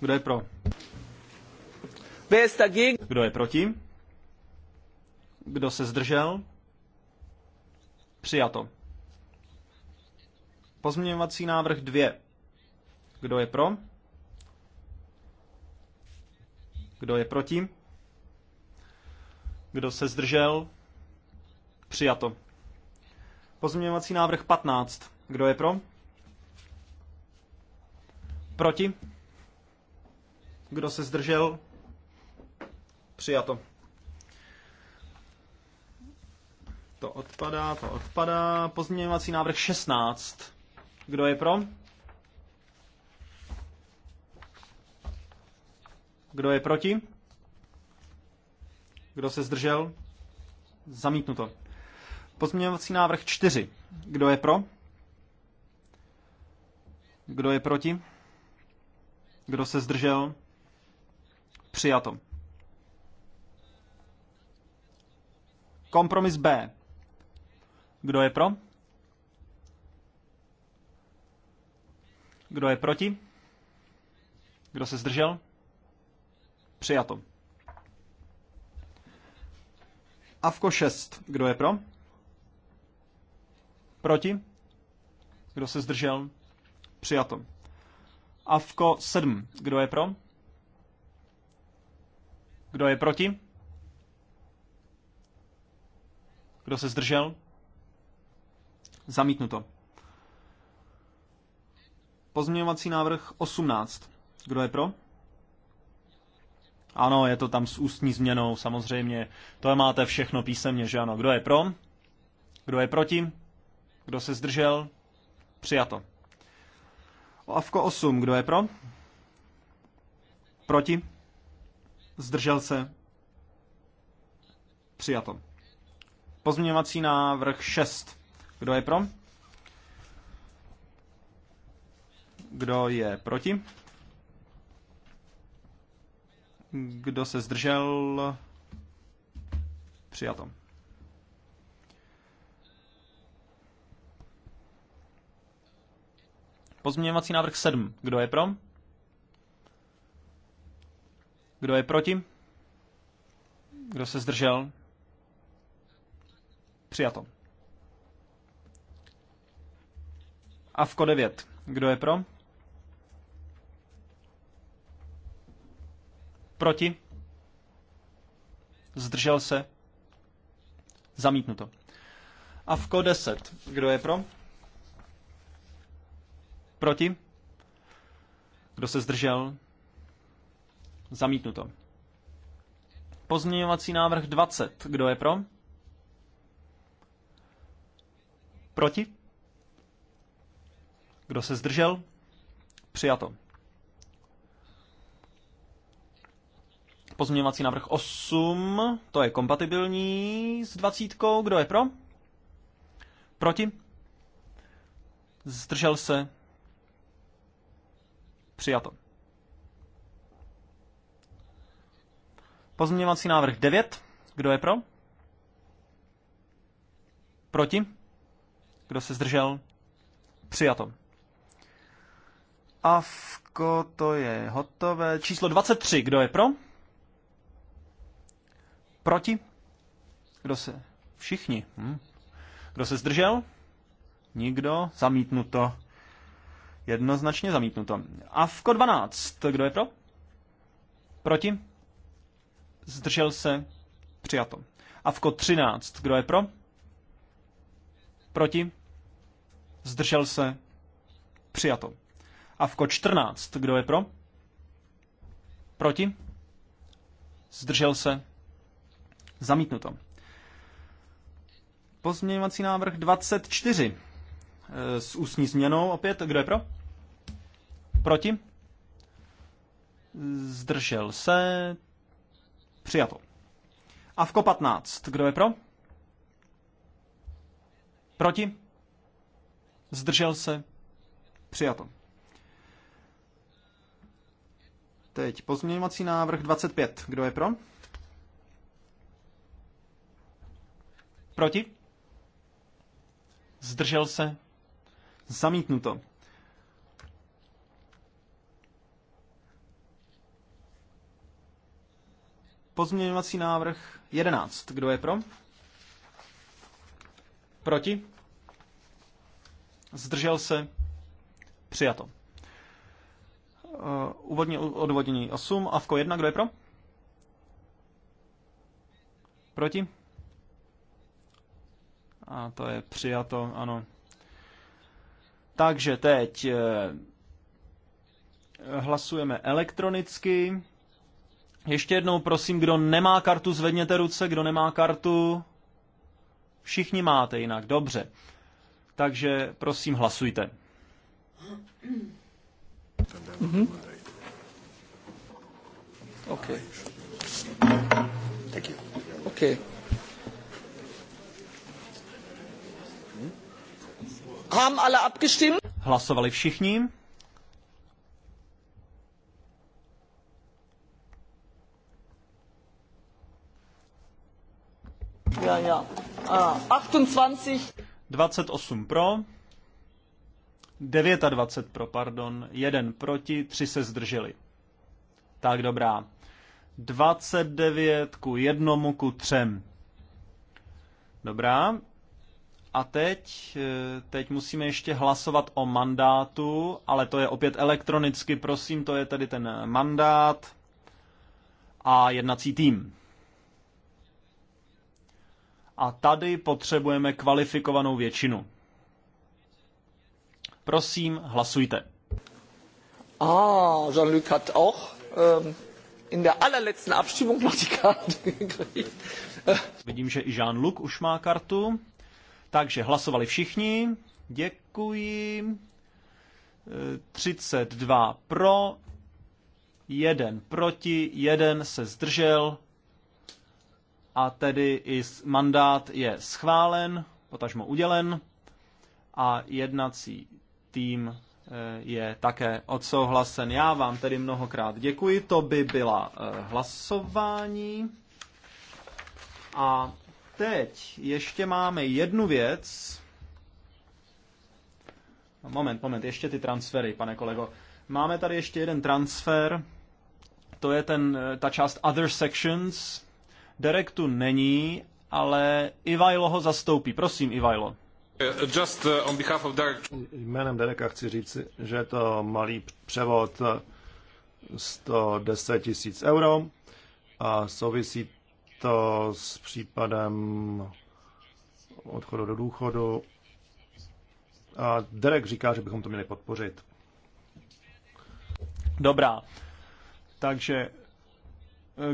S2: Kdo je pro? Kdo je proti? Kdo se zdržel? Přijato. Pozměňovací návrh 2. Kdo je pro? Kdo je proti? Kdo se zdržel? Přijato. Pozměňovací návrh 15. Kdo je pro? Proti? Kdo se zdržel? Přijato. To odpadá, to odpadá. Pozměňovací návrh 16. Kdo je pro? Kdo je proti? Kdo se zdržel? Zamítnuto. Pozměňovací návrh 4. Kdo je pro? Kdo je proti? Kdo se zdržel? Přijato. Kompromis B. Kdo je pro? Kdo je proti? Kdo se zdržel? Přijato. Avko 6. Kdo je pro? Proti? Kdo se zdržel? Přijato. Avko 7. Kdo je pro? Kdo je proti? Kdo se zdržel? Zamítnuto. Pozměňovací návrh 18. Kdo je pro? Ano, je to tam s ústní změnou, samozřejmě. To je máte všechno písemně, že ano. Kdo je pro? Kdo je proti? Kdo se zdržel? Přijato. Avko 8. Kdo je pro? Proti? Zdržel se? Přijato. Pozměňovací návrh 6. Kdo je pro? Kdo je proti? Kdo se zdržel? Přijato. Pozměňovací návrh 7. Kdo je pro? Kdo je proti? Kdo se zdržel? Přijato. kode 9. Kdo je pro? Proti? Zdržel se? Zamítnuto. kode 10. Kdo je pro? Proti? Kdo se zdržel? Zamítnuto. Pozměňovací návrh 20. Kdo je pro? Proti? Kdo se zdržel? Přijato. Pozměňovací návrh 8, to je kompatibilní s 20. Kdo je pro? Proti? Zdržel se? Přijato. Pozměňovací návrh 9. Kdo je pro? Proti? Kdo se zdržel? Přijato. Avko, to je hotové. Číslo 23, kdo je pro? Proti? Kdo se? Všichni. Hm. Kdo se zdržel? Nikdo. Zamítnuto. Jednoznačně zamítnuto. Avko 12, kdo je pro? Proti? Zdržel se? Přijato. Avko 13, kdo je pro? Proti? Zdržel se? Přijato. A v kod 14. Kdo je pro? Proti? Zdržel se? Zamítnuto. Pozměňovací návrh 24. Eh, s ústní změnou opět. Kdo je pro? Proti? Zdržel se? Přijato. Avko 15. Kdo je pro? Proti? Zdržel se? Přijato. Teď pozměňovací návrh 25. Kdo je pro? Proti? Zdržel se? Zamítnuto. Pozměňovací návrh 11. Kdo je pro? Proti? Zdržel se? Přijato. Eh, úvodní odvodění 8. Avko 1. Kdo je pro? Proti? A to je přijato, ano. Takže teď eh, hlasujeme elektronicky. Ještě jednou prosím, kdo nemá kartu, zvedněte ruce, kdo nemá kartu. Všichni máte jinak, dobře. Takže prosím, hlasujte.
S3: Mm-hmm. Okay. Thank you. Okay.
S2: Haben alle abgestimmt? Hlasovali všichni? Ja, ja. Ah, 28. 28 pro, 29 pro, pardon, 1 proti, 3 se zdrželi. Tak dobrá. 29 ku 1 ku 3. Dobrá. A teď, eh, teď musíme ještě hlasovat o mandátu, ale to je opět elektronicky, prosím, to je tedy ten mandát a jednací tým. A tady potřebujeme kvalifikovanou většinu. Prosím, hlasujte. Ah, Jean-Luc hat auch um, in der allerletzten Abstimmung noch die Karte gekriegt. Vidím, že i Jean-Luc už má kartu. Takže hlasovali všichni. Děkuji. 32 e, pro, 1 proti, 1 se zdržel a tedy i mandát je schválen, potažmo udělen a jednací tým eh, je také odsouhlasen. Já vám tedy mnohokrát děkuji, to by byla eh, hlasování. A teď ještě máme jednu věc. No, moment, moment, ještě ty transfery, pane kolego. Máme tady ještě jeden transfer, to je ten, eh, ta část Other Sections, Derek tu není, ale Ivajlo ho zastoupí. Prosím, Ivajlo. Uh,
S1: just uh, on behalf of Derek. Jménem Dereka chci říct, že je to malý převod 110 uh, tisíc euro a souvisí to s případem odchodu do důchodu. A Derek říká, že bychom to měli podpořit. Dobrá. Takže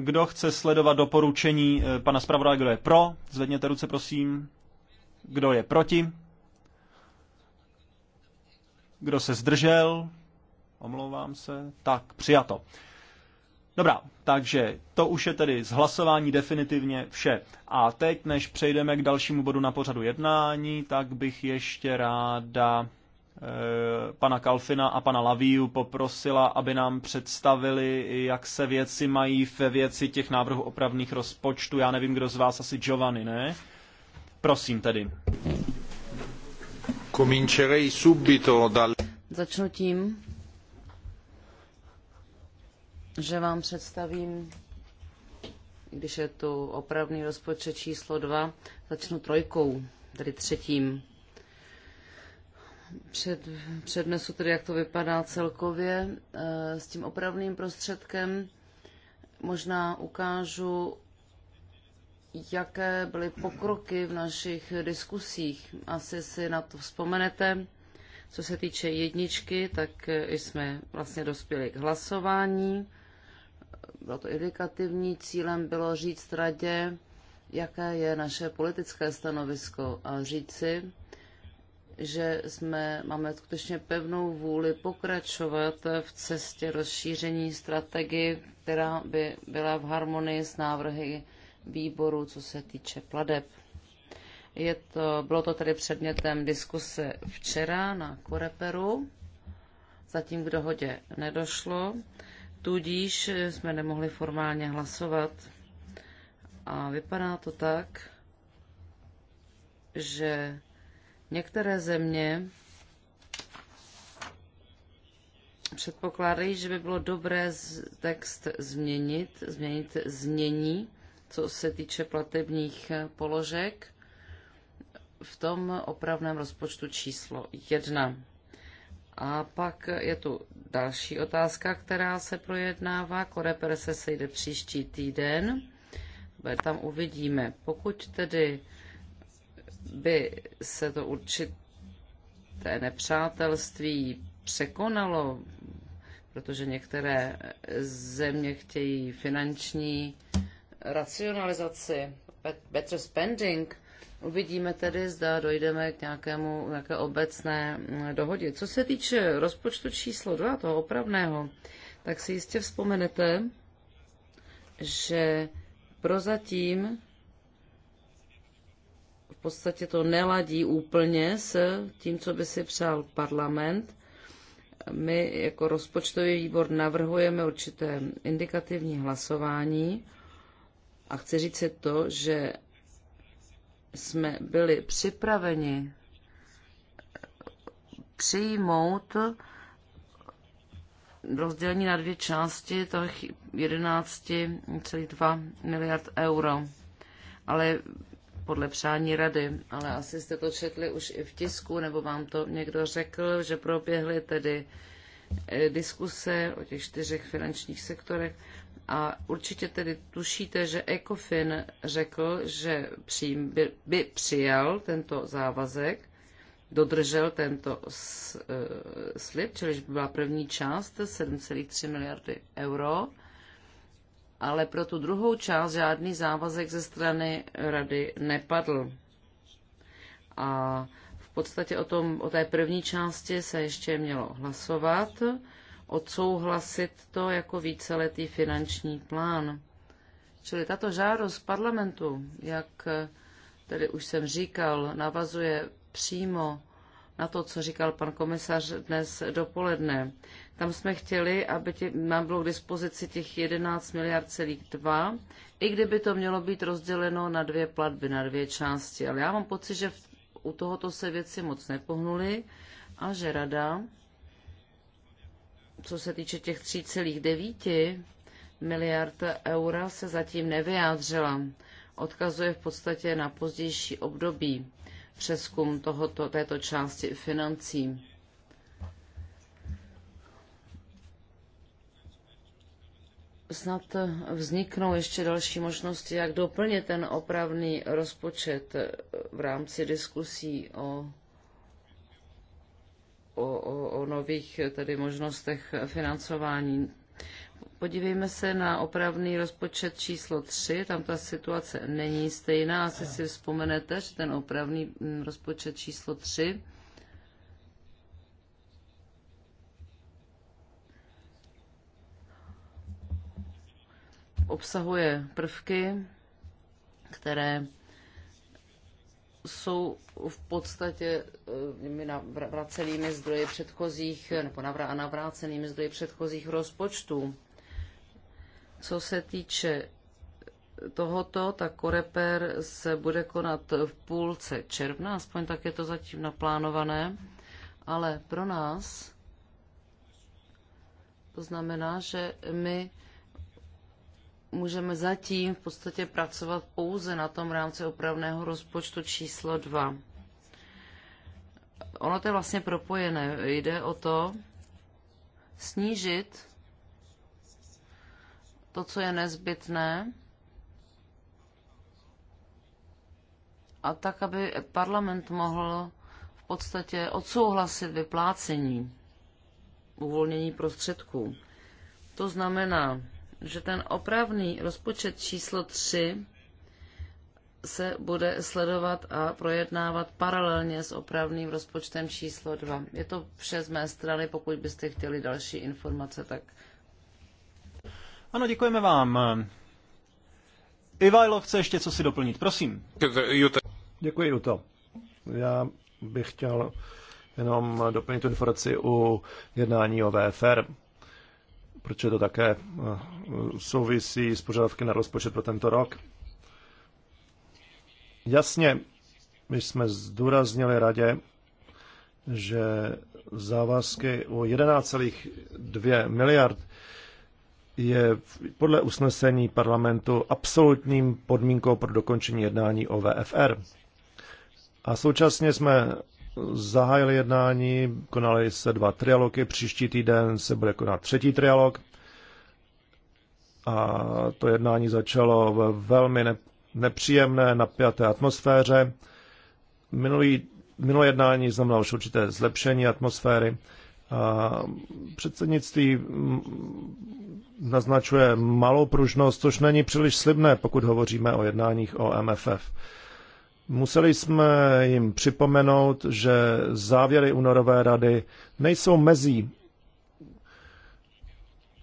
S2: kdo chce sledovat doporučení eh, pana zpravodaje, kdo je pro, zvedněte ruce, prosím. Kdo je proti? Kdo se zdržel? Omlouvám se. Tak, přijato. Dobrá, takže to už je tedy z hlasování definitivně vše. A teď, než přejdeme k dalšímu bodu na pořadu jednání, tak bych ještě ráda Eh, pana Kalfina a pana Lavíu poprosila, aby nám představili, jak se věci mají ve věci těch návrhů opravných rozpočtů. Já nevím, kdo z vás, asi Giovanni, ne? Prosím tedy.
S3: Comincerei subito dal... Začnu tím, že vám představím, když je tu opravný rozpočet číslo 2, začnu trojkou, tedy třetím před, přednesu tedy, jak to vypadá celkově eh, s tím opravným prostředkem. Možná ukážu, jaké byly pokroky v našich diskusích. Asi si na to vzpomenete. Co se týče jedničky, tak eh, jsme vlastně dospěli k hlasování. Bylo to indikativní. Cílem bylo říct radě, jaké je naše politické stanovisko a říci, že jsme, máme skutečně pevnou vůli pokračovat v cestě rozšíření strategii, která by byla v harmonii s návrhy výboru, co se týče pladeb. Je to, bylo to tedy předmětem diskuse včera na Koreperu, zatím k dohodě nedošlo, tudíž jsme nemohli formálně hlasovat. A vypadá to tak, že Některé země předpokládají, že by bylo dobré text změnit, změnit znění, co se týče platebních položek v tom opravném rozpočtu číslo 1. A pak je tu další otázka, která se projednává. Koreper se sejde příští týden. Tam uvidíme. Pokud tedy by se to určité nepřátelství překonalo, protože některé země chtějí finanční racionalizaci, better spending. Uvidíme tedy, zda dojdeme k nějakému nějaké obecné dohodě. Co se týče rozpočtu číslo 2, toho opravného, tak si jistě vzpomenete, že prozatím podstatě to neladí úplně s tím, co by si přál parlament. My jako rozpočtový výbor navrhujeme určité indikativní hlasování a chci říct to, že jsme byli připraveni přijmout rozdělení na dvě části těch 11,2 miliard euro. Ale podle přání rady, ale asi jste to četli už i v tisku, nebo vám to někdo řekl, že proběhly tedy eh, diskuse o těch čtyřech finančních sektorech a určitě tedy tušíte, že ECOFIN řekl, že by, by přijal tento závazek, dodržel tento eh, slib, čiliž by byla první část 7,3 miliardy euro ale pro tu druhou část žádný závazek ze strany rady nepadl. A v podstatě o, tom, o té první části se ještě mělo hlasovat, odsouhlasit to jako víceletý finanční plán. Čili tato žádost parlamentu, jak tedy už jsem říkal, navazuje přímo na to, co říkal pan komisař dnes dopoledne. Tam jsme chtěli, aby tě, nám bylo k dispozici těch 11 miliard celých 2, i kdyby to mělo být rozděleno na dvě platby, na dvě části. Ale já mám pocit, že v, u tohoto se věci moc nepohnuly a že rada, co se týče těch 3,9 miliard eura, se zatím nevyjádřila. Odkazuje v podstatě na pozdější období přeskum tohoto, této části financí. Snad vzniknou ještě další možnosti, jak doplnit ten opravný rozpočet v rámci diskusí o, o, o, o nových tedy možnostech financování Podívejme se na opravný rozpočet číslo 3, tam ta situace není stejná. Asi si vzpomenete, že ten opravný mm, rozpočet číslo 3 obsahuje prvky, které jsou v podstatě eh, vracenými zdroji předchozích, nebo navrácenými zdroji předchozích rozpočtů. Co se týče tohoto, tak Koreper se bude konat v půlce června, aspoň tak je to zatím naplánované, ale pro nás to znamená, že my můžeme zatím v podstatě pracovat pouze na tom rámci opravného rozpočtu číslo 2. Ono to je vlastně propojené. Jde o to snížit to, co je nezbytné, a tak, aby parlament mohl v podstatě odsouhlasit vyplácení uvolnění prostředků. To znamená, že ten opravný rozpočet číslo 3 se bude sledovat a projednávat paralelně s opravným rozpočtem číslo 2. Je to přes mé strany, pokud byste chtěli další informace, tak
S2: ano, děkujeme
S1: vám. Ivajlo chce ještě co si doplnit, prosím. Děkuji, Juto. Já bych chtěl jenom doplnit tu informaci u jednání o VFR, protože to také eh, souvisí s požadavky na rozpočet pro tento rok. Jasně, my jsme zdůraznili radě, že závazky o 11,2 miliard je podle usnesení parlamentu absolutním podmínkou pro dokončení jednání o VFR. A současně jsme zahájili jednání, konaly se dva trialogy, příští týden se bude konat třetí trialog. A to jednání začalo v velmi nepříjemné, napjaté atmosféře. Minulý, minulé jednání znamenalo už určité zlepšení atmosféry předsednictví naznačuje malou pružnost, což není příliš slibné, pokud hovoříme o jednáních o MFF. Museli jsme jim připomenout, že závěry únorové rady nejsou mezí,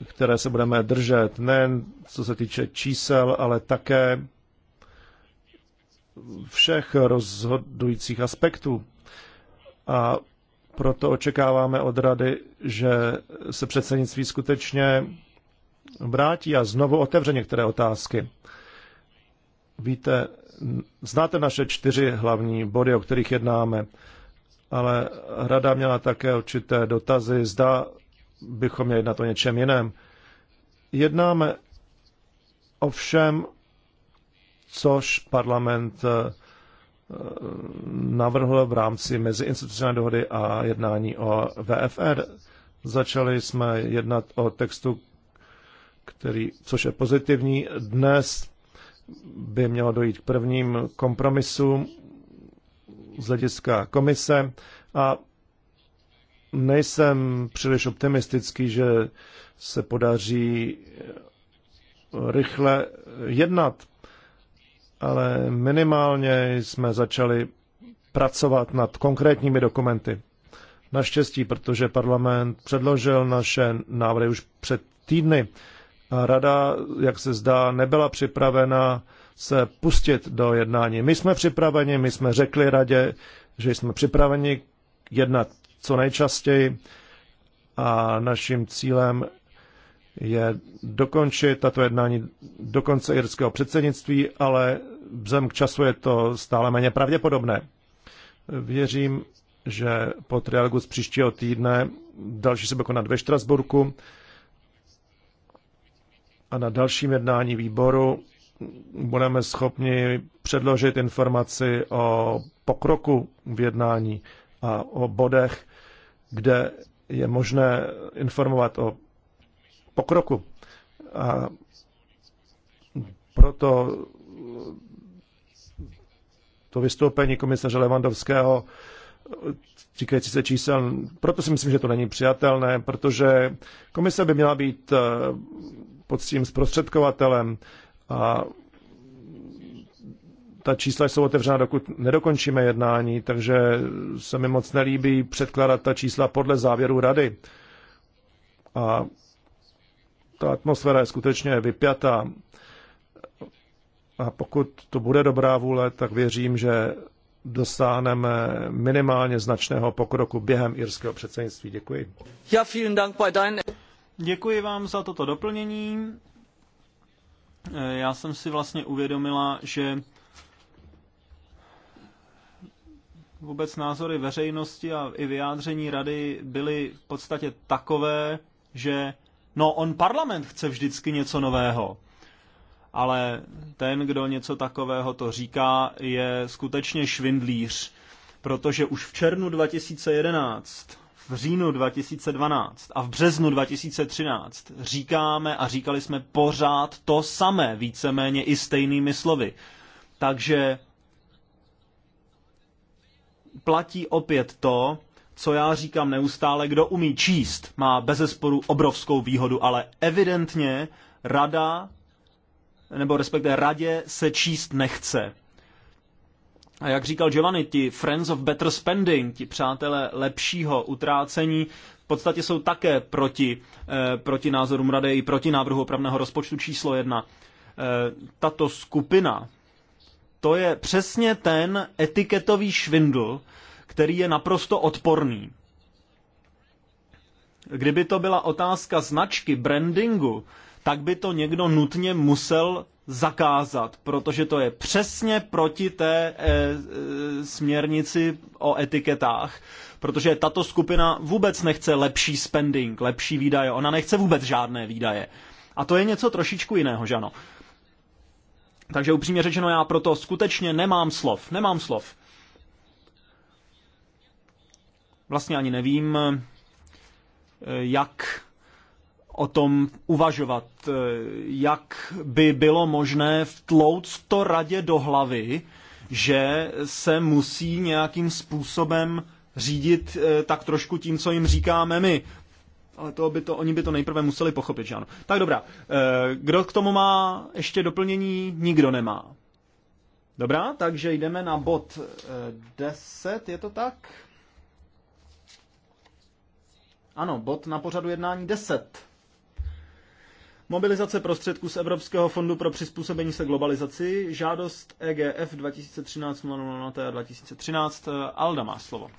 S1: které se budeme držet, nejen co se týče čísel, ale také všech rozhodujících aspektů. A proto očekáváme od rady, že se předsednictví skutečně vrátí a znovu otevře některé otázky. Víte, znáte naše čtyři hlavní body, o kterých jednáme, ale rada měla také určité dotazy, zda bychom měli na to něčem jiném. Jednáme o všem, což parlament eh, Eh, navrhl v rámci meziinstitucionální dohody a jednání o VFR. Začali jsme jednat o textu, který, což je pozitivní. Dnes by mělo dojít k prvním kompromisům z hlediska komise a nejsem příliš optimistický, že se podaří rychle jednat ale minimálně jsme začali pracovat nad konkrétními dokumenty. Naštěstí, protože parlament předložil naše návrhy už před týdny. A rada, jak se zdá, nebyla připravena se pustit do jednání. My jsme připraveni, my jsme řekli radě, že jsme připraveni jednat co nejčastěji a naším cílem je dokončit tato jednání do konce irského předsednictví, ale vzem k času je to stále méně pravděpodobné. Věřím, že po trialogu z příštího týdne další se bude konat ve Štrasburku a na dalším jednání výboru budeme schopni předložit informaci o pokroku v jednání a o bodech, kde je možné informovat o pokroku. A proto to vystoupení komisaře Levandovského říkající se čísel. Proto si myslím, že to není přijatelné, protože komise by měla být eh, tím zprostředkovatelem a ta čísla jsou otevřena, dokud nedokončíme jednání, takže se mi moc nelíbí předkládat ta čísla podle závěru rady. A ta atmosféra je skutečně vypjatá a pokud to bude dobrá vůle, tak věřím, že dosáhneme minimálně značného pokroku během irského předsednictví. Děkuji.
S2: Děkuji vám za toto doplnění. Eh, já jsem si vlastně uvědomila, že vůbec názory veřejnosti a i vyjádření rady byly v podstatě takové, že no on parlament chce vždycky něco nového ale ten, kdo něco takového to říká, je skutečně švindlíř, protože už v červnu 2011 v říjnu 2012 a v březnu 2013 říkáme a říkali jsme pořád to samé, víceméně i stejnými slovy. Takže platí opět to, co já říkám neustále, kdo umí číst, má bezesporu obrovskou výhodu, ale evidentně rada nebo respektive radě se číst nechce. A jak říkal Giovanni, ti Friends of Better Spending, ti přátelé lepšího utrácení, v podstatě jsou také proti, eh, proti názorům rady i proti návrhu opravného rozpočtu číslo jedna. Eh, tato skupina, to je přesně ten etiketový švindl, který je naprosto odporný. Kdyby to byla otázka značky, brandingu, eh, tak by to někdo nutně musel zakázat, protože to je přesně proti té e, e, směrnici o etiketách, protože tato skupina vůbec nechce lepší spending, lepší výdaje, ona nechce vůbec žádné výdaje. A to je něco trošičku jiného, že ano? Takže upřímně řečeno, já proto skutečně nemám slov, nemám slov. Vlastně ani nevím, eh, jak o tom uvažovat, eh, jak by bylo možné vtlouct to radě do hlavy, že se musí nějakým způsobem řídit eh, tak trošku tím, co jim říkáme my. Ale to by to, oni by to nejprve museli pochopit, že ano. Tak dobrá. Eh, kdo k tomu má ještě doplnění? Nikdo nemá. Dobrá, takže jdeme na bod 10, je to tak? Ano, bod na pořadu jednání 10. Mobilizace prostředků z Evropského fondu pro přizpůsobení se globalizaci, žádost EGF 2013 a 2013. Alda má slovo.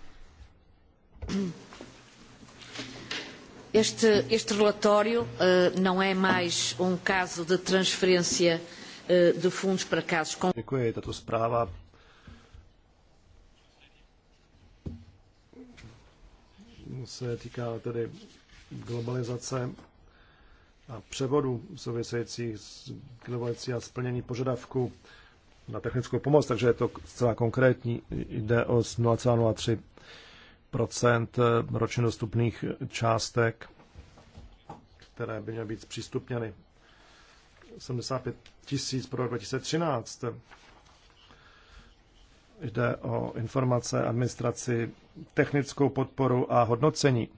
S3: Este, este relatório uh, não é mais um caso de transferência uh, de fundos para casos com... Děkuji, tato zpráva
S1: se týká tedy globalizace a převodu souvisejících s globalizací a splnění požadavků na technickou pomoc, takže je to zcela konkrétní. Jde o 0,03 eh, ročně dostupných částek, které by měly být zpřístupněny. 75 tisíc pro 2013. Jde o informace, administraci, technickou podporu a hodnocení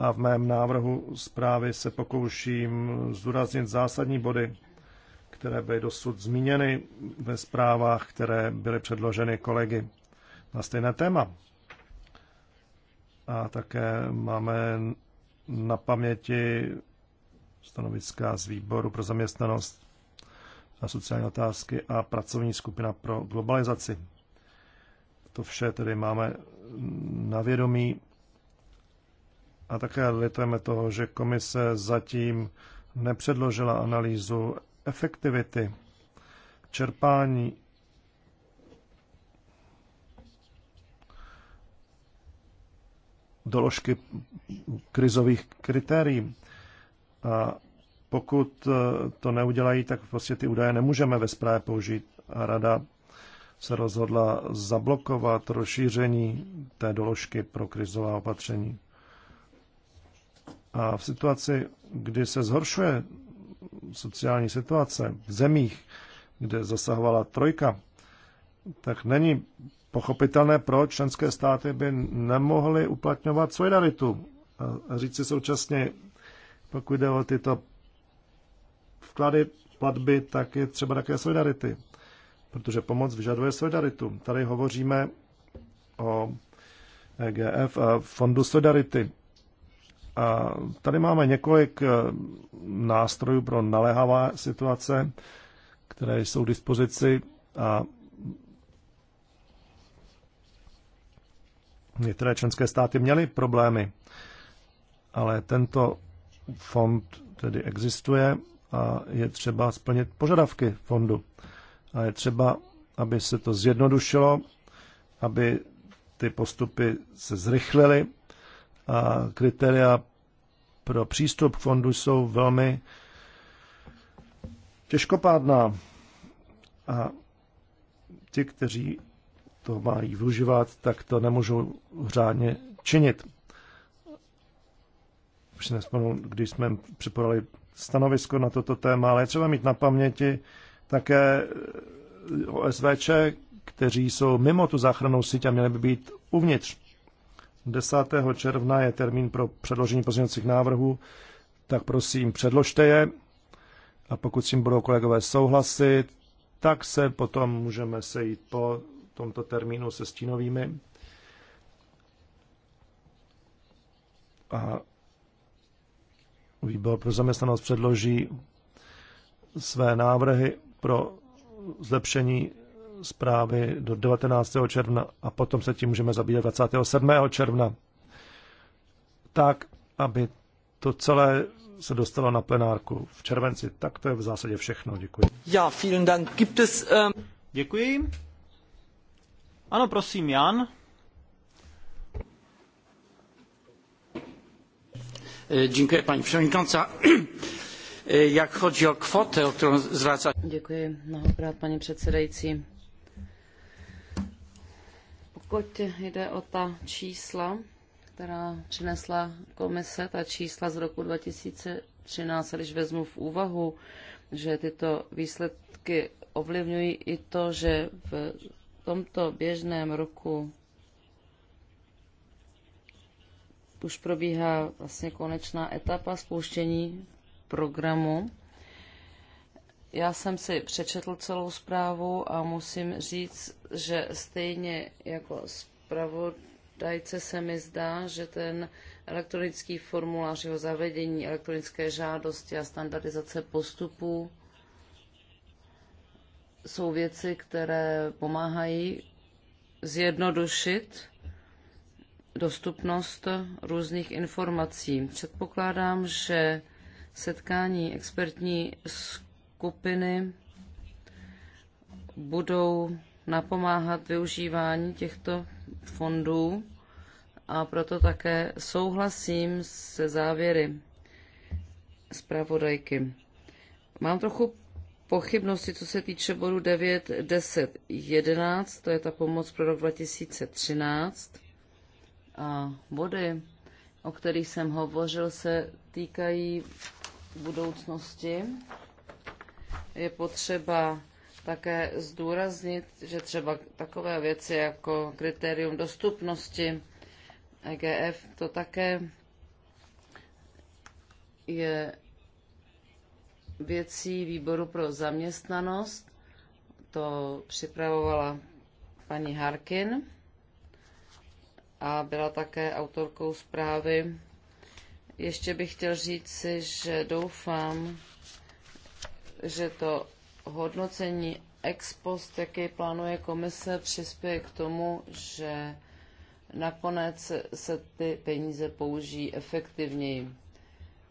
S1: a v mém návrhu zprávy se pokouším zdůraznit zásadní body, které byly dosud zmíněny ve zprávách, které byly předloženy kolegy na stejné téma. A také máme na paměti stanoviska z výboru pro zaměstnanost a sociální otázky a pracovní skupina pro globalizaci. To vše tedy máme na vědomí a také litujeme toho, že komise zatím nepředložila analýzu efektivity čerpání doložky krizových kritérií. A pokud eh, to neudělají, tak prostě ty údaje nemůžeme ve zprávě použít. A rada se rozhodla zablokovat rozšíření té doložky pro krizová opatření. A v situaci, kdy se zhoršuje sociální situace v zemích, kde zasahovala trojka, tak není pochopitelné, proč členské státy by nemohly uplatňovat solidaritu. A si současně, pokud jde o tyto vklady, platby, tak je třeba také solidarity. Protože pomoc vyžaduje solidaritu. Tady hovoříme o EGF a Fondu solidarity. A tady máme několik eh, nástrojů pro naléhavé situace, které jsou k dispozici a některé členské státy měly problémy, ale tento fond tedy existuje a je třeba splnit požadavky fondu. A je třeba, aby se to zjednodušilo, aby ty postupy se zrychlily a kritéria pro přístup k fondu jsou velmi těžkopádná. A ti, kteří to mají využívat, tak to nemůžou řádně činit. Už si nespomenu, když jsme připravili stanovisko na toto téma, ale je třeba mít na paměti také OSVČ, kteří jsou mimo tu záchranou síť a měli by být uvnitř 10. června je termín pro předložení pozměňovacích návrhů, tak prosím předložte je a pokud s tím budou kolegové souhlasit, tak se potom můžeme sejít po tomto termínu se stínovými. A výbor pro zaměstnanost předloží své návrhy pro zlepšení zprávy do 19. června a potom se tím můžeme zabývat 27. června. Tak, aby to celé se dostalo na plenárku v červenci. Tak to je v zásadě všechno. Děkuji.
S2: Ja, vielen Dank. Gibt es, um... Děkuji. Ano, prosím, Jan.
S3: Děkuji, paní předsedající. Jak chodí o kvote, o kterou zvracá... Děkuji mnohokrát, paní předsedající. Pokud jde o ta čísla, která přinesla komise, ta čísla z roku 2013, když vezmu v úvahu, že tyto výsledky ovlivňují i to, že v tomto běžném roku už probíhá vlastně konečná etapa spouštění programu já jsem si přečetl celou zprávu a musím říct, že stejně jako zpravodajce se mi zdá, že ten elektronický formulář, jeho zavedení, elektronické žádosti a standardizace postupů jsou věci, které pomáhají zjednodušit dostupnost různých informací. Předpokládám, že setkání expertní skupiny skupiny budou napomáhat využívání těchto fondů a proto také souhlasím se závěry zpravodajky. Mám trochu pochybnosti, co se týče bodu 9, 10, 11, to je ta pomoc pro rok 2013. A body, o kterých jsem hovořil, se týkají budoucnosti je potřeba také zdůraznit, že třeba takové věci jako kritérium dostupnosti EGF, to také je věcí výboru pro zaměstnanost. To připravovala paní Harkin a byla také autorkou zprávy. Ještě bych chtěl říci, že doufám, že to hodnocení ex post, jaký plánuje komise, přispěje k tomu, že nakonec se ty peníze použijí efektivněji.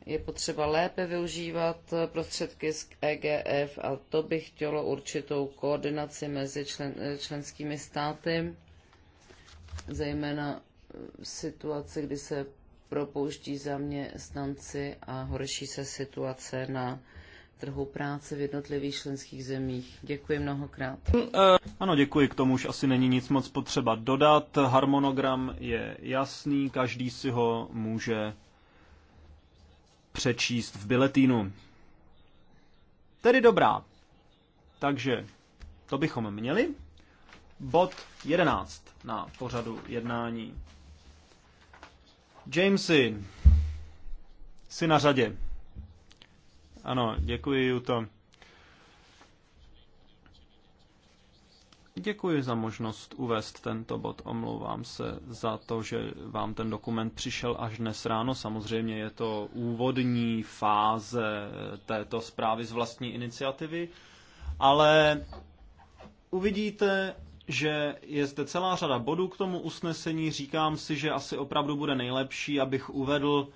S3: Je potřeba lépe využívat prostředky z EGF a to by chtělo určitou koordinaci mezi člen, členskými státy, zejména v situaci, kdy se propouští zaměstnanci a horší se situace na trhu práce v jednotlivých členských zemích. Děkuji mnohokrát.
S2: Ano, děkuji. K tomu už asi není nic moc potřeba dodat. Harmonogram je jasný, každý si ho může přečíst v biletínu. Tedy dobrá. Takže to bychom měli. Bod 11 na pořadu jednání. Jamesy, jsi na řadě. Ano, děkuji, Juto. Děkuji za možnost uvést tento bod. Omlouvám se za to, že vám ten dokument přišel až dnes ráno. Samozřejmě je to úvodní fáze této zprávy z vlastní iniciativy, ale uvidíte, že je zde celá řada bodů k tomu usnesení. Říkám si, že asi opravdu bude nejlepší, abych uvedl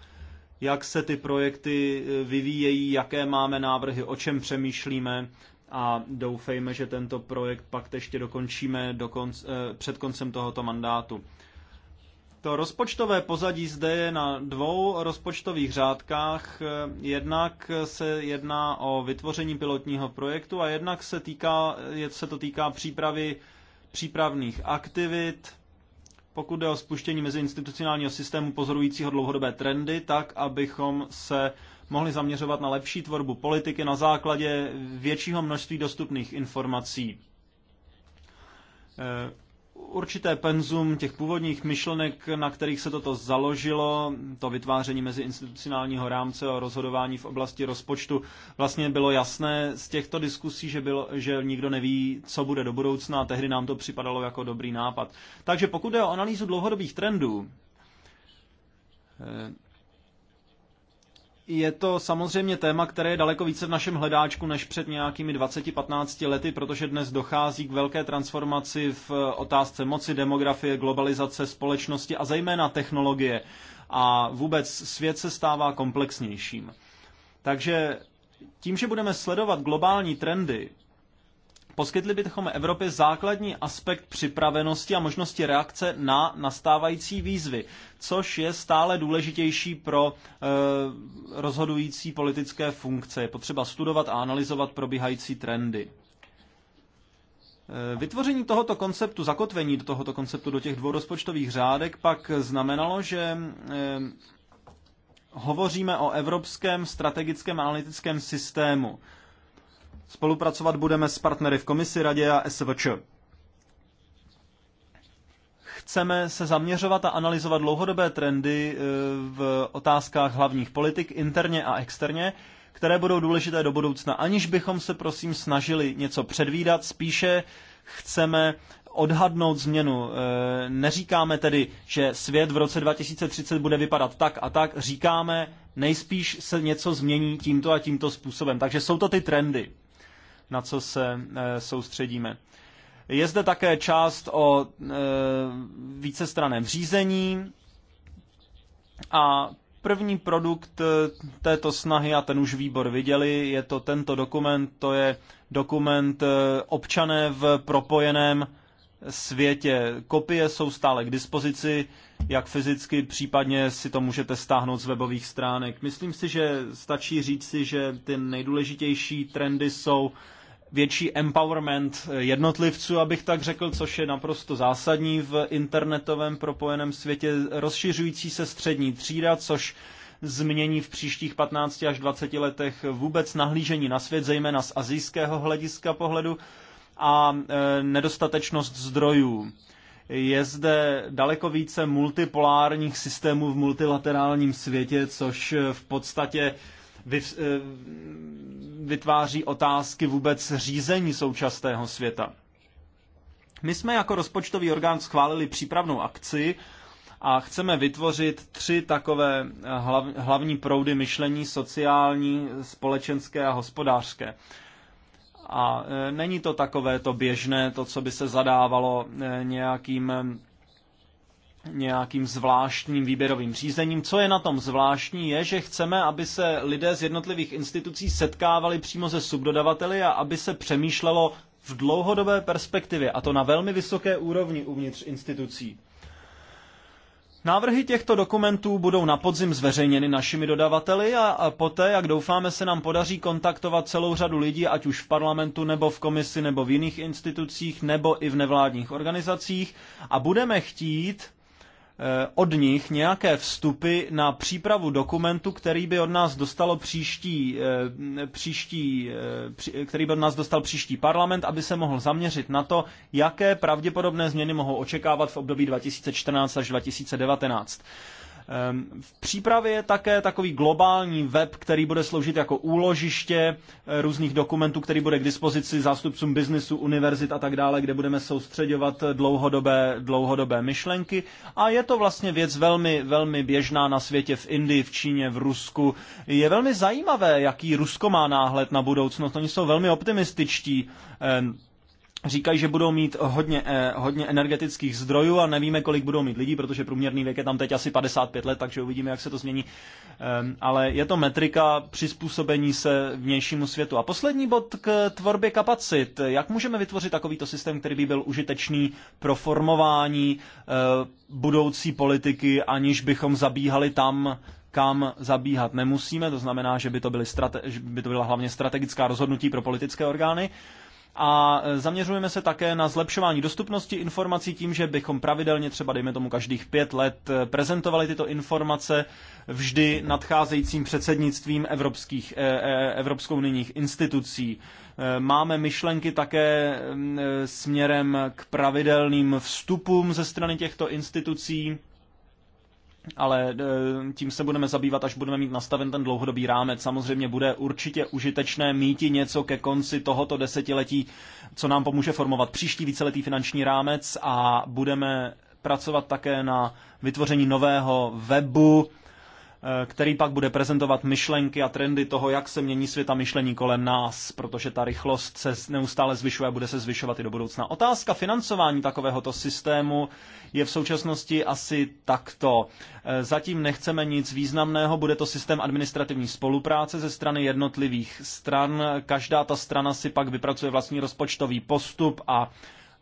S2: jak se ty projekty e, vyvíjejí, jaké máme návrhy, o čem přemýšlíme a doufejme, že tento projekt pak ještě dokončíme do konc, e, před koncem tohoto mandátu. To rozpočtové pozadí zde je na dvou rozpočtových řádkách. E, jednak se jedná o vytvoření pilotního projektu a jednak se, týká, se to týká přípravy přípravných aktivit, pokud jde o spuštění meziinstitucionálního systému pozorujícího dlouhodobé trendy, tak abychom se mohli zaměřovat na lepší tvorbu politiky na základě většího množství dostupných informací určité penzum těch původních myšlenek, na kterých se toto založilo, to vytváření mezi institucionálního rámce a rozhodování v oblasti rozpočtu, vlastně bylo jasné z těchto diskusí, že, bylo, že nikdo neví, co bude do budoucna a tehdy nám to připadalo jako dobrý nápad. Takže pokud je o analýzu dlouhodobých trendů, eh, je to samozřejmě téma, které je daleko více v našem hledáčku než před nějakými 20-15 lety, protože dnes dochází k velké transformaci v otázce moci, demografie, globalizace, společnosti a zejména technologie. A vůbec svět se stává komplexnějším. Takže tím, že budeme sledovat globální trendy, Poskytli bychom Evropě základní aspekt připravenosti a možnosti reakce na nastávající výzvy, což je stále důležitější pro e, rozhodující politické funkce. Je potřeba studovat a analyzovat probíhající trendy. Eh, vytvoření tohoto konceptu, zakotvení do tohoto konceptu do těch dvou rozpočtových řádek pak znamenalo, že eh, hovoříme o evropském strategickém analytickém systému. Spolupracovat budeme s partnery v komisi, radě a SVČ. Chceme se zaměřovat a analyzovat dlouhodobé trendy e, v otázkách hlavních politik interně a externě, které budou důležité do budoucna, aniž bychom se prosím snažili něco předvídat, spíše chceme odhadnout změnu. E, neříkáme tedy, že svět v roce 2030 bude vypadat tak a tak, říkáme, nejspíš se něco změní tímto a tímto způsobem. Takže jsou to ty trendy na co se eh, soustředíme. Je zde také část o eh, vícestraném řízení a první produkt eh, této snahy, a ten už výbor viděli, je to tento dokument, to je dokument občané v propojeném světě. Kopie jsou stále k dispozici, jak fyzicky, případně si to můžete stáhnout z webových stránek. Myslím si, že stačí říct si, že ty nejdůležitější trendy jsou větší empowerment jednotlivců, abych tak řekl, což je naprosto zásadní v internetovém propojeném světě, rozšiřující se střední třída, což změní v příštích 15 až 20 letech vůbec nahlížení na svět, zejména z azijského hlediska pohledu, a e, nedostatečnost zdrojů. Je zde daleko více multipolárních systémů v multilaterálním světě, což v podstatě eh, vytváří otázky vůbec řízení současného světa. My jsme jako rozpočtový orgán schválili přípravnou akci a chceme vytvořit tři takové hlavní proudy myšlení sociální, společenské a hospodářské a e, není to takové to běžné, to, co by se zadávalo e, nějakým e, nějakým zvláštním výběrovým řízením. Co je na tom zvláštní, je, že chceme, aby se lidé z jednotlivých institucí setkávali přímo se subdodavateli a aby se přemýšlelo v dlouhodobé perspektivě, a to na velmi vysoké úrovni uvnitř institucí. Návrhy těchto dokumentů budou na podzim zveřejněny našimi dodavateli a, poté, jak doufáme, se nám podaří kontaktovat celou řadu lidí, ať už v parlamentu, nebo v komisi, nebo v jiných institucích, nebo i v nevládních organizacích a budeme chtít Eh, od nich nějaké vstupy na přípravu dokumentu, který by od nás dostalo příští, eh, příští, eh, který by od nás dostal příští parlament, aby se mohl zaměřit na to, jaké pravděpodobné změny mohou očekávat v období 2014 až 2019. Ehm, v přípravě je také takový globální web, který bude sloužit jako úložiště eh, různých dokumentů, který bude k dispozici zástupcům biznisu, univerzit a tak dále, kde budeme soustředovat eh, dlouhodobé, dlouhodobé myšlenky. A je to vlastně věc velmi, velmi běžná na světě, v Indii, v Číně, v Rusku. Je velmi zajímavé, jaký Rusko má náhled na budoucnost. Oni jsou velmi optimističtí. Ehm, říkají, že budou mít hodně, eh, hodně energetických zdrojů a nevíme, kolik budou mít lidí, protože průměrný věk je tam teď asi 55 let, takže uvidíme, jak se to změní. Ehm, ale je to metrika přizpůsobení se vnějšímu světu. A poslední bod k tvorbě kapacit. Jak můžeme vytvořit takovýto systém, který by byl užitečný pro formování eh, budoucí politiky, aniž bychom zabíhali tam, kam zabíhat nemusíme, to znamená, že by to, byly strate- že by to byla hlavně strategická rozhodnutí pro politické orgány, eh, a e, zaměřujeme se také na zlepšování dostupnosti informací tím, že bychom pravidelně třeba, dejme tomu, každých pět let e, prezentovali tyto informace vždy nadcházejícím předsednictvím evropských, e, Evropskou nyních institucí. Máme myšlenky také směrem k pravidelným vstupům ze strany těchto institucí ale eh, tím se budeme zabývat, až budeme mít nastaven ten dlouhodobý rámec. Samozřejmě bude určitě užitečné i něco ke konci tohoto desetiletí, co nám pomůže formovat příští víceletý finanční rámec a budeme pracovat také na vytvoření nového webu, Eh, který pak bude prezentovat myšlenky a trendy toho, jak se mění světa myšlení kolem nás, protože ta rychlost se neustále zvyšuje a bude se zvyšovat i do budoucna. Otázka financování takovéhoto systému je v současnosti asi takto. Eh, zatím nechceme nic významného, bude to systém administrativní spolupráce ze strany jednotlivých stran. Každá ta strana si pak vypracuje vlastní rozpočtový postup a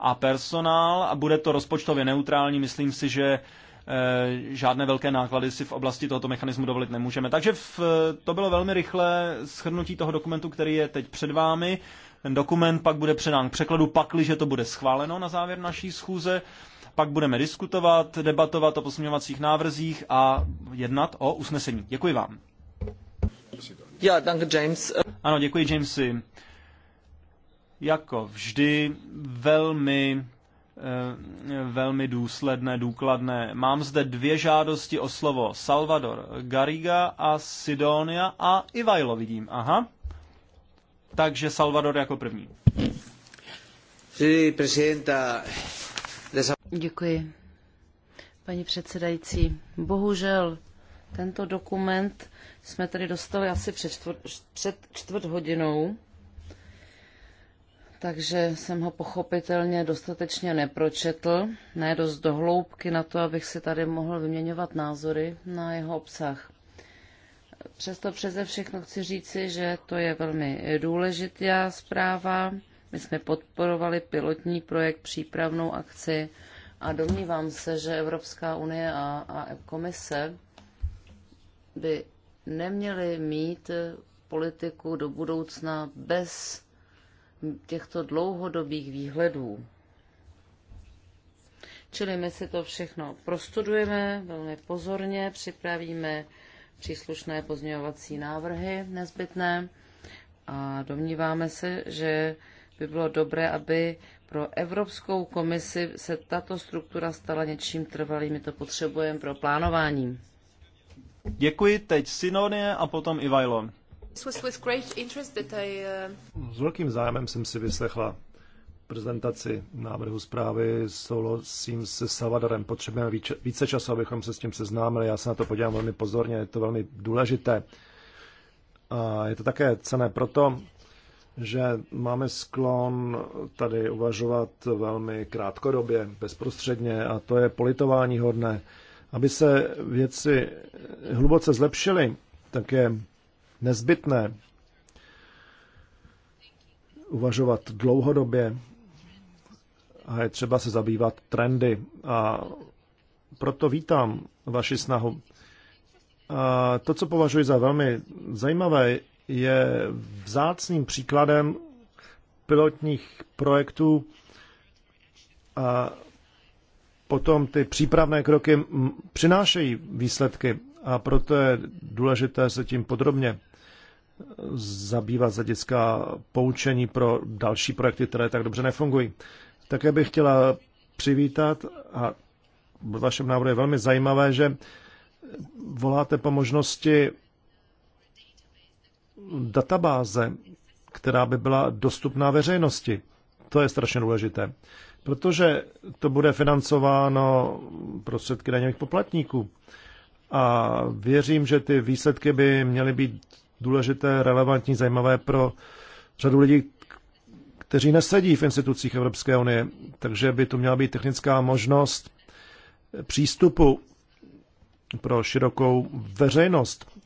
S2: a personál a bude to rozpočtově neutrální. Myslím si, že Eh, žádné velké náklady si v oblasti tohoto mechanismu dovolit nemůžeme. Takže v, to bylo velmi rychlé shrnutí toho dokumentu, který je teď před vámi. Ten dokument pak bude předán k překladu, pakliže to bude schváleno na závěr naší schůze. Pak budeme diskutovat, debatovat o posměvacích návrzích a jednat o usnesení. Děkuji vám. Já, danke James. Ano, děkuji Jamesy. Jako vždy, velmi Eh, velmi důsledné, důkladné. Mám zde dvě žádosti o slovo. Salvador Gariga a Sidonia a Ivajlo vidím. Aha. Takže Salvador jako první.
S3: Děkuji. Paní předsedající, bohužel tento dokument jsme tady dostali asi před čtvrt, před čtvrt hodinou takže jsem ho pochopitelně dostatečně nepročetl, ne dost dohloubky na to, abych si tady mohl vyměňovat názory na jeho obsah. Přesto přeze všechno chci říci, že to je velmi důležitá zpráva. My jsme podporovali pilotní projekt, přípravnou akci a domnívám se, že Evropská unie a, a komise by neměly mít politiku do budoucna bez těchto dlouhodobých výhledů. Čili my si to všechno prostudujeme velmi pozorně, připravíme příslušné pozměňovací návrhy nezbytné a domníváme se, že by bylo dobré, aby pro Evropskou komisi se tato struktura stala něčím trvalým. My to potřebujeme pro plánování. Děkuji, teď Sinonie a potom Ivajlo. S
S1: velkým zájmem jsem si vyslechla prezentaci návrhu zprávy s tím se Salvadorem. Potřebujeme více času, abychom se s tím seznámili. Já se na to podívám velmi pozorně, je to velmi důležité. A je to také cené proto, že máme sklon tady uvažovat velmi krátkodobě, bezprostředně a to je politování hodné. Aby se věci hluboce zlepšily, tak je nezbytné uvažovat dlouhodobě a je třeba se zabývat trendy. A proto vítám vaši snahu. A to, co považuji za velmi zajímavé, je vzácným příkladem pilotních projektů a potom ty přípravné kroky přinášejí výsledky a proto je důležité se tím podrobně zabývat z hlediska poučení pro další projekty, které tak dobře nefungují. Také bych chtěla přivítat a v vašem návrhu je velmi zajímavé, že voláte po možnosti databáze, která by byla dostupná veřejnosti. To je strašně důležité, protože to bude financováno prostředky daňových poplatníků a věřím, že ty výsledky by měly být důležité, relevantní, zajímavé pro řadu lidí, kteří nesedí v institucích Evropské unie. Takže by tu měla být technická možnost přístupu pro širokou veřejnost,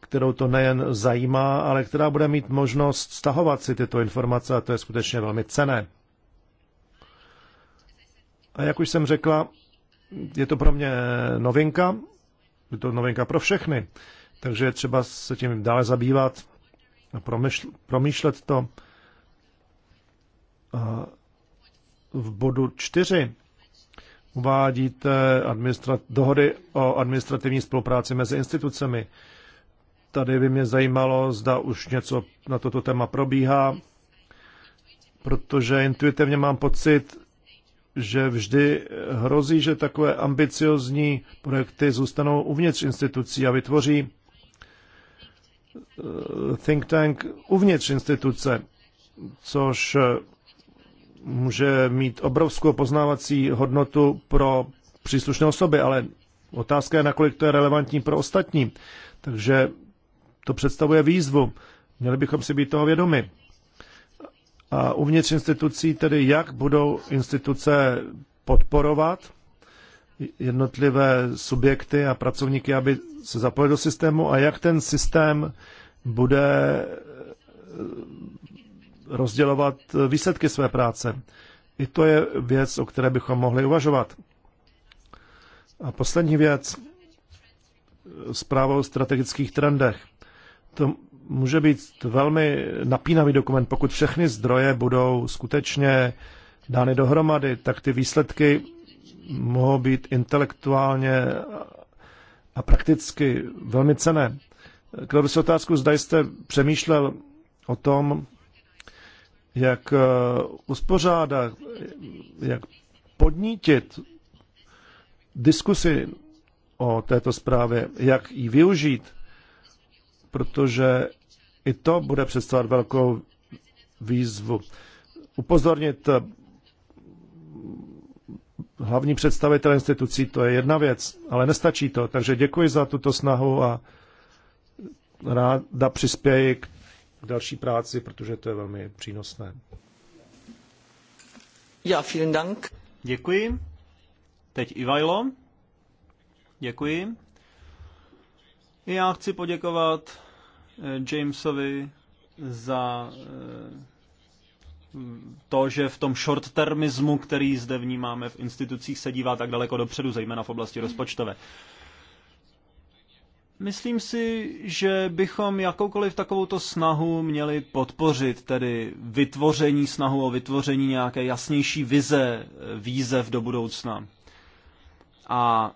S1: kterou to nejen zajímá, ale která bude mít možnost stahovat si tyto informace a to je skutečně velmi cené. A jak už jsem řekla, je to pro mě novinka je to novinka pro všechny. Takže je třeba se tím dále zabývat a promýšlet to. A v bodu 4 uvádíte dohody o administrativní spolupráci mezi institucemi. Tady by mě zajímalo, zda už něco na toto téma probíhá, protože intuitivně mám pocit, že vždy hrozí, že takové ambiciozní projekty zůstanou uvnitř institucí a vytvoří eh, think tank uvnitř instituce, což eh, může mít obrovskou poznávací hodnotu pro příslušné osoby, ale otázka je, nakolik to je relevantní pro ostatní. Takže to představuje výzvu. Měli bychom si být toho vědomi a uvnitř institucí tedy jak budou instituce podporovat jednotlivé subjekty a pracovníky, aby se zapojili do systému a jak ten systém bude eh, rozdělovat výsledky své práce. I to je věc, o které bychom mohli uvažovat. A poslední věc, eh, zpráva o strategických trendech. To, může být velmi napínavý dokument, pokud všechny zdroje budou skutečně dány dohromady, tak ty výsledky mohou být intelektuálně a prakticky velmi cené. Kdo by se otázku, zda jste přemýšlel o tom, jak eh, uspořádat, jak podnítit diskusy o této zprávě, jak ji využít, protože i to bude představovat velkou výzvu. Upozornit eh, hlavní představitel institucí, to je jedna věc, ale nestačí to. Takže děkuji za tuto snahu a ráda přispěji k další práci, protože to je velmi přínosné. Já vielen Dank. Děkuji. Teď Ivajlo. Děkuji.
S2: Já chci poděkovat Eh, Jamesovi za eh, to, že v tom short-termismu, který zde vnímáme v institucích, se dívá tak daleko dopředu, zejména v oblasti rozpočtové. Myslím si, že bychom jakoukoliv takovouto snahu měli podpořit, tedy vytvoření snahu o vytvoření nějaké jasnější vize eh, výzev do budoucna. A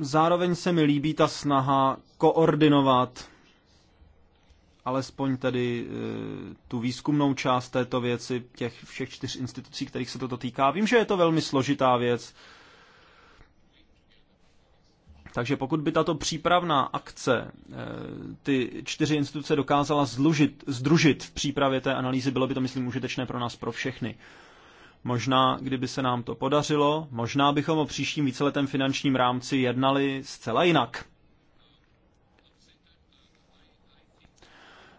S2: Zároveň se mi líbí ta snaha koordinovat alespoň tedy e, tu výzkumnou část této věci, těch všech čtyř institucí, kterých se toto týká. Vím, že je to velmi složitá věc. Takže pokud by tato přípravná akce e, ty čtyři instituce dokázala zlužit, združit v přípravě té analýzy, bylo by to, myslím, užitečné pro nás, pro všechny. Možná, kdyby se nám to podařilo, možná bychom o příštím víceletém finančním rámci jednali zcela jinak.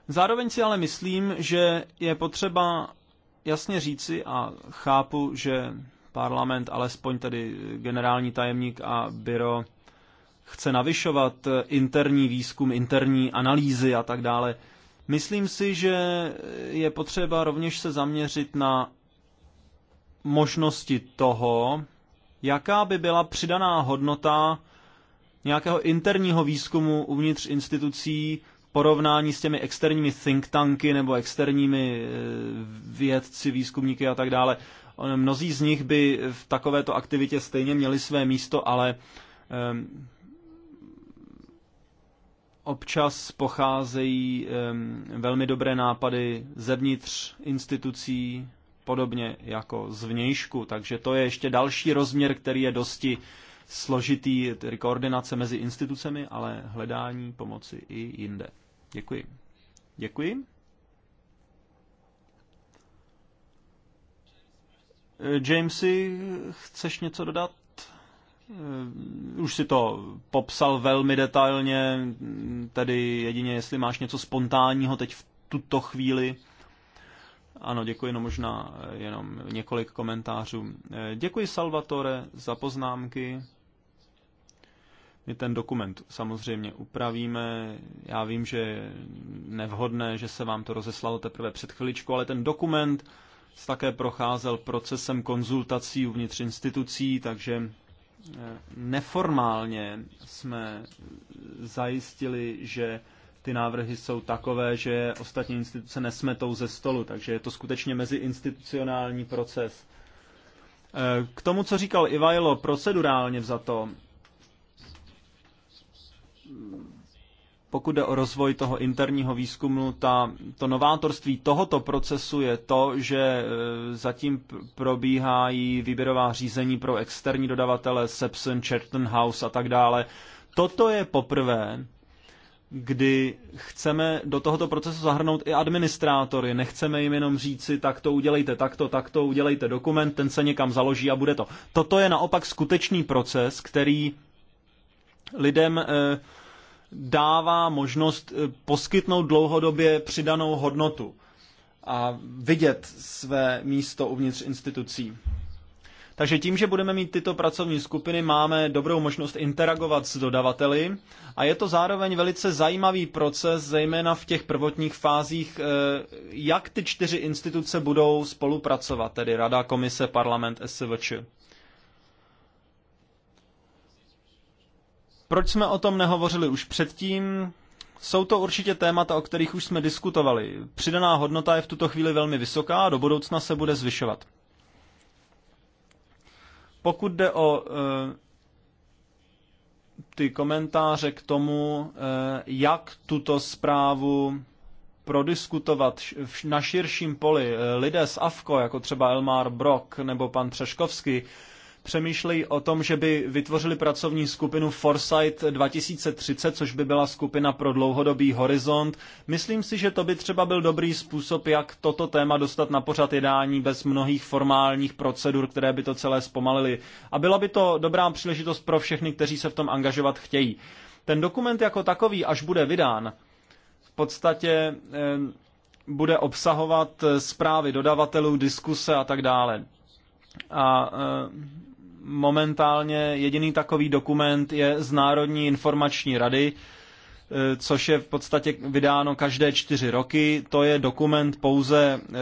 S2: Zároveň si ale myslím, že je potřeba jasně říci a chápu, že parlament, alespoň tedy generální tajemník a byro chce navyšovat interní výzkum, interní analýzy a tak dále. Myslím si, že je potřeba rovněž se zaměřit na možnosti toho, jaká by byla přidaná hodnota nějakého interního výzkumu uvnitř institucí v porovnání s těmi externími think tanky nebo externími e, vědci, výzkumníky a tak dále. Mnozí z nich by v takovéto aktivitě stejně měli své místo, ale občas pocházejí velmi dobré nápady zevnitř institucí podobně jako zvnějšku. Takže to je ještě další rozměr, který je dosti složitý, tedy koordinace mezi institucemi, ale hledání pomoci i jinde. Děkuji. Děkuji. Jamesy, chceš něco dodat? Eh, už si to popsal velmi detailně, tedy jedině jestli máš něco spontánního teď v tuto chvíli. Ano, děkuji, no možná eh, jenom několik komentářů. Eh, děkuji Salvatore za poznámky. My ten dokument samozřejmě upravíme. Já vím, že je nevhodné, že se vám to rozeslalo teprve před chviličkou, ale ten dokument také procházel procesem konzultací uvnitř institucí, takže eh, neformálně jsme zajistili, že ty návrhy jsou takové, že ostatní instituce nesmetou ze stolu, takže je to skutečně meziinstitucionální proces. Eh, k tomu, co říkal Ivajlo, procedurálně vzato, pokud jde o rozvoj toho interního výzkumu, ta, to novátorství tohoto procesu je to, že eh, zatím probíhají výběrová řízení pro externí dodavatele Sepson, Chertenhaus House a tak dále. Toto je poprvé, kdy chceme do tohoto procesu zahrnout i administrátory. Nechceme jim jenom říci, tak to udělejte takto, takto udělejte dokument, ten se někam založí a bude to. Toto je naopak skutečný proces, který lidem eh, dává možnost eh, poskytnout dlouhodobě přidanou hodnotu a vidět své místo uvnitř institucí. Takže tím, že budeme mít tyto pracovní skupiny, máme dobrou možnost interagovat s dodavateli a je to zároveň velice zajímavý proces, zejména v těch prvotních fázích, eh, jak ty čtyři instituce budou spolupracovat, tedy Rada, Komise, Parlament, SVČ. Proč jsme o tom nehovořili už předtím? Jsou to určitě témata, o kterých už jsme diskutovali. Přidaná hodnota je v tuto chvíli velmi vysoká a do budoucna se bude zvyšovat. Pokud jde o eh, ty komentáře k tomu, eh, jak tuto zprávu prodiskutovat na širším poli eh, lidé z AFKO, jako třeba Elmar Brok nebo pan Třeškovský, přemýšlejí o tom, že by vytvořili pracovní skupinu Foresight 2030, což by byla skupina pro dlouhodobý horizont. Myslím si, že to by třeba byl dobrý způsob, jak toto téma dostat na pořad jednání bez mnohých formálních procedur, které by to celé zpomalily. A byla by to dobrá příležitost pro všechny, kteří se v tom angažovat chtějí. Ten dokument jako takový, až bude vydán, v podstatě eh, bude obsahovat eh, zprávy dodavatelů, diskuse a tak dále. A eh, momentálně jediný takový dokument je z Národní informační rady, eh, což je v podstatě vydáno každé čtyři roky. To je dokument pouze eh,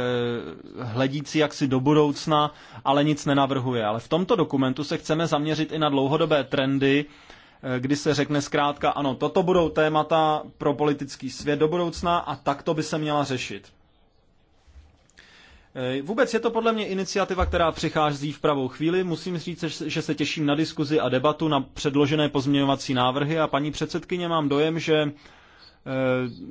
S2: hledící jaksi do budoucna, ale nic nenavrhuje. Ale v tomto dokumentu se chceme zaměřit i na dlouhodobé trendy, eh, kdy se řekne zkrátka, ano, toto budou témata pro politický svět do budoucna a tak to by se měla řešit. Eh, vůbec je to podle mě iniciativa, která přichází v pravou chvíli. Musím říct, že se těším na diskuzi a debatu na předložené pozměňovací návrhy a paní předsedkyně mám dojem, že eh,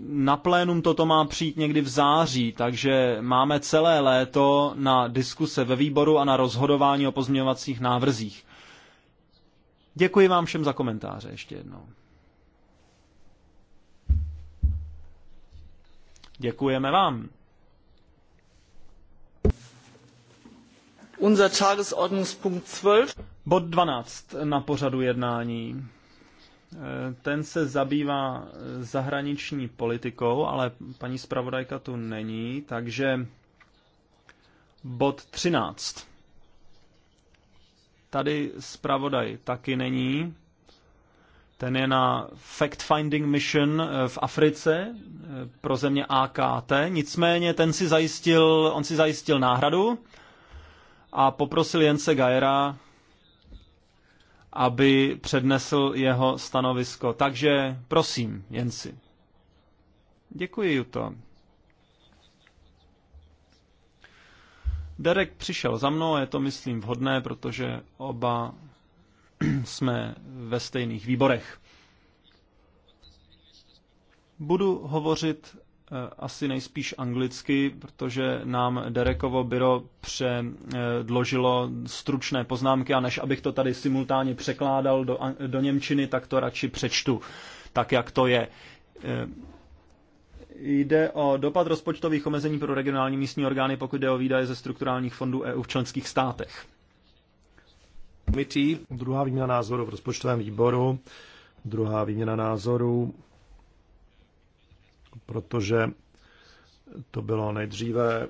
S2: na plénum toto má přijít někdy v září, takže máme celé léto na diskuse ve výboru a na rozhodování o pozměňovacích návrzích. Děkuji vám všem za komentáře ještě jednou. Děkujeme vám. unser Tagesordnungspunkt 12. Bod 12 na pořadu jednání. Eh, ten se zabývá eh, zahraniční politikou, ale paní zpravodajka tu není, takže bod 13. Tady zpravodaj taky není. Ten je na fact-finding mission eh, v Africe pro země AKT. Nicméně ten si zajistil, on si zajistil náhradu a poprosil Jence Gajera, aby přednesl jeho stanovisko. Takže prosím, Jensi. Děkuji, Juto. Derek přišel za mnou, je to myslím vhodné, protože oba jsme ve stejných výborech. Budu hovořit Eh, asi nejspíš anglicky, protože nám Derekovo byro předložilo stručné poznámky a než abych to tady simultánně překládal do, do Němčiny, tak to radši přečtu, tak jak to je. Eh,
S1: jde o dopad rozpočtových
S2: omezení pro regionální místní orgány, pokud jde o výdaje ze strukturálních fondů EU v členských státech.
S1: Druhá výměna názoru v rozpočtovém výboru, druhá výměna názoru protože to bylo nejdříve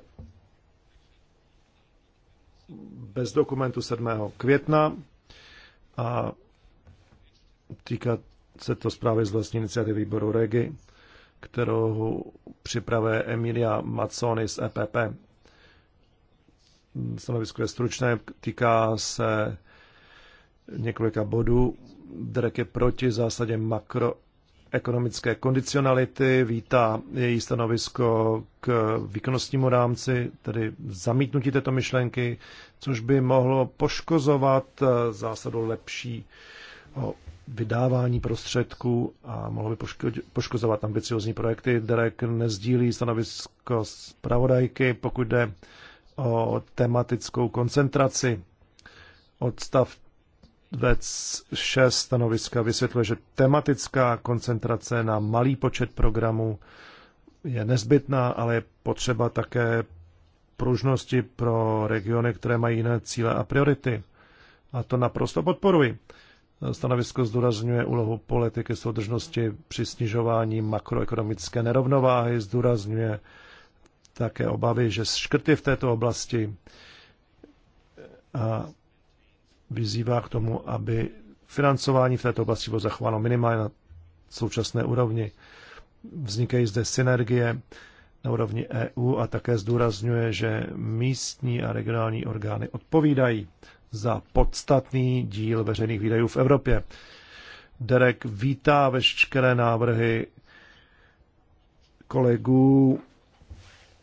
S1: bez dokumentu 7. května a týká se to zprávy z vlastní iniciativy výboru REGI, kterou připravuje Emilia Mazzoni z EPP. Stanovisko je stručné, týká se několika bodů. Drek je proti zásadě makro ekonomické kondicionality, vítá její stanovisko k výkonnostnímu rámci, tedy zamítnutí této myšlenky, což by mohlo poškozovat eh, zásadu lepší vydávání prostředků a mohlo by poškozovat ambiciozní projekty. Derek nezdílí stanovisko zpravodajky, pokud jde o tematickou koncentraci. Odstav Vec 6 stanoviska vysvětluje, že tematická koncentrace na malý počet programů je nezbytná, ale je potřeba také pružnosti pro regiony, které mají jiné cíle a priority. A to naprosto podporuji. Stanovisko zdůrazňuje úlohu politiky soudržnosti při snižování makroekonomické nerovnováhy, zdůrazňuje také obavy, že škrty v této oblasti a vyzývá k tomu, aby financování v této oblasti bylo zachováno minimálně na současné úrovni. Vznikají zde synergie na úrovni EU a také zdůrazňuje, že místní a regionální orgány odpovídají za podstatný díl veřejných výdajů v Evropě. Derek vítá veškeré návrhy kolegů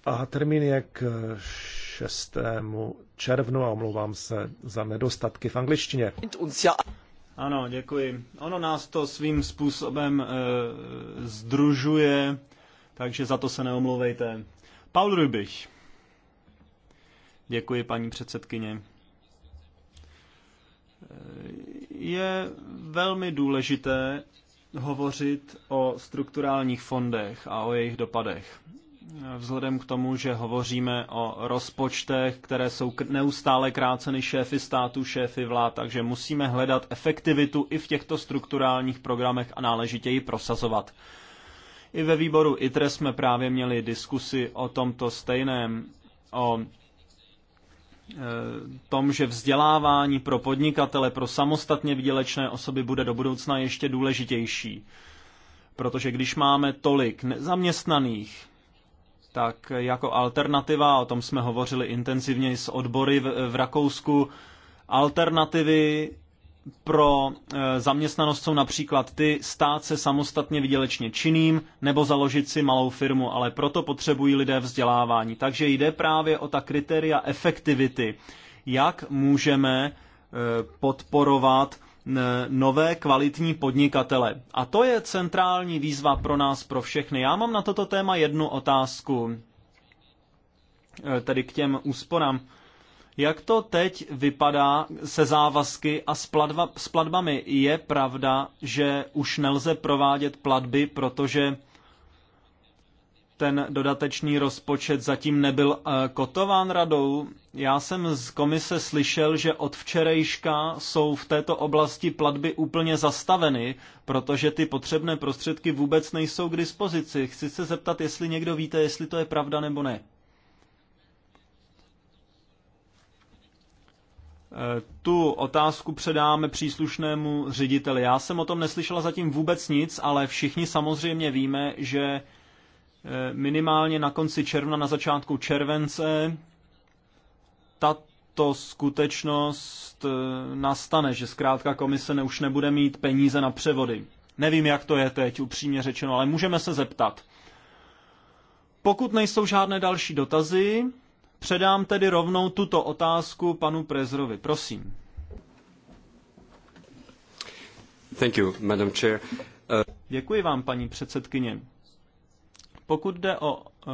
S1: a termín je k 6 červnu a omlouvám se za nedostatky v angličtině.
S2: Ano, děkuji. Ono nás to svým způsobem e, združuje, takže za to se neomlouvejte. Paul Rübich. Děkuji, paní předsedkyně. Eh, je velmi důležité hovořit o strukturálních fondech a o jejich dopadech vzhledem k tomu, že hovoříme o rozpočtech, které jsou neustále kráceny šéfy státu, šéfy vlád, takže musíme hledat efektivitu i v těchto strukturálních programech a náležitě ji prosazovat. I ve výboru ITRE jsme právě měli diskusy o tomto stejném, o e, tom, že vzdělávání pro podnikatele, pro samostatně výdělečné osoby bude do budoucna ještě důležitější. Protože když máme tolik nezaměstnaných, tak jako alternativa, o tom jsme hovořili intenzivně s odbory v, v Rakousku, alternativy pro e, zaměstnanost jsou například ty stát se samostatně vydělečně činným nebo založit si malou firmu, ale proto potřebují lidé vzdělávání. Takže jde právě o ta kritéria efektivity. Jak můžeme e, podporovat nové kvalitní podnikatele. A to je centrální výzva pro nás, pro všechny. Já mám na toto téma jednu otázku, e, tedy k těm úsporám. Jak to teď vypadá se závazky a s, platba, s platbami? Je pravda, že už nelze provádět platby, protože ten dodatečný rozpočet zatím nebyl eh, kotován radou. Já jsem z komise slyšel, že od včerejška jsou v této oblasti platby úplně zastaveny, protože ty potřebné prostředky vůbec nejsou k dispozici. Chci se zeptat, jestli někdo víte, jestli to je pravda nebo ne. Eh, tu otázku předáme příslušnému řediteli. Já jsem o tom neslyšela zatím vůbec nic, ale všichni samozřejmě víme, že Eh, minimálně na konci června, na začátku července tato skutečnost eh, nastane, že zkrátka komise už nebude mít peníze na převody. Nevím, jak to je teď, upřímně řečeno, ale můžeme se zeptat. Pokud nejsou žádné další dotazy, předám tedy rovnou tuto otázku panu Prezrovi. Prosím. Thank you, Madam Chair. Uh... Děkuji vám, paní předsedkyně. Pokud jde o eh,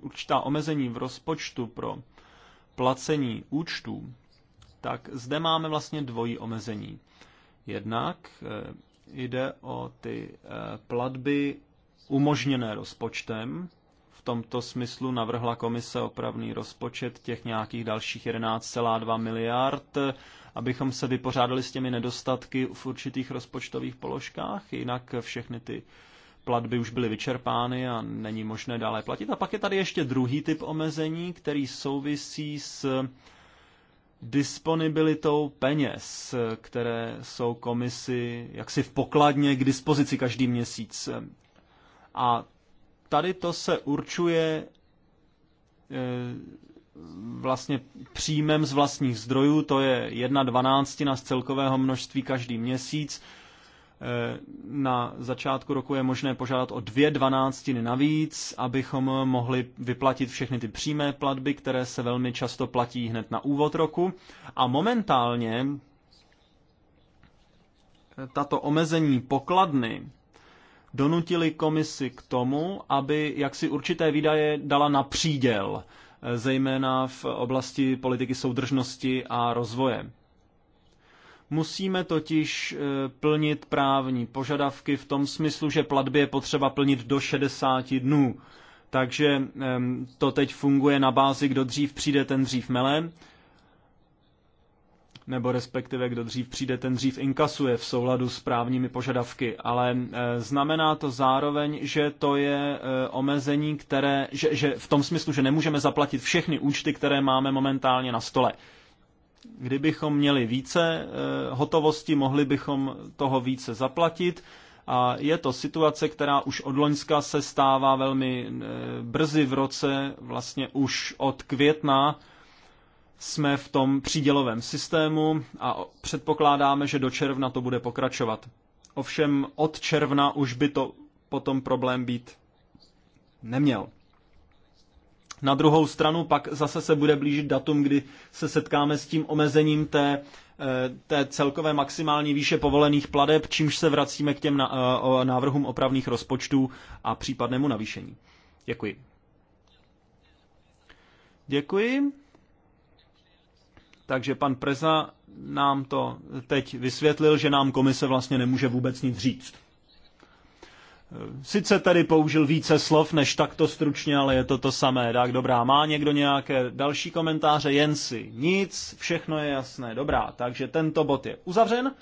S2: určitá omezení v rozpočtu pro placení účtů, tak zde máme vlastně dvojí omezení. Jednak eh, jde o ty eh, platby umožněné rozpočtem. V tomto smyslu navrhla komise opravný rozpočet těch nějakých dalších 11,2 miliard, abychom se vypořádali s těmi nedostatky v určitých rozpočtových položkách. Jinak všechny ty uh, platby už byly vyčerpány a není možné dále platit. A pak je tady ještě druhý typ omezení, který souvisí s disponibilitou peněz, které jsou komisy jaksi v pokladně k dispozici každý měsíc. A tady to se určuje eh, vlastně příjmem z vlastních zdrojů, to je jedna dvanáctina z celkového množství každý měsíc, Eh, na začátku roku je možné požádat o dvě dvanáctiny navíc, abychom mohli vyplatit všechny ty přímé platby, které se velmi často platí hned na úvod roku. A momentálně eh, tato omezení pokladny donutili komisi k tomu, aby jaksi určité výdaje dala na příděl, eh, zejména v oblasti politiky soudržnosti a rozvoje. Musíme totiž eh, plnit právní požadavky v tom smyslu, že platby je potřeba plnit do 60 dnů. Takže ehm, to teď funguje na bázi, kdo dřív přijde, ten dřív mele, nebo respektive kdo dřív přijde, ten dřív inkasuje v souladu s právními požadavky. Ale eh, znamená to zároveň, že to je eh, omezení, které, že, že v tom smyslu, že nemůžeme zaplatit všechny účty, které máme momentálně na stole. Kdybychom měli více eh, hotovosti, mohli bychom toho více zaplatit. A je to situace, která už od Loňska se stává velmi eh, brzy v roce, vlastně už od května jsme v tom přídělovém systému a předpokládáme, že do června to bude pokračovat. Ovšem od června už by to potom problém být neměl. Na druhou stranu pak zase se bude blížit datum, kdy se setkáme s tím omezením té, eh, té celkové maximální výše povolených pladeb, čímž se vracíme k těm eh, návrhům opravných rozpočtů a případnému navýšení. Děkuji. Děkuji. Takže pan Preza nám to teď vysvětlil, že nám komise vlastně nemůže vůbec nic říct. Sice tady použil více slov než takto stručně, ale je to to samé. Tak dobrá, má někdo nějaké další komentáře? Jen si nic, všechno je jasné. Dobrá, takže tento bod je uzavřen.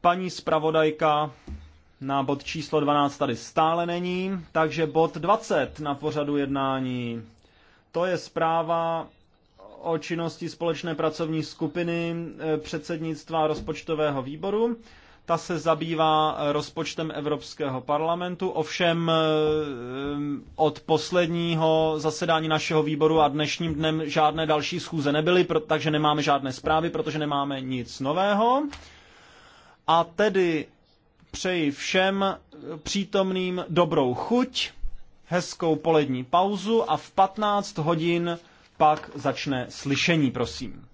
S2: Paní zpravodajka na bod číslo 12 tady stále není, takže bod 20 na pořadu jednání. To je zpráva o činnosti společné pracovní skupiny eh, předsednictva rozpočtového výboru ta se zabývá eh, rozpočtem Evropského parlamentu, ovšem eh, eh, od posledního zasedání našeho výboru a dnešním dnem žádné další schůze nebyly, takže nemáme žádné zprávy, protože nemáme nic nového. A tedy přeji všem přítomným dobrou chuť, hezkou polední pauzu a v 15 hodin pak začne slyšení, prosím.